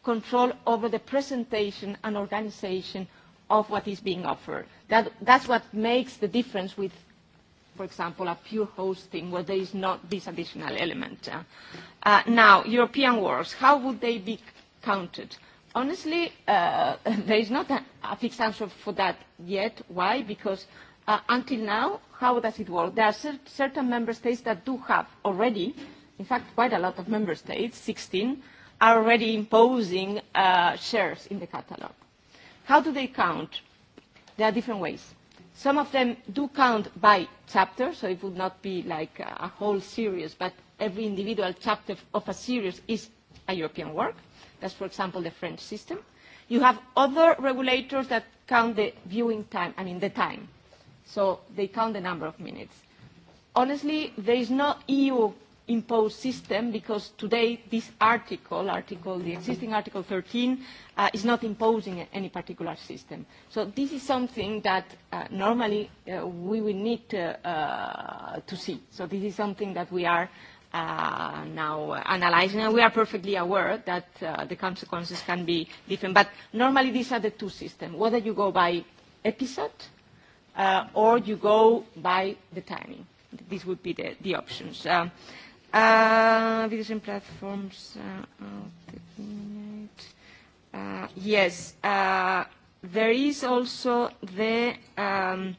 control over the presentation and organization of what is being offered. That, that's what makes the difference with for example, a pure hosting where there is not this additional element. Uh, now, European wars, how would they be counted? Honestly, uh, there is not a, a fixed answer for that yet. Why? Because uh, until now, how does it work? There are cer- certain member states that do have already, in fact, quite a lot of member states, 16, are already imposing uh, shares in the catalog. How do they count? There are different ways Some of them do count by chapter, so it would not be like a whole series, but every individual chapter of a series is a European work. That's, for example, the French system. You have other regulators that count the viewing time, I mean the time. So they count the number of minutes. Honestly, there is no EU imposed system because today this article, article the existing Article 13, uh, is not imposing any particular system. So this is something that uh, normally uh, we will need to, uh, to see. So this is something that we are uh, now analyzing, and we are perfectly aware that uh, the consequences can be different. But normally these are the two systems, whether you go by episode uh, or you go by the timing. This would be the, the options. Uh, Uh, vision platforms yes, there is also the um,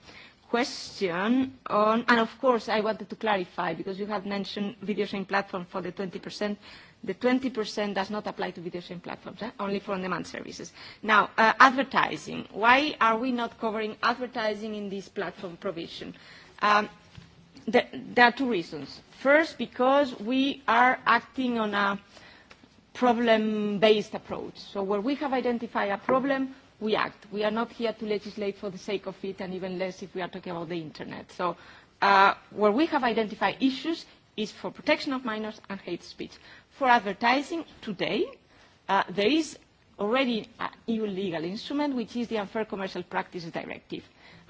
question on, and of course I wanted to clarify because you had mentioned video sharing platform for the 20%. The 20% does not apply to video sharing platforms, only for on-demand services. Now, uh, advertising. Why are we not covering advertising in this platform provision? Um, there, there are two reasons First, because we are acting on a problem-based approach. So where we have identified a problem, we act. We are not here to legislate for the sake of it, and even less if we are talking about the Internet. So uh, where we have identified issues is for protection of minors and hate speech. For advertising, today, uh, there is already an EU legal instrument, which is the Unfair Commercial Practices Directive.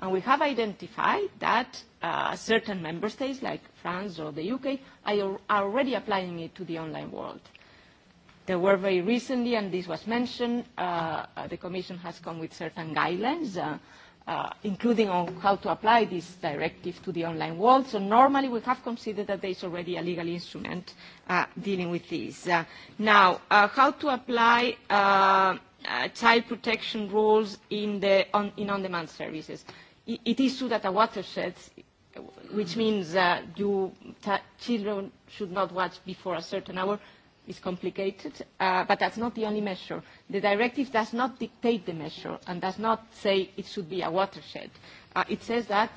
And we have identified that uh, certain member states, like France or the UK, are, already applying it to the online world. There were very recently, and this was mentioned, uh, the Commission has come with certain guidelines, uh, uh, including on how to apply this directive to the online world. So normally we have considered that there is already a legal instrument uh, dealing with this. Uh, now, uh, how to apply uh, uh, child protection rules in on, in on-demand services it is true that a watershed, which means that you ta children should not watch before a certain hour, is complicated, uh, but that's not the only measure. The directive does not dictate the measure and does not say it should be a watershed. Uh, it says that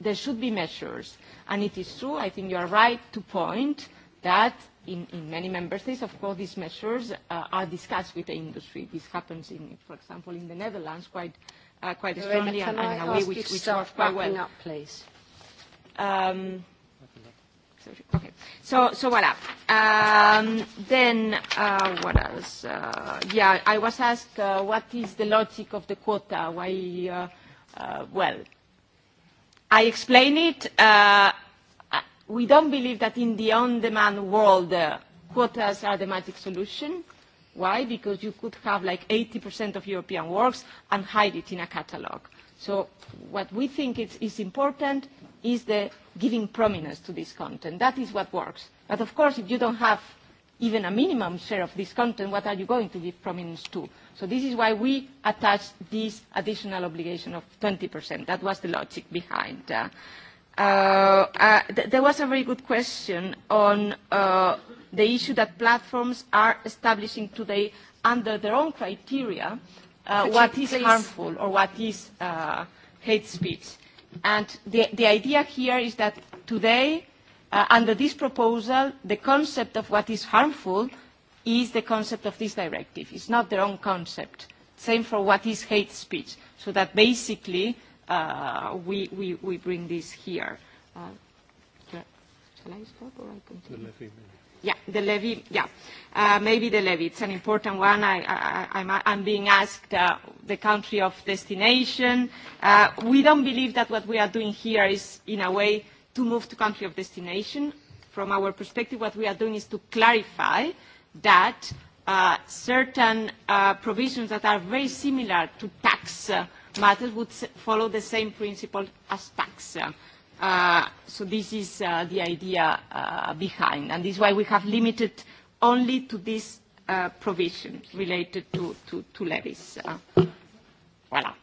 there should be measures. And it is true, I think you are right to point that in, in many member states, of course, these measures uh, are discussed with the industry. This happens, in, for example, in the Netherlands quite uh, quite strongly and, and in a which, which worked quite well. Up, please. Um, Okay. So, so voila. Um, then, uh, what else? Uh, yeah, I was asked uh, what is the logic of the quota? Why? Uh, uh, well, I explain it. Uh, we don't believe that in the on-demand world, uh, quotas are the magic solution. Why? Because you could have like 80% of European works and hide it in a catalogue. So what we think is, is important is the giving prominence to this content. That is what works. But of course, if you don't have even a minimum share of this content, what are you going to give prominence to? So this is why we attached this additional obligation of 20%. That was the logic behind. Uh, uh, uh, th there was a very good question on uh, the issue that platforms are establishing today under their own criteria uh, what is harmful or what is uh, hate speech. And the, the idea here is that today, uh, under this proposal, the concept of what is harmful is the concept of this directive. It's not their own concept. Same for what is hate speech. So that basically uh, we, we, we bring this here. Uh, shall I stop or I continue? Yeah, the levy. Yeah. Uh, maybe the levy. It's an important one. I, I, I'm, I'm being asked uh, the country of destination. Uh, we don't believe that what we are doing here is, in a way, to move to country of destination. From our perspective, what we are doing is to clarify that uh, certain uh, provisions that are very similar to tax uh, matters would follow the same principle as tax. Uh, so this is uh, the idea uh, behind, and this is why we have limited only to this uh, provision related to, to, to levies. Uh, voilà.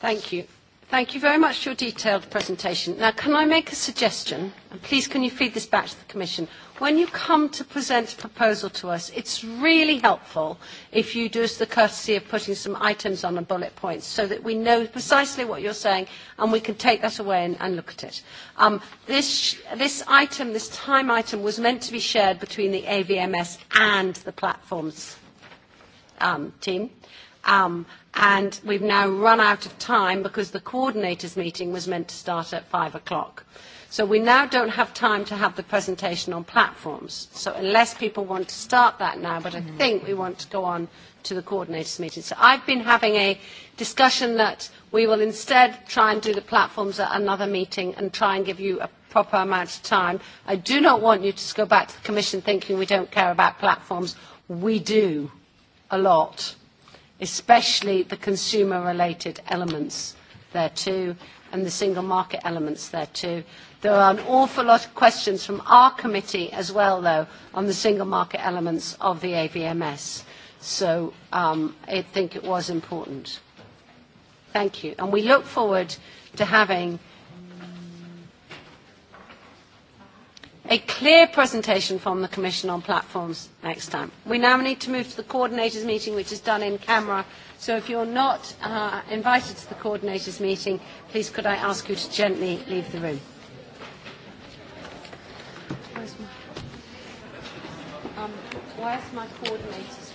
Thank you. Thank you very much for your detailed presentation. Now, can I make a suggestion? And please, can you feed this back to the Commission? When you come to present a proposal to us, it's really helpful if you do us the courtesy of putting some items on the bullet points so that we know precisely what you're saying and we can take that away and, and look at it. Um, this, this item, this time item, was meant to be shared between the AVMS and the platforms um, team Um, and we've now run out of time because the coordinators meeting was meant to start at five o'clock. So we now don't have time to have the presentation on platforms. So unless people want to start that now, but I think we want to go on to the coordinators meeting. So I've been having a discussion that we will instead try and do the platforms at another meeting and try and give you a proper amount of time. I do not want you to go back to the Commission thinking we don't care about platforms. We do a lot especially the consumer-related elements there too, and the single market elements there too. There are an awful lot of questions from our committee as well, though, on the single market elements of the AVMS. So um, I think it was important. Thank you. And we look forward to having a clear presentation from the Commission on platforms next time. We now need to move to the coordinators meeting, which is done in camera. So if you're not uh, invited to the coordinators meeting, please could I ask you to gently leave the room. Where's my, um, where's my coordinators?